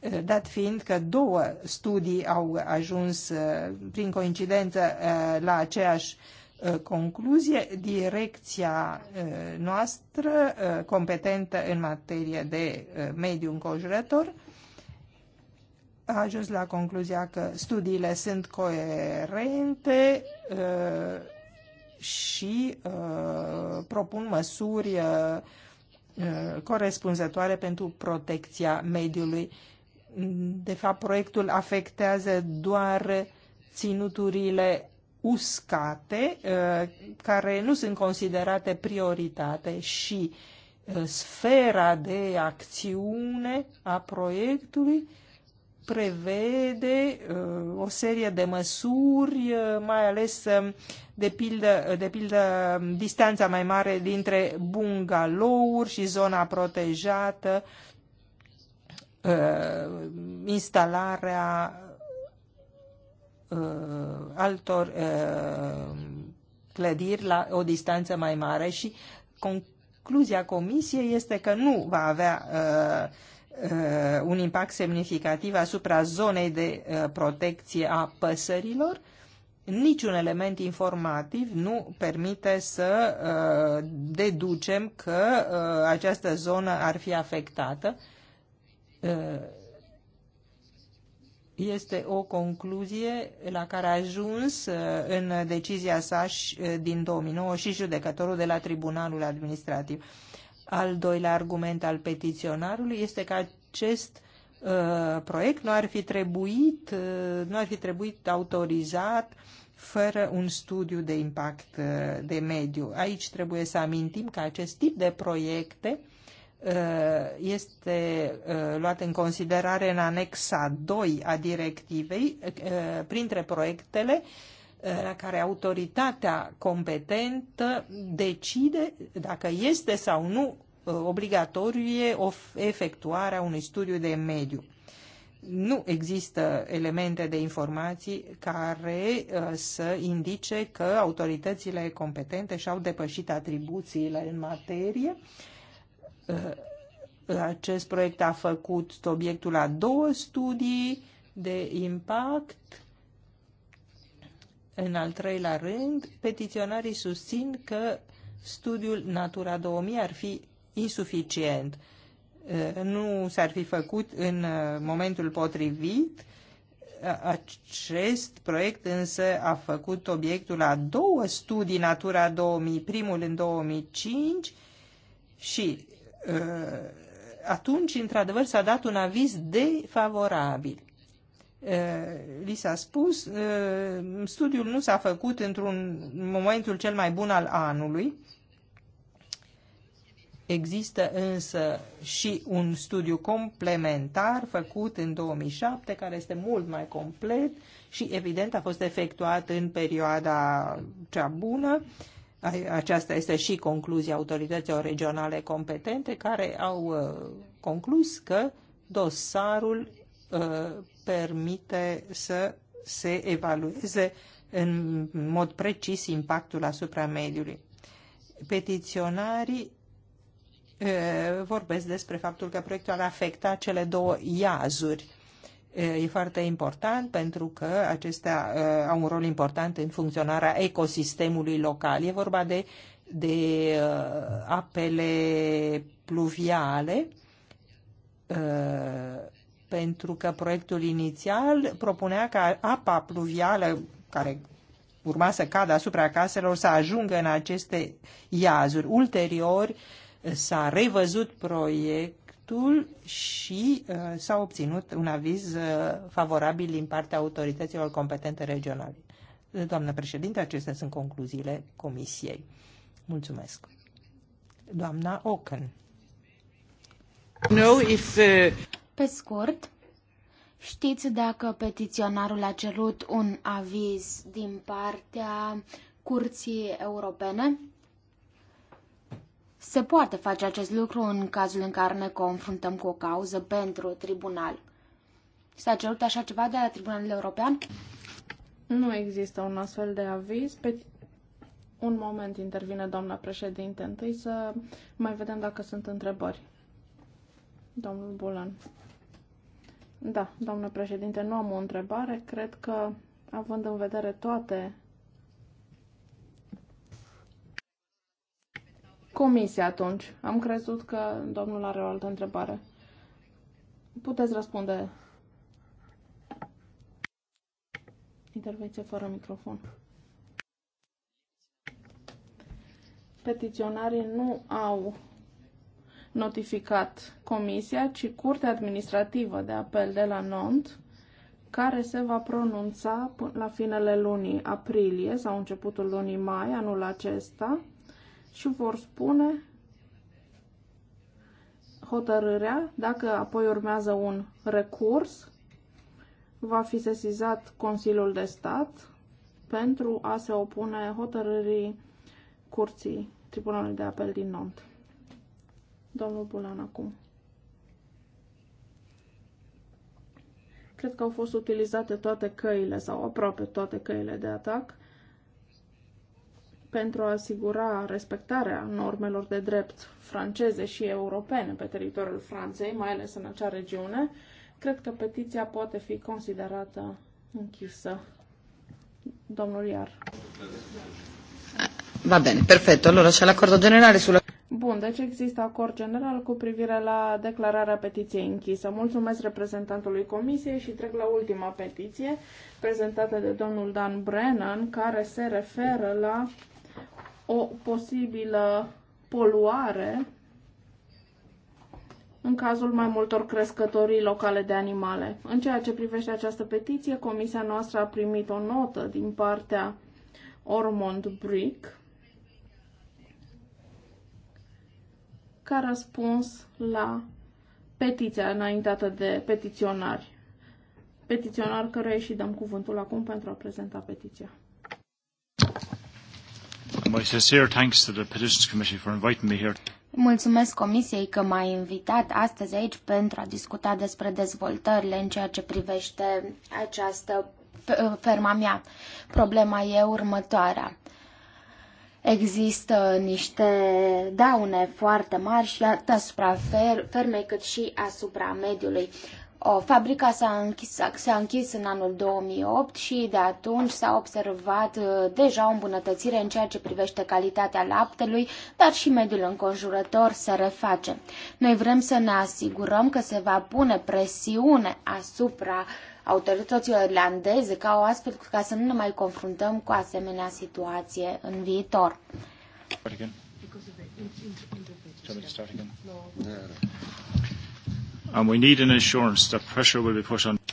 Eh, dat fiind că două studii au ajuns eh, prin coincidență la aceeași concluzie, direcția noastră competentă în materie de mediu înconjurător a ajuns la concluzia că studiile sunt coerente uh, și uh, propun măsuri uh, corespunzătoare pentru protecția mediului. De fapt, proiectul afectează doar ținuturile uscate, care nu sunt considerate prioritate și sfera de acțiune a proiectului prevede uh, o serie de măsuri, uh, mai ales uh, de pildă, de pildă um, distanța mai mare dintre bungalouri și zona protejată, uh, instalarea uh, altor uh, clădiri la o distanță mai mare și concluzia comisiei este că nu va avea uh, Uh, un impact semnificativ asupra zonei de uh, protecție a păsărilor, niciun element informativ nu permite să uh, deducem că această zonă ar fi afectată. Este o concluzie la care a ajuns în decizia sa din 2009 și judecătorul de la Tribunalul Administrativ al doilea argument al petiționarului este că acest uh, proiect nu ar fi trebuit, uh, nu ar fi trebuit autorizat fără un studiu de impact uh, de mediu. Aici trebuie să amintim că acest tip de proiecte uh, este uh, luat în considerare în anexa 2 a directivei uh, printre proiectele la care autoritatea competentă decide dacă este sau nu uh, obligatorie efectuarea unui studiu de mediu. Nu există elemente de informații care uh, să indice că autoritățile competente și-au depășit atribuțiile în materie. Uh, acest proiect a făcut obiectul a două studii de impact în al treilea rând, petiționarii susțin că studiul Natura 2000 ar fi insuficient. Uh, nu s-ar fi făcut în uh, momentul potrivit. Uh, acest proiect însă a făcut obiectul a două studii Natura 2000, primul în 2005 și atunci, într-adevăr, s-a dat un aviz defavorabil. Eh, li s-a spus, eh, studiul nu s-a făcut într-un momentul cel mai bun al anului. Există însă și un studiu complementar făcut în 2007, care este mult mai complet și evident a fost efectuat în perioada cea bună. Aceasta este și concluzia autorităților regionale competente care au eh, conclus că dosarul permite să se evalueze în mod precis impactul asupra mediului. Petiționarii vorbesc despre faptul că proiectul ar afecta cele două iazuri. E foarte important pentru că acestea au un rol important în funcționarea ecosistemului local. E vorba de, de apele pluviale pentru că proiectul inițial propunea ca apa pluvială care urma să cadă asupra caselor să ajungă în aceste iazuri. Ulterior s-a revăzut proiectul și uh, s-a obținut un aviz uh, favorabil din partea autorităților competente regionale. Doamnă președinte, acestea sunt concluziile comisiei. Mulțumesc. Doamna Ocken. No, if, uh... Pe scurt, știți dacă petiționarul a cerut un aviz din partea Curții Europene? Se poate face acest lucru în cazul în care ne confruntăm cu o cauză pentru tribunal. S-a cerut așa ceva de la Tribunalul European? Nu există un astfel de aviz. Pe... Un moment intervine doamna președinte. Întâi să mai vedem dacă sunt întrebări. Domnul Bulan. Da, doamnă președinte, nu am o întrebare. Cred că, având în vedere toate comisia atunci. Am crezut că domnul are o altă întrebare. Puteți răspunde. Intervenție fără microfon. Petiționarii nu au notificat Comisia, ci Curtea Administrativă de Apel de la Nont, care se va pronunța până la finele lunii aprilie sau începutul lunii mai anul acesta și vor spune hotărârea, dacă apoi urmează un recurs, va fi sesizat Consiliul de Stat pentru a se opune hotărârii Curții Tribunalului de Apel din Nantes. Domnul Bulan acum. Cred că au fost utilizate toate căile sau aproape toate căile de atac pentru a asigura respectarea normelor de drept franceze și europene pe teritoriul Franței, mai ales în acea regiune, cred că petiția poate fi considerată închisă. Domnul Iar. Va bene, perfetto. Allora c'è l'accordo generale sulla... Bun, deci există acord general cu privire la declararea petiției închisă. Mulțumesc reprezentantului comisiei și trec la ultima petiție prezentată de domnul Dan Brennan, care se referă la o posibilă poluare în cazul mai multor crescătorii locale de animale. În ceea ce privește această petiție, comisia noastră a primit o notă din partea Ormond Brick, ca răspuns la petiția înaintată de petiționari. Petiționar căruia și dăm cuvântul acum pentru a prezenta petiția. My sincere thanks to the Petitions Committee for inviting me here. Mulțumesc Comisiei că m-a invitat astăzi aici pentru a discuta despre dezvoltările în ceea ce privește această ferma mea. Problema e următoarea există niște daune foarte mari și atât asupra fermei cât și asupra mediului. O, fabrica s-a închis, s-a închis în anul 2008 și de atunci s-a observat uh, deja o îmbunătățire în ceea ce privește calitatea laptelui, dar și mediul înconjurător se reface. Noi vrem să ne asigurăm că se va pune presiune asupra uh, autorității irlandeze ca o astfel ca să nu ne mai confruntăm cu asemenea situație în viitor.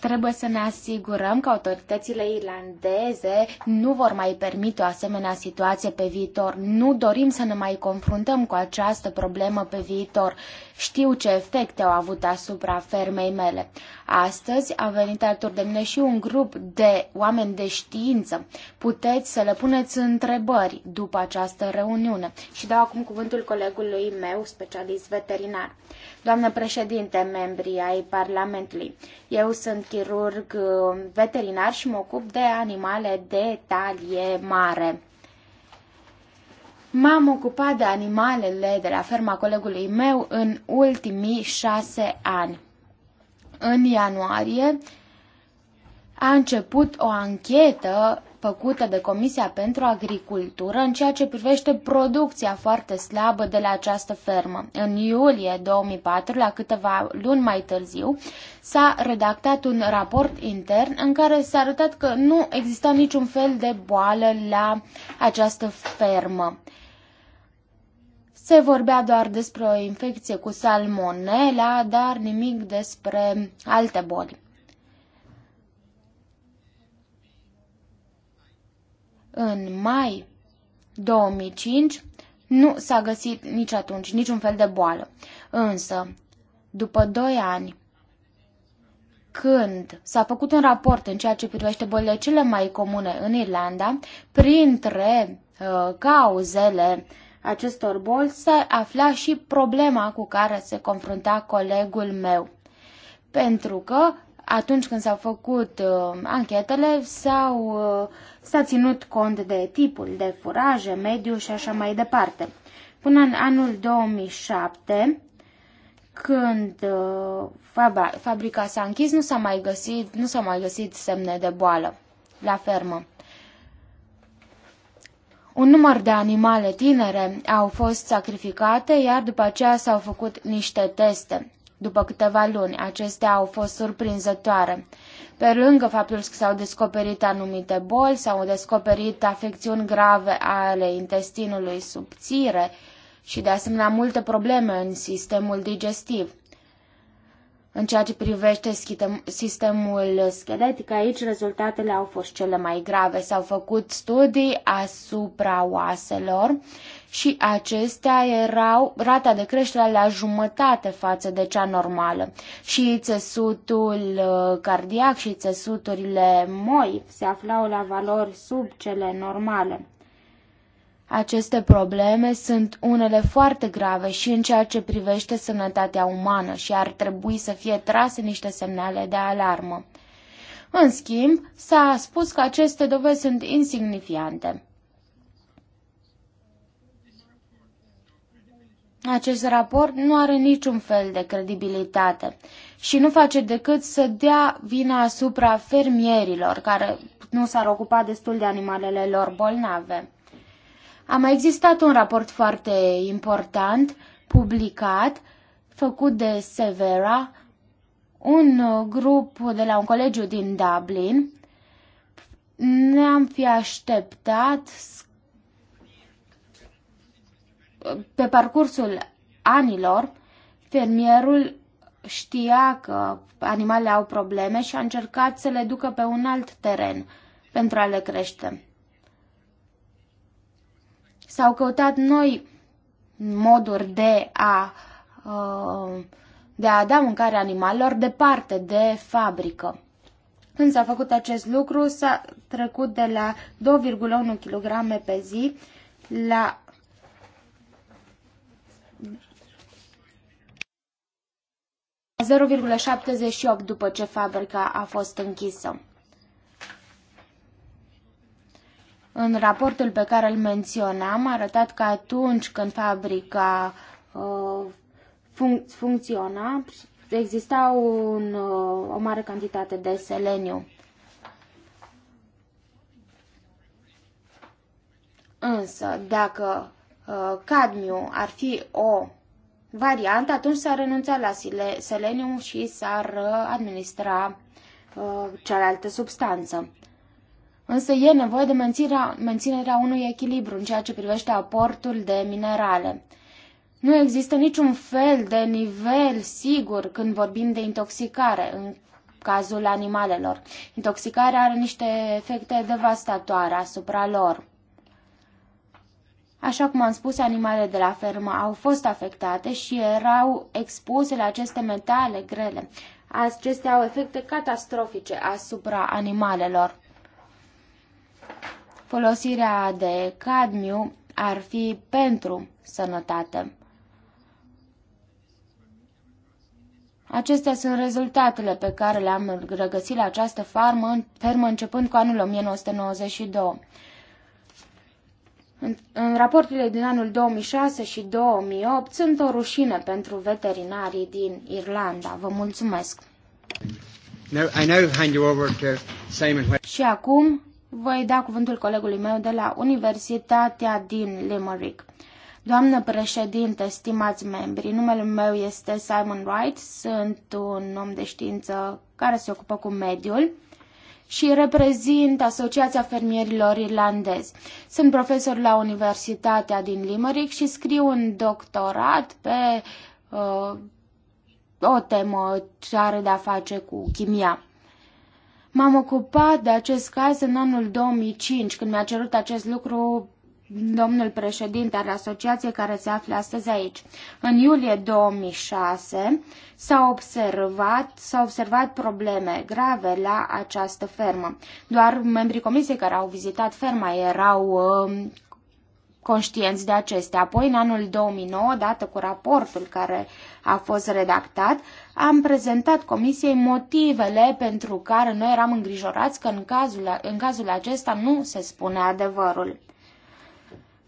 Trebuie să ne asigurăm că autoritățile irlandeze nu vor mai permite o asemenea situație pe viitor. Nu dorim să ne mai confruntăm cu această problemă pe viitor. Știu ce efecte au avut asupra fermei mele. Astăzi a venit alături de mine și un grup de oameni de știință. Puteți să le puneți întrebări după această reuniune. Și dau acum cuvântul colegului meu, specialist veterinar. Doamnă președinte, membrii ai Parlamentului, eu sunt chirurg uh, veterinar și mă ocup de animale de talie mare. M-am ocupat de animalele de la ferma colegului meu în ultimii șase ani. În ianuarie a început o anchetă făcută de Comisia pentru Agricultură în ceea ce privește producția foarte slabă de la această fermă. În iulie 2004, la câteva luni mai târziu, s-a redactat un raport intern în care s-a arătat că nu exista niciun fel de boală la această fermă. Se vorbea doar despre o infecție cu salmonela, dar nimic despre alte boli. în mai 2005 nu s-a găsit nici atunci niciun fel de boală. Însă, după 2 ani, când s-a făcut un raport în ceea ce privește bolile cele mai comune în Irlanda, printre uh, cauzele acestor boli se afla și problema cu care se confrunta colegul meu. Pentru că atunci când s-au făcut uh, anchetele, s-au uh, S-a ținut cont de tipul de furaje, mediu și așa mai departe. Până în anul 2007, când uh, fabrica s-a închis, nu s-a mai găsit, nu s mai găsit semne de boală la fermă. Un număr de animale tinere au fost sacrificate, iar după aceea s-au făcut niște teste. După câteva luni, acestea au fost surprinzătoare. Pe lângă faptul că s-au descoperit anumite boli, s-au descoperit afecțiuni grave ale intestinului subțire și de asemenea multe probleme în sistemul digestiv. În ceea ce privește sistemul scheletic, aici rezultatele au fost cele mai grave. S-au făcut studii asupra oaselor și acestea erau rata de creștere la jumătate față de cea normală. Și țesutul uh, cardiac și țesuturile moi se aflau la valori sub cele normale. Aceste probleme sunt unele foarte grave și în ceea ce privește sănătatea umană și ar trebui să fie trase niște semnale de alarmă. În schimb, s-a spus că aceste dovezi sunt insignifiante. Acest raport nu are niciun fel de credibilitate și nu face decât să dea vina asupra fermierilor care nu s-ar ocupa destul de animalele lor bolnave. A mai existat un raport foarte important publicat, făcut de Severa, un uh, grup de la un colegiu din Dublin. Ne-am fi așteptat pe parcursul anilor, fermierul știa că animalele au probleme și a încercat să le ducă pe un alt teren pentru a le crește. S-au căutat noi moduri de a, uh, de a da mâncare animalelor departe de fabrică. Când s-a făcut acest lucru, s-a trecut de la 2,1 kg pe zi la la 0,78 după ce fabrica a fost închisă. În raportul pe care îl menționam, a arătat că atunci când fabrica uh, fun- funcționa, exista un, uh, o mare cantitate de seleniu. Însă, dacă uh, cadmiu ar fi o variantă, atunci s-ar renunța la seleniu și s-ar administra cealaltă substanță. Însă e nevoie de mențirea, menținerea unui echilibru în ceea ce privește aportul de minerale. Nu există niciun fel de nivel sigur când vorbim de intoxicare în cazul animalelor. Intoxicarea are niște efecte devastatoare asupra lor. Așa cum am spus, animalele de la fermă au fost afectate și erau expuse la aceste metale grele. Acestea au efecte catastrofice asupra animalelor. Folosirea de cadmiu ar fi pentru sănătate. Acestea sunt rezultatele pe care le-am regăsit la această farmă, fermă începând cu anul 1992. În, în raporturile din anul 2006 și 2008 sunt o rușine pentru veterinarii din Irlanda. Vă mulțumesc! Now, I now hand you over to Simon. Și acum voi da cuvântul colegului meu de la Universitatea din Limerick. Doamnă președinte, stimați membri, numele meu este Simon Wright, sunt un om de știință care se ocupă cu mediul și reprezint Asociația Fermierilor Irlandezi. Sunt profesor la Universitatea din Limerick și scriu un doctorat pe uh, o temă ce are de-a face cu chimia. M-am ocupat de acest caz în anul 2005, când mi-a cerut acest lucru domnul președinte al asociației care se află astăzi aici. În iulie 2006 s-au observat, s-au observat probleme grave la această fermă. Doar membrii comisiei care au vizitat ferma erau uh, conștienți de acestea. Apoi, în anul 2009, dată cu raportul care a fost redactat, am prezentat Comisiei motivele pentru care noi eram îngrijorați că în cazul, în cazul acesta nu se spune adevărul.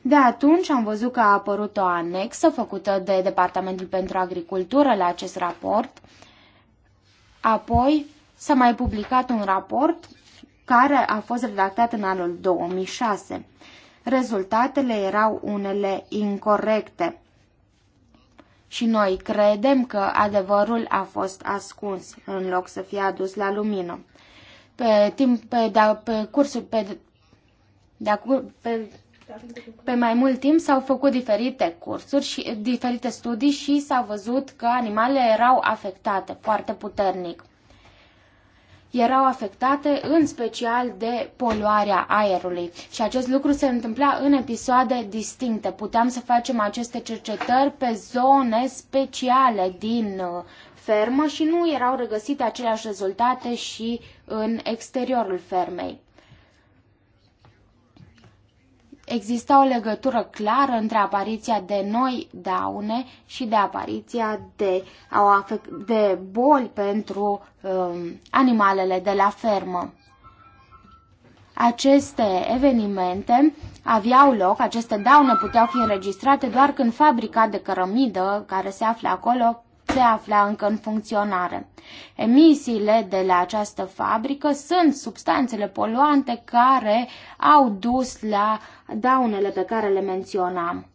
De atunci am văzut că a apărut o anexă făcută de Departamentul pentru Agricultură la acest raport. Apoi s-a mai publicat un raport care a fost redactat în anul 2006. Rezultatele erau unele incorrecte. Și noi credem că adevărul a fost ascuns în loc să fie adus la lumină. Pe timp, pe, da, pe cursul, pe, da, pe, pe mai mult timp s-au făcut diferite cursuri și diferite studii și s-a văzut că animalele erau afectate foarte puternic erau afectate în special de poluarea aerului. Și acest lucru se întâmpla în episoade distincte. Puteam să facem aceste cercetări pe zone speciale din uh, fermă și nu erau regăsite aceleași rezultate și în exteriorul fermei. Exista o legătură clară între apariția de noi daune și de apariția de, de boli pentru um, animalele de la fermă. Aceste evenimente aveau loc, aceste daune puteau fi înregistrate doar când fabrica de cărămidă care se află acolo se afla încă în funcționare. Emisiile de la această fabrică sunt substanțele poluante care au dus la daunele pe care le menționam.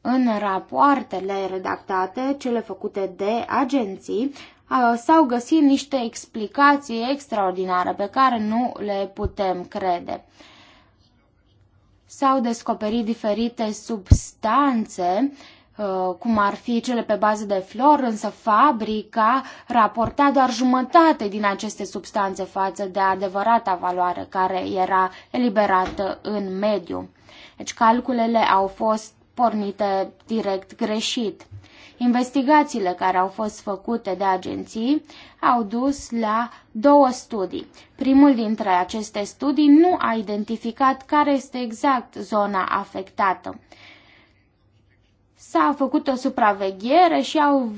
În rapoartele redactate, cele făcute de agenții, uh, s-au găsit niște explicații extraordinare pe care nu le putem crede. S-au descoperit diferite substanțe, uh, cum ar fi cele pe bază de flor, însă fabrica raporta doar jumătate din aceste substanțe față de adevărata valoare care era eliberată în mediu. Deci calculele au fost pornite direct greșit. Investigațiile care au fost făcute de agenții au dus la două studii. Primul dintre aceste studii nu a identificat care este exact zona afectată. S-a făcut o supraveghere și au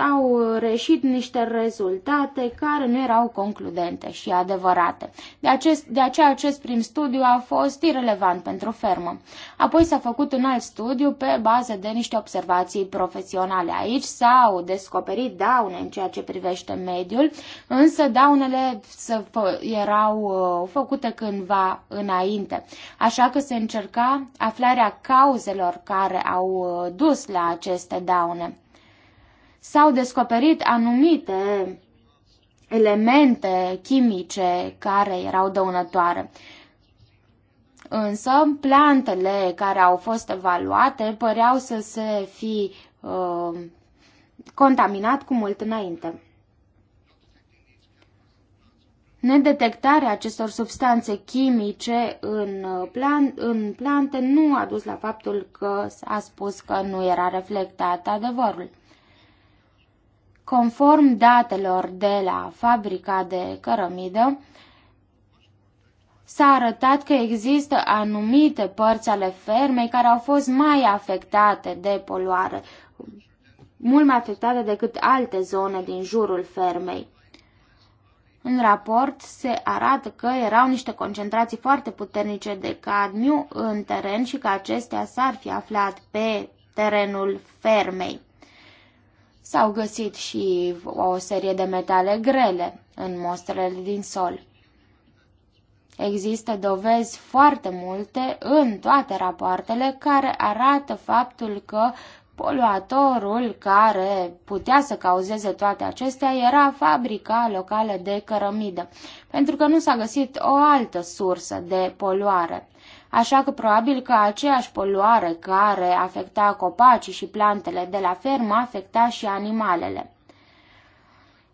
au reșit niște rezultate care nu erau concludente și adevărate. De, acest, de aceea acest prim studiu a fost irelevant pentru fermă. Apoi s-a făcut un alt studiu pe bază de niște observații profesionale. Aici s-au descoperit daune în ceea ce privește mediul, însă daunele erau uh, făcute cândva înainte. Așa că se încerca aflarea cauzelor care au uh, dus la aceste daune s-au descoperit anumite elemente chimice care erau dăunătoare. Însă, plantele care au fost evaluate păreau să se fi uh, contaminat cu mult înainte. Nedetectarea acestor substanțe chimice în, uh, plan, în plante nu a dus la faptul că a spus că nu era reflectat adevărul. Conform datelor de la fabrica de cărămidă, s-a arătat că există anumite părți ale fermei care au fost mai afectate de poluare, mult mai afectate decât alte zone din jurul fermei. În raport se arată că erau niște concentrații foarte puternice de cadmiu în teren și că acestea s-ar fi aflat pe terenul fermei. S-au găsit și o serie de metale grele în mostrele din sol. Există dovezi foarte multe în toate rapoartele care arată faptul că poluatorul care putea să cauzeze toate acestea era fabrica locală de cărămidă, pentru că nu s-a găsit o altă sursă de poluare așa că probabil că aceeași poluare care afecta copacii și plantele de la fermă afecta și animalele.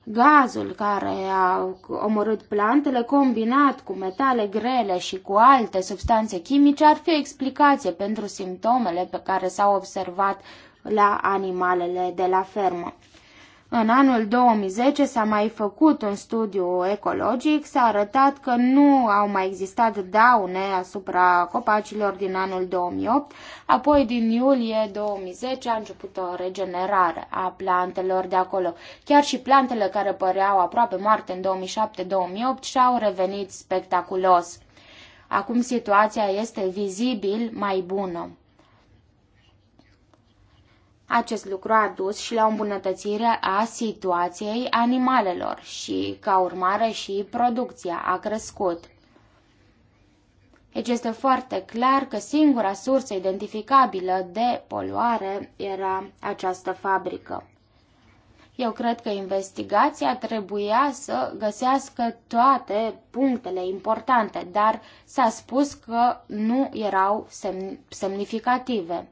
Gazul care a omorât plantele, combinat cu metale grele și cu alte substanțe chimice, ar fi o explicație pentru simptomele pe care s-au observat la animalele de la fermă. În anul 2010 s-a mai făcut un studiu ecologic, s-a arătat că nu au mai existat daune asupra copacilor din anul 2008, apoi din iulie 2010 a început o regenerare a plantelor de acolo. Chiar și plantele care păreau aproape moarte în 2007-2008 și-au revenit spectaculos. Acum situația este vizibil mai bună. Acest lucru a dus și la o îmbunătățire a situației animalelor și, ca urmare, și producția a crescut. Deci este foarte clar că singura sursă identificabilă de poluare era această fabrică. Eu cred că investigația trebuia să găsească toate punctele importante, dar s-a spus că nu erau semn- semnificative.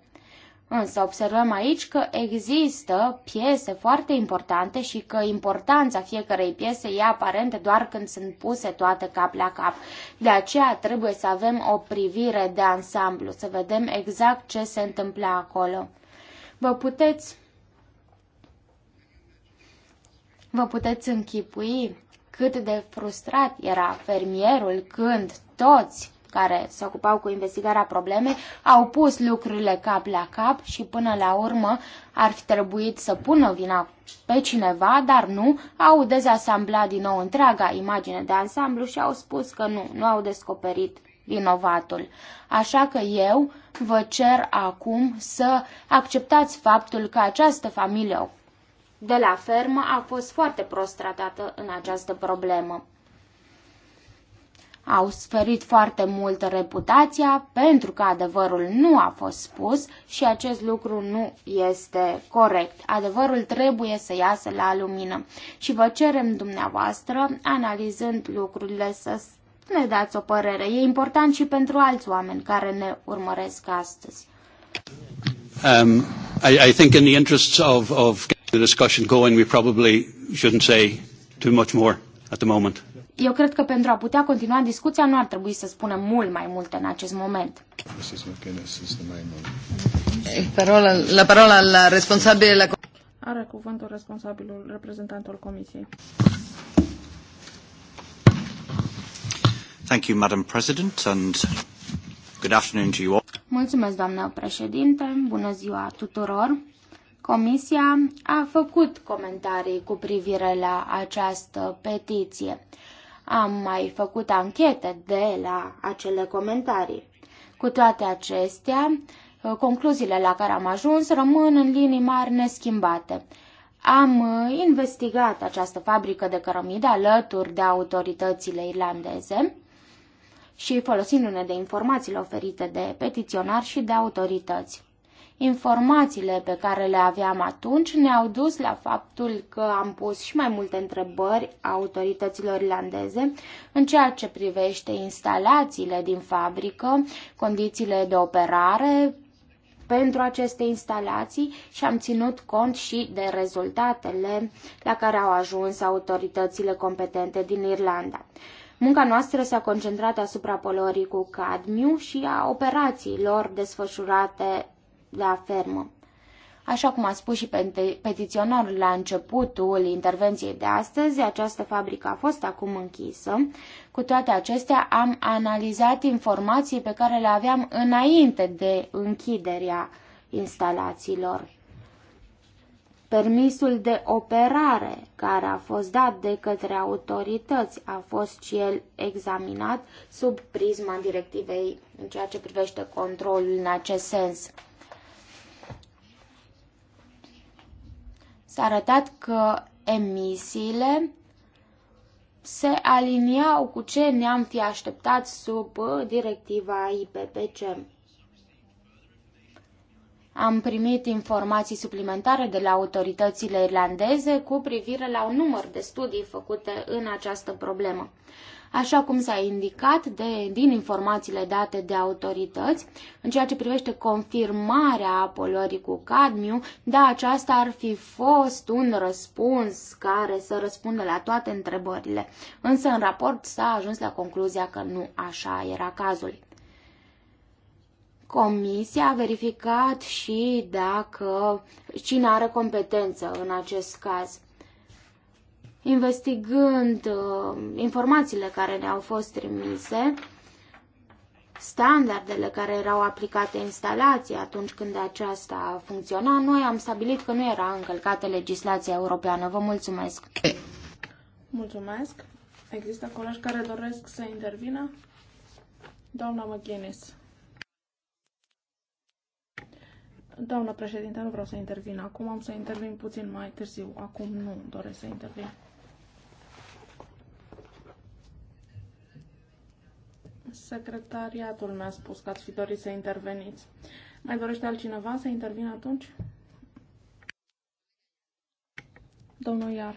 Însă observăm aici că există piese foarte importante și că importanța fiecarei piese e aparentă doar când sunt puse toate cap la cap. De aceea trebuie să avem o privire de ansamblu, să vedem exact ce se întâmplă acolo. Vă puteți Vă puteți închipui cât de frustrat era fermierul când toți care se ocupau cu investigarea problemei au pus lucrurile cap la cap și până la urmă ar fi trebuit să pună vina pe cineva, dar nu, au dezasamblat din nou întreaga imagine de ansamblu și au spus că nu, nu au descoperit vinovatul. Așa că eu vă cer acum să acceptați faptul că această familie de la fermă a fost foarte prost tratată în această problemă au sferit foarte mult reputația pentru că adevărul nu a fost spus și acest lucru nu este corect. Adevărul trebuie să iasă la lumină și vă cerem dumneavoastră, analizând lucrurile, să ne dați o părere. E important și pentru alți oameni care ne urmăresc astăzi. Um, I, I think in the interests of, of the discussion going, we probably shouldn't say too much more at the moment. Eu cred că pentru a putea continua discuția nu ar trebui să spunem mult mai multe în acest moment. Eh, parola, la parola la responsabil la... Are cuvântul responsabilul, reprezentantul Comisiei. Thank you, Madam President, and good afternoon to you all. Mulțumesc, doamnă președinte. Bună ziua tuturor. Comisia a făcut comentarii cu privire la această petiție. Am mai făcut anchete de la acele comentarii. Cu toate acestea, concluziile la care am ajuns rămân în linii mari neschimbate. Am uh, investigat această fabrică de cărămidă alături de autoritățile irlandeze și folosindu-ne de informațiile oferite de petiționari și de autorități. Informațiile pe care le aveam atunci ne-au dus la faptul că am pus și mai multe întrebări autorităților irlandeze în ceea ce privește instalațiile din fabrică, condițiile de operare pentru aceste instalații și am ținut cont și de rezultatele la care au ajuns autoritățile competente din Irlanda. Munca noastră s-a concentrat asupra polorii cu cadmiu și a operațiilor desfășurate la fermă. Așa cum a spus și petiționarul la începutul intervenției de astăzi, această fabrică a fost acum închisă. Cu toate acestea, am analizat informații pe care le aveam înainte de închiderea instalațiilor. Permisul de operare care a fost dat de către autorități a fost și el examinat sub prisma directivei în ceea ce privește controlul în acest sens. s-a arătat că emisiile se aliniau cu ce ne-am fi așteptat sub uh, directiva IPPC. Am primit informații suplimentare de la autoritățile irlandeze cu privire la un număr de studii făcute în această problemă. Așa cum s-a indicat de, din informațiile date de autorități, în ceea ce privește confirmarea poluării cu cadmiu, da, aceasta ar fi fost un răspuns care să răspundă la toate întrebările. Însă în raport s-a ajuns la concluzia că nu așa era cazul. Comisia a verificat și dacă cine are competență în acest caz investigând uh, informațiile care ne-au fost trimise, standardele care erau aplicate instalației atunci când aceasta funcționa, noi am stabilit că nu era încălcată legislația europeană. Vă mulțumesc! Mulțumesc! Există colegi care doresc să intervină? Doamna McGuinness. Doamna președinte, nu vreau să intervin acum, am să intervin puțin mai târziu. Acum nu doresc să intervin. Secretariatul mi-a spus că ați fi dorit să interveniți. Mai dorește altcineva să intervină atunci? Domnul Iar.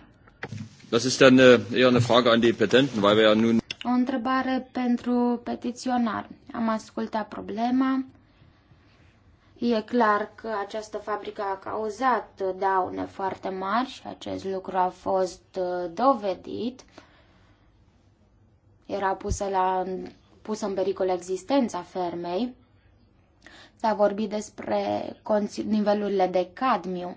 Das ist dann äh, eher eine Frage an die Petenten, weil wir ja nun o întrebare pentru petiționar. Am ascultat problema. E clar că această fabrică a cauzat daune foarte mari și acest lucru a fost uh, dovedit. Era pusă la pus în pericol existența fermei. S-a vorbit despre nivelurile de cadmiu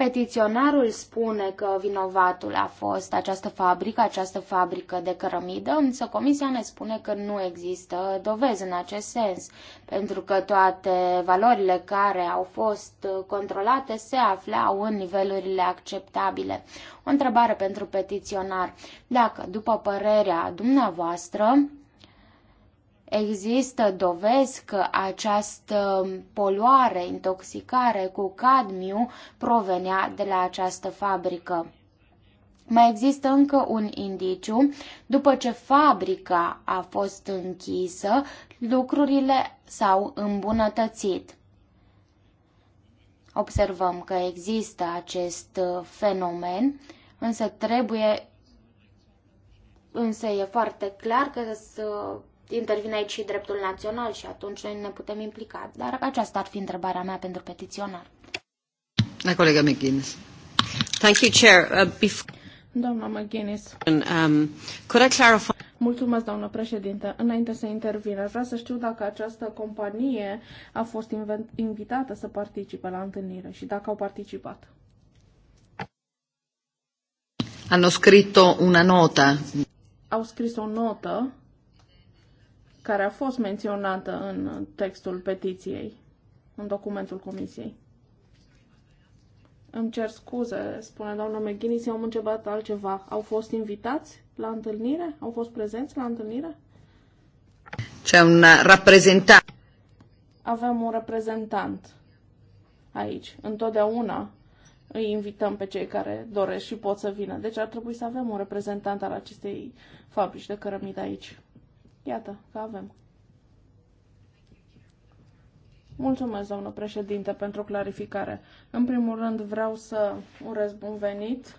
Petiționarul spune că vinovatul a fost această fabrică, această fabrică de cărămidă, însă comisia ne spune că nu există dovezi în acest sens, pentru că toate valorile care au fost controlate se aflau în nivelurile acceptabile. O întrebare pentru petiționar. Dacă, după părerea dumneavoastră, Există dovezi că această poluare, intoxicare cu cadmiu provenea de la această fabrică. Mai există încă un indiciu. După ce fabrica a fost închisă, lucrurile s-au îmbunătățit. Observăm că există acest fenomen, însă trebuie, însă e foarte clar că să intervine aici și dreptul național și atunci noi ne putem implica. Dar aceasta ar fi întrebarea mea pentru petiționar. La colega McGuinness. Thank you, Chair. Uh, before... Doamna McGuinness. Um, could I clarify... Mulțumesc, doamnă președinte. Înainte să intervin, aș vrea să știu dacă această companie a fost invitată să participe la întâlnire și dacă au participat. Hanno scritto una nota. Au scris o notă care a fost menționată în textul petiției, în documentul comisiei. Îmi cer scuze, spune doamna McGuinness, eu am început altceva. Au fost invitați la întâlnire? Au fost prezenți la întâlnire? C'è un rappresentant. Avem un reprezentant aici. Întotdeauna îi invităm pe cei care doresc și pot să vină. Deci ar trebui să avem un reprezentant al acestei fabrici de cărămidă aici. Iată că avem. Mulțumesc, doamnă președinte, pentru clarificare. În primul rând vreau să urez bun venit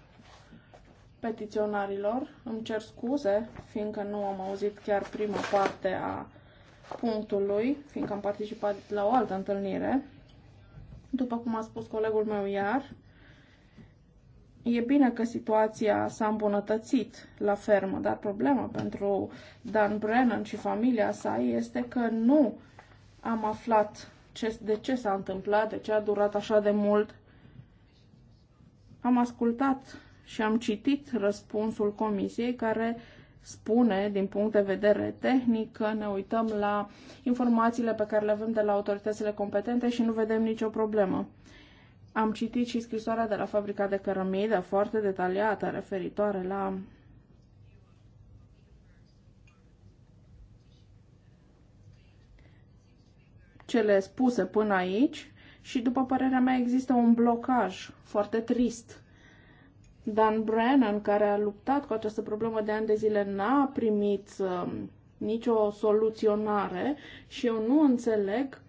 petiționarilor. Îmi cer scuze, fiindcă nu am auzit chiar prima parte a punctului, fiindcă am participat la o altă întâlnire. După cum a spus colegul meu iar, E bine că situația s-a îmbunătățit la fermă, dar problema pentru Dan Brennan și familia sa este că nu am aflat ce, de ce s-a întâmplat, de ce a durat așa de mult. Am ascultat și am citit răspunsul comisiei care spune, din punct de vedere tehnic, că ne uităm la informațiile pe care le avem de la autoritățile competente și nu vedem nicio problemă. Am citit și scrisoarea de la fabrica de cărămidă, foarte detaliată, referitoare la cele spuse până aici și, după părerea mea, există un blocaj foarte trist. Dan Brennan, care a luptat cu această problemă de ani de zile, n-a primit uh, nicio soluționare și eu nu înțeleg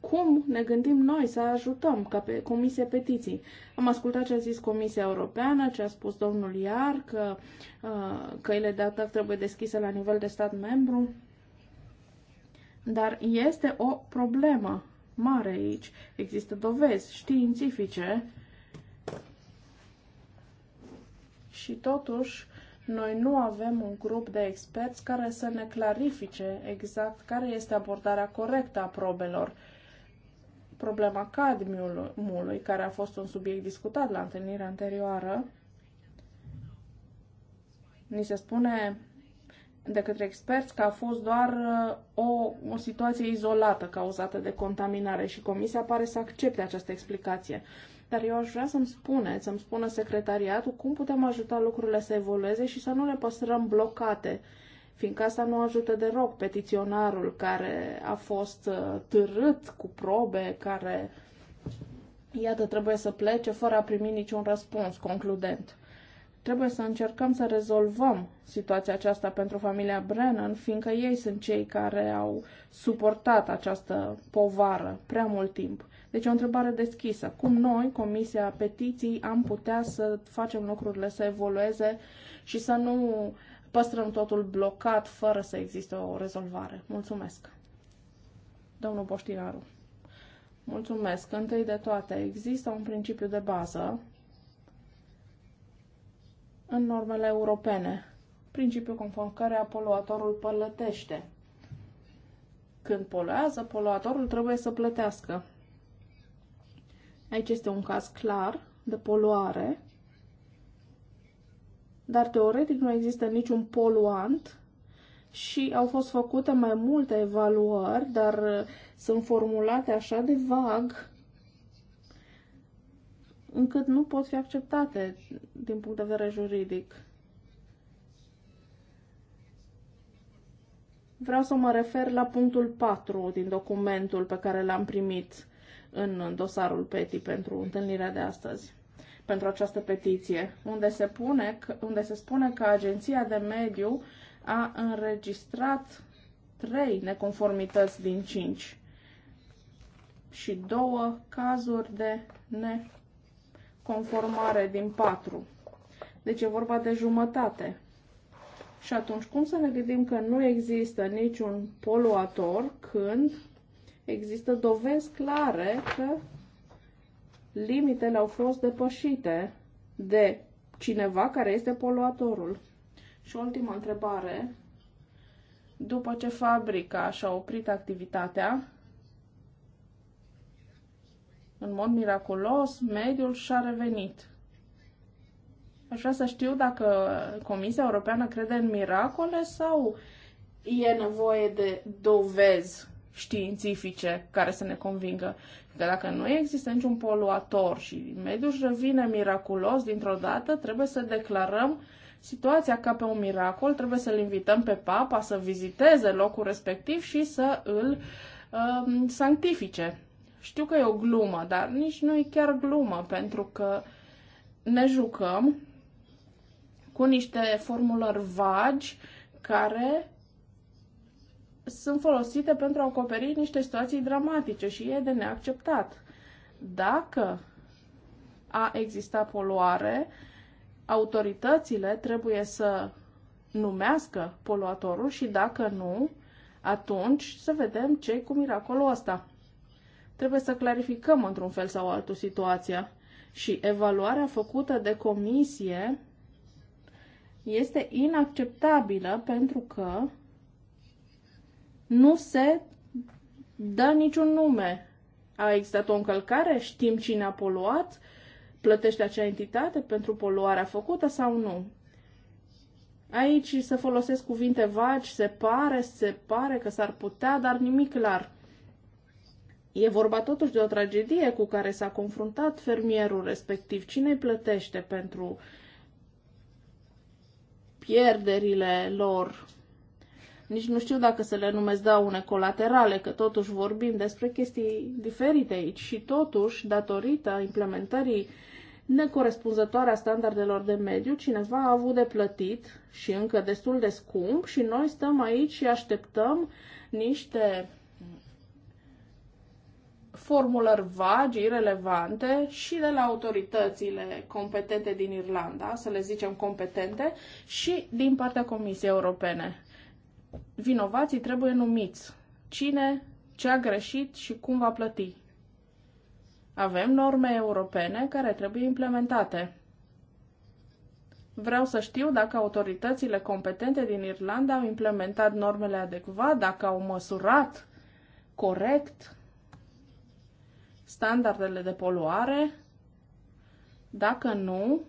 cum ne gândim noi să ajutăm ca pe Comisia Petiții. Am ascultat ce a zis Comisia Europeană, ce a spus domnul Iar, că uh, căile de atac trebuie deschise la nivel de stat membru. Dar este o problemă mare aici. Există dovezi științifice și totuși noi nu avem un grup de experți care să ne clarifice exact care este abordarea corectă a probelor problema cadmiului, care a fost un subiect discutat la întâlnirea anterioară, ni se spune de către experți că a fost doar uh, o, o situație izolată cauzată de contaminare și comisia pare să accepte această explicație. Dar eu aș vrea să-mi spuneți, să-mi spună secretariatul cum putem ajuta lucrurile să evolueze și să nu le păstrăm blocate fiindcă asta nu ajută deloc petiționarul care a fost uh, târât cu probe, care, iată, trebuie să plece fără a primi niciun răspuns concludent. Trebuie să încercăm să rezolvăm situația aceasta pentru familia Brennan, fiindcă ei sunt cei care au suportat această povară prea mult timp. Deci o întrebare deschisă. Cum noi, Comisia Petiții, am putea să facem lucrurile să evolueze și să nu păstrăm totul blocat fără să existe o rezolvare. Mulțumesc. Domnul Boștinaru. Mulțumesc. Întâi de toate, există un principiu de bază în normele europene, principiul conform cărea poluatorul plătește. Când poluează, poluatorul trebuie să plătească. Aici este un caz clar de poluare dar teoretic nu există niciun poluant și au fost făcute mai multe evaluări, dar uh, sunt formulate așa de vag încât nu pot fi acceptate din punct de vedere juridic. Vreau să mă refer la punctul 4 din documentul pe care l-am primit în dosarul PETI pentru întâlnirea de astăzi pentru această petiție, unde se, pune, unde se spune că Agenția de Mediu a înregistrat trei neconformități din cinci și două cazuri de neconformare din patru. Deci e vorba de jumătate. Și atunci cum să ne gândim că nu există niciun poluator când există dovezi clare că limitele au fost depășite de cineva care este poluatorul. Și ultima întrebare. După ce fabrica și-a oprit activitatea, în mod miraculos, mediul și-a revenit. Aș vrea să știu dacă Comisia Europeană crede în miracole sau e nevoie de dovezi științifice care să ne convingă. Dar dacă nu există niciun poluator și mediul își revine miraculos dintr-o dată, trebuie să declarăm situația ca pe un miracol, trebuie să-l invităm pe papa să viziteze locul respectiv și să îl uh, sanctifice. Știu că e o glumă, dar nici nu e chiar glumă, pentru că ne jucăm cu niște formulări vagi care sunt folosite pentru a acoperi niște situații dramatice și e de neacceptat. Dacă a existat poluare, autoritățile trebuie să numească poluatorul și dacă nu, atunci să vedem ce cu miracolul ăsta. Trebuie să clarificăm într-un fel sau altul situația și evaluarea făcută de comisie este inacceptabilă pentru că nu se dă niciun nume. A existat o încălcare? Știm cine a poluat? Plătește acea entitate pentru poluarea făcută sau nu? Aici se folosesc cuvinte vagi, se pare, se pare că s-ar putea, dar nimic clar. E vorba totuși de o tragedie cu care s-a confruntat fermierul respectiv. Cine îi plătește pentru pierderile lor nici nu știu dacă să le numesc daune colaterale, că totuși vorbim despre chestii diferite aici și totuși, datorită implementării necorespunzătoare a standardelor de mediu, cineva a avut de plătit și încă destul de scump și noi stăm aici și așteptăm niște formulări vagi, irelevante și de la autoritățile competente din Irlanda, să le zicem competente, și din partea Comisiei Europene vinovații trebuie numiți. Cine, ce a greșit și cum va plăti. Avem norme europene care trebuie implementate. Vreau să știu dacă autoritățile competente din Irlanda au implementat normele adecvat, dacă au măsurat corect standardele de poluare. Dacă nu,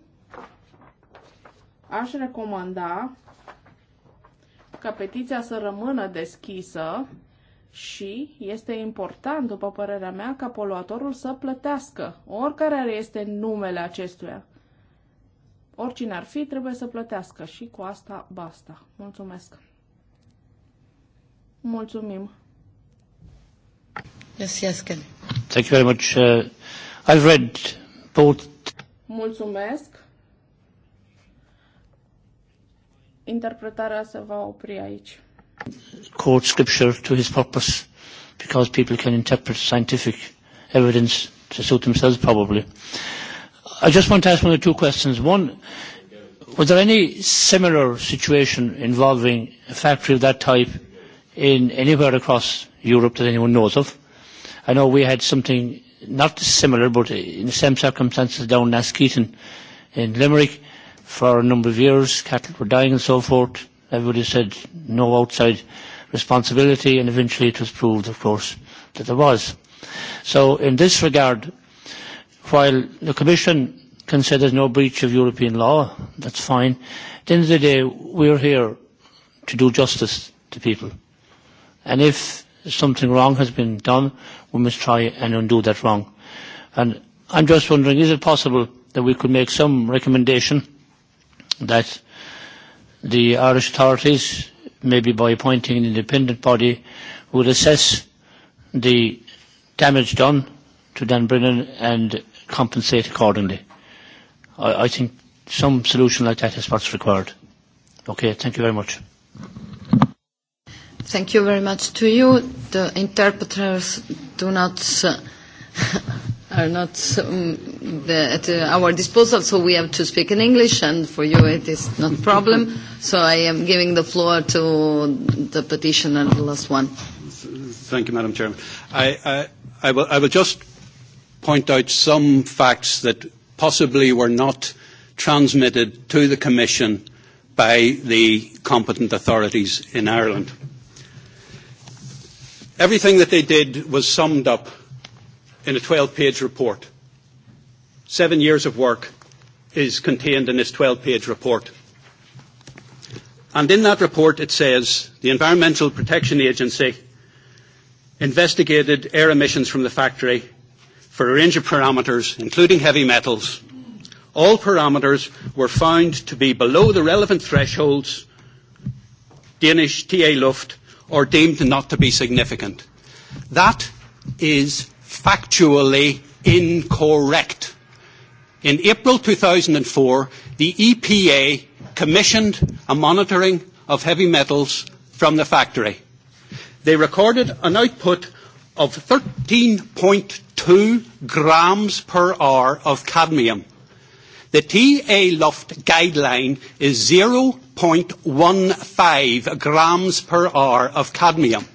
aș recomanda ca petiția să rămână deschisă și este important, după părerea mea, ca poluatorul să plătească, oricare este numele acestuia. Oricine ar fi, trebuie să plătească și cu asta basta. Mulțumesc! Mulțumim! Mulțumesc! Thank you very much. Uh, I've read both. Mulțumesc! interpretarea se va opri aici. Quote scripture to his purpose because people can interpret scientific evidence to suit themselves probably. I just want to ask one or two questions. One, was there any similar situation involving a factory of that type in anywhere across Europe that anyone knows of? I know we had something not similar but in the same circumstances down in Askeaton in Limerick for a number of years. Cattle were dying and so forth. Everybody said no outside responsibility, and eventually it was proved, of course, that there was. So in this regard, while the Commission can say there's no breach of European law, that's fine. At the end of the day, we're here to do justice to people. And if something wrong has been done, we must try and undo that wrong. And I'm just wondering, is it possible that we could make some recommendation that the Irish authorities, maybe by appointing an independent body, would assess the damage done to Brennan and compensate accordingly. I, I think some solution like that is what's required. Okay, thank you very much. Thank you very much to you. The interpreters do not uh, [LAUGHS] are not um, the, at uh, our disposal, so we have to speak in English, and for you it is not a problem. So I am giving the floor to the petitioner, the last one. Thank you, Madam Chairman. I, I, I, will, I will just point out some facts that possibly were not transmitted to the Commission by the competent authorities in Ireland. Everything that they did was summed up in a 12-page report. Seven years of work is contained in this 12-page report. And in that report it says the Environmental Protection Agency investigated air emissions from the factory for a range of parameters, including heavy metals. All parameters were found to be below the relevant thresholds, Danish TA Luft, or deemed not to be significant. That is factually incorrect. In April 2004, the EPA commissioned a monitoring of heavy metals from the factory. They recorded an output of 13.2 grams per hour of cadmium. The TA Luft guideline is 0.15 grams per hour of cadmium.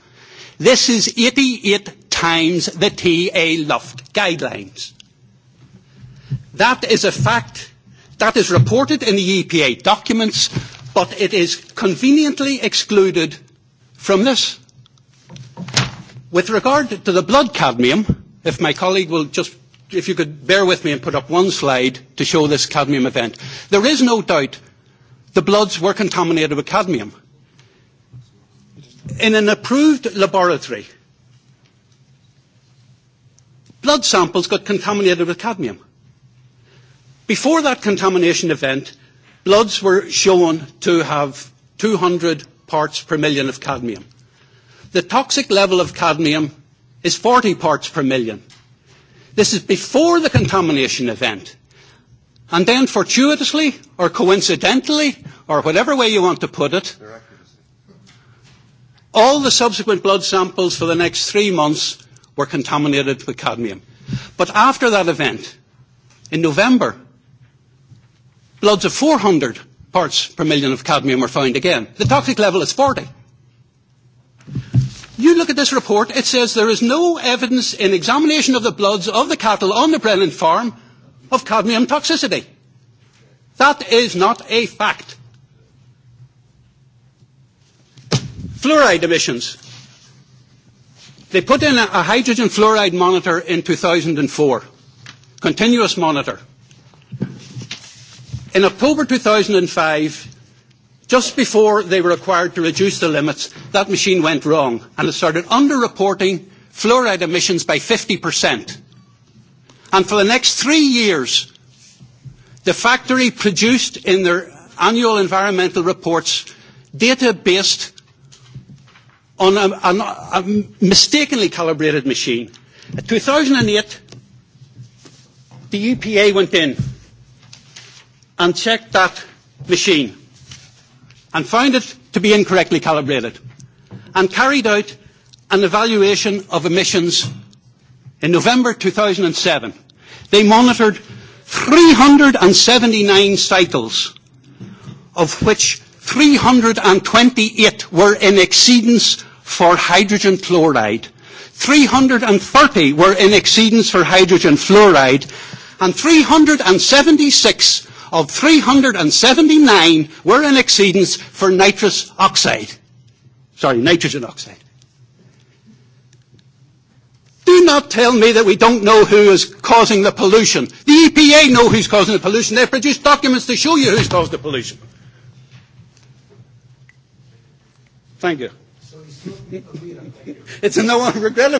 This is 88 times the TA Luft guidelines. That is a fact that is reported in the EPA documents, but it is conveniently excluded from this. With regard to the blood cadmium, if my colleague will just, if you could bear with me and put up one slide to show this cadmium event. There is no doubt the bloods were contaminated with cadmium. In an approved laboratory, blood samples got contaminated with cadmium. Before that contamination event, bloods were shown to have 200 parts per million of cadmium. The toxic level of cadmium is 40 parts per million. This is before the contamination event. And then fortuitously or coincidentally or whatever way you want to put it, all the subsequent blood samples for the next three months were contaminated with cadmium. But after that event, in November, bloods of 400 parts per million of cadmium were found again. The toxic level is 40. You look at this report, it says there is no evidence in examination of the bloods of the cattle on the Brennan farm of cadmium toxicity. That is not a fact. Fluoride emissions. They put in a, a hydrogen fluoride monitor in 2004, continuous monitor. In October 2005, just before they were required to reduce the limits, that machine went wrong and it started underreporting fluoride emissions by 50%. And for the next three years, the factory produced in their annual environmental reports data based on a, a, a mistakenly calibrated machine. In 2008, the EPA went in and checked that machine and found it to be incorrectly calibrated and carried out an evaluation of emissions in November 2007. They monitored 379 cycles, of which 328 were in exceedance for hydrogen chloride. 330 were in exceedance for hydrogen fluoride, and 376 of 379 were in exceedance for nitrous oxide. Sorry, nitrogen oxide. Do not tell me that we don't know who is causing the pollution. The EPA know who's causing the pollution. They've produced documents to show you who's caused the pollution. Thank you. [LAUGHS] it's a no regrettable.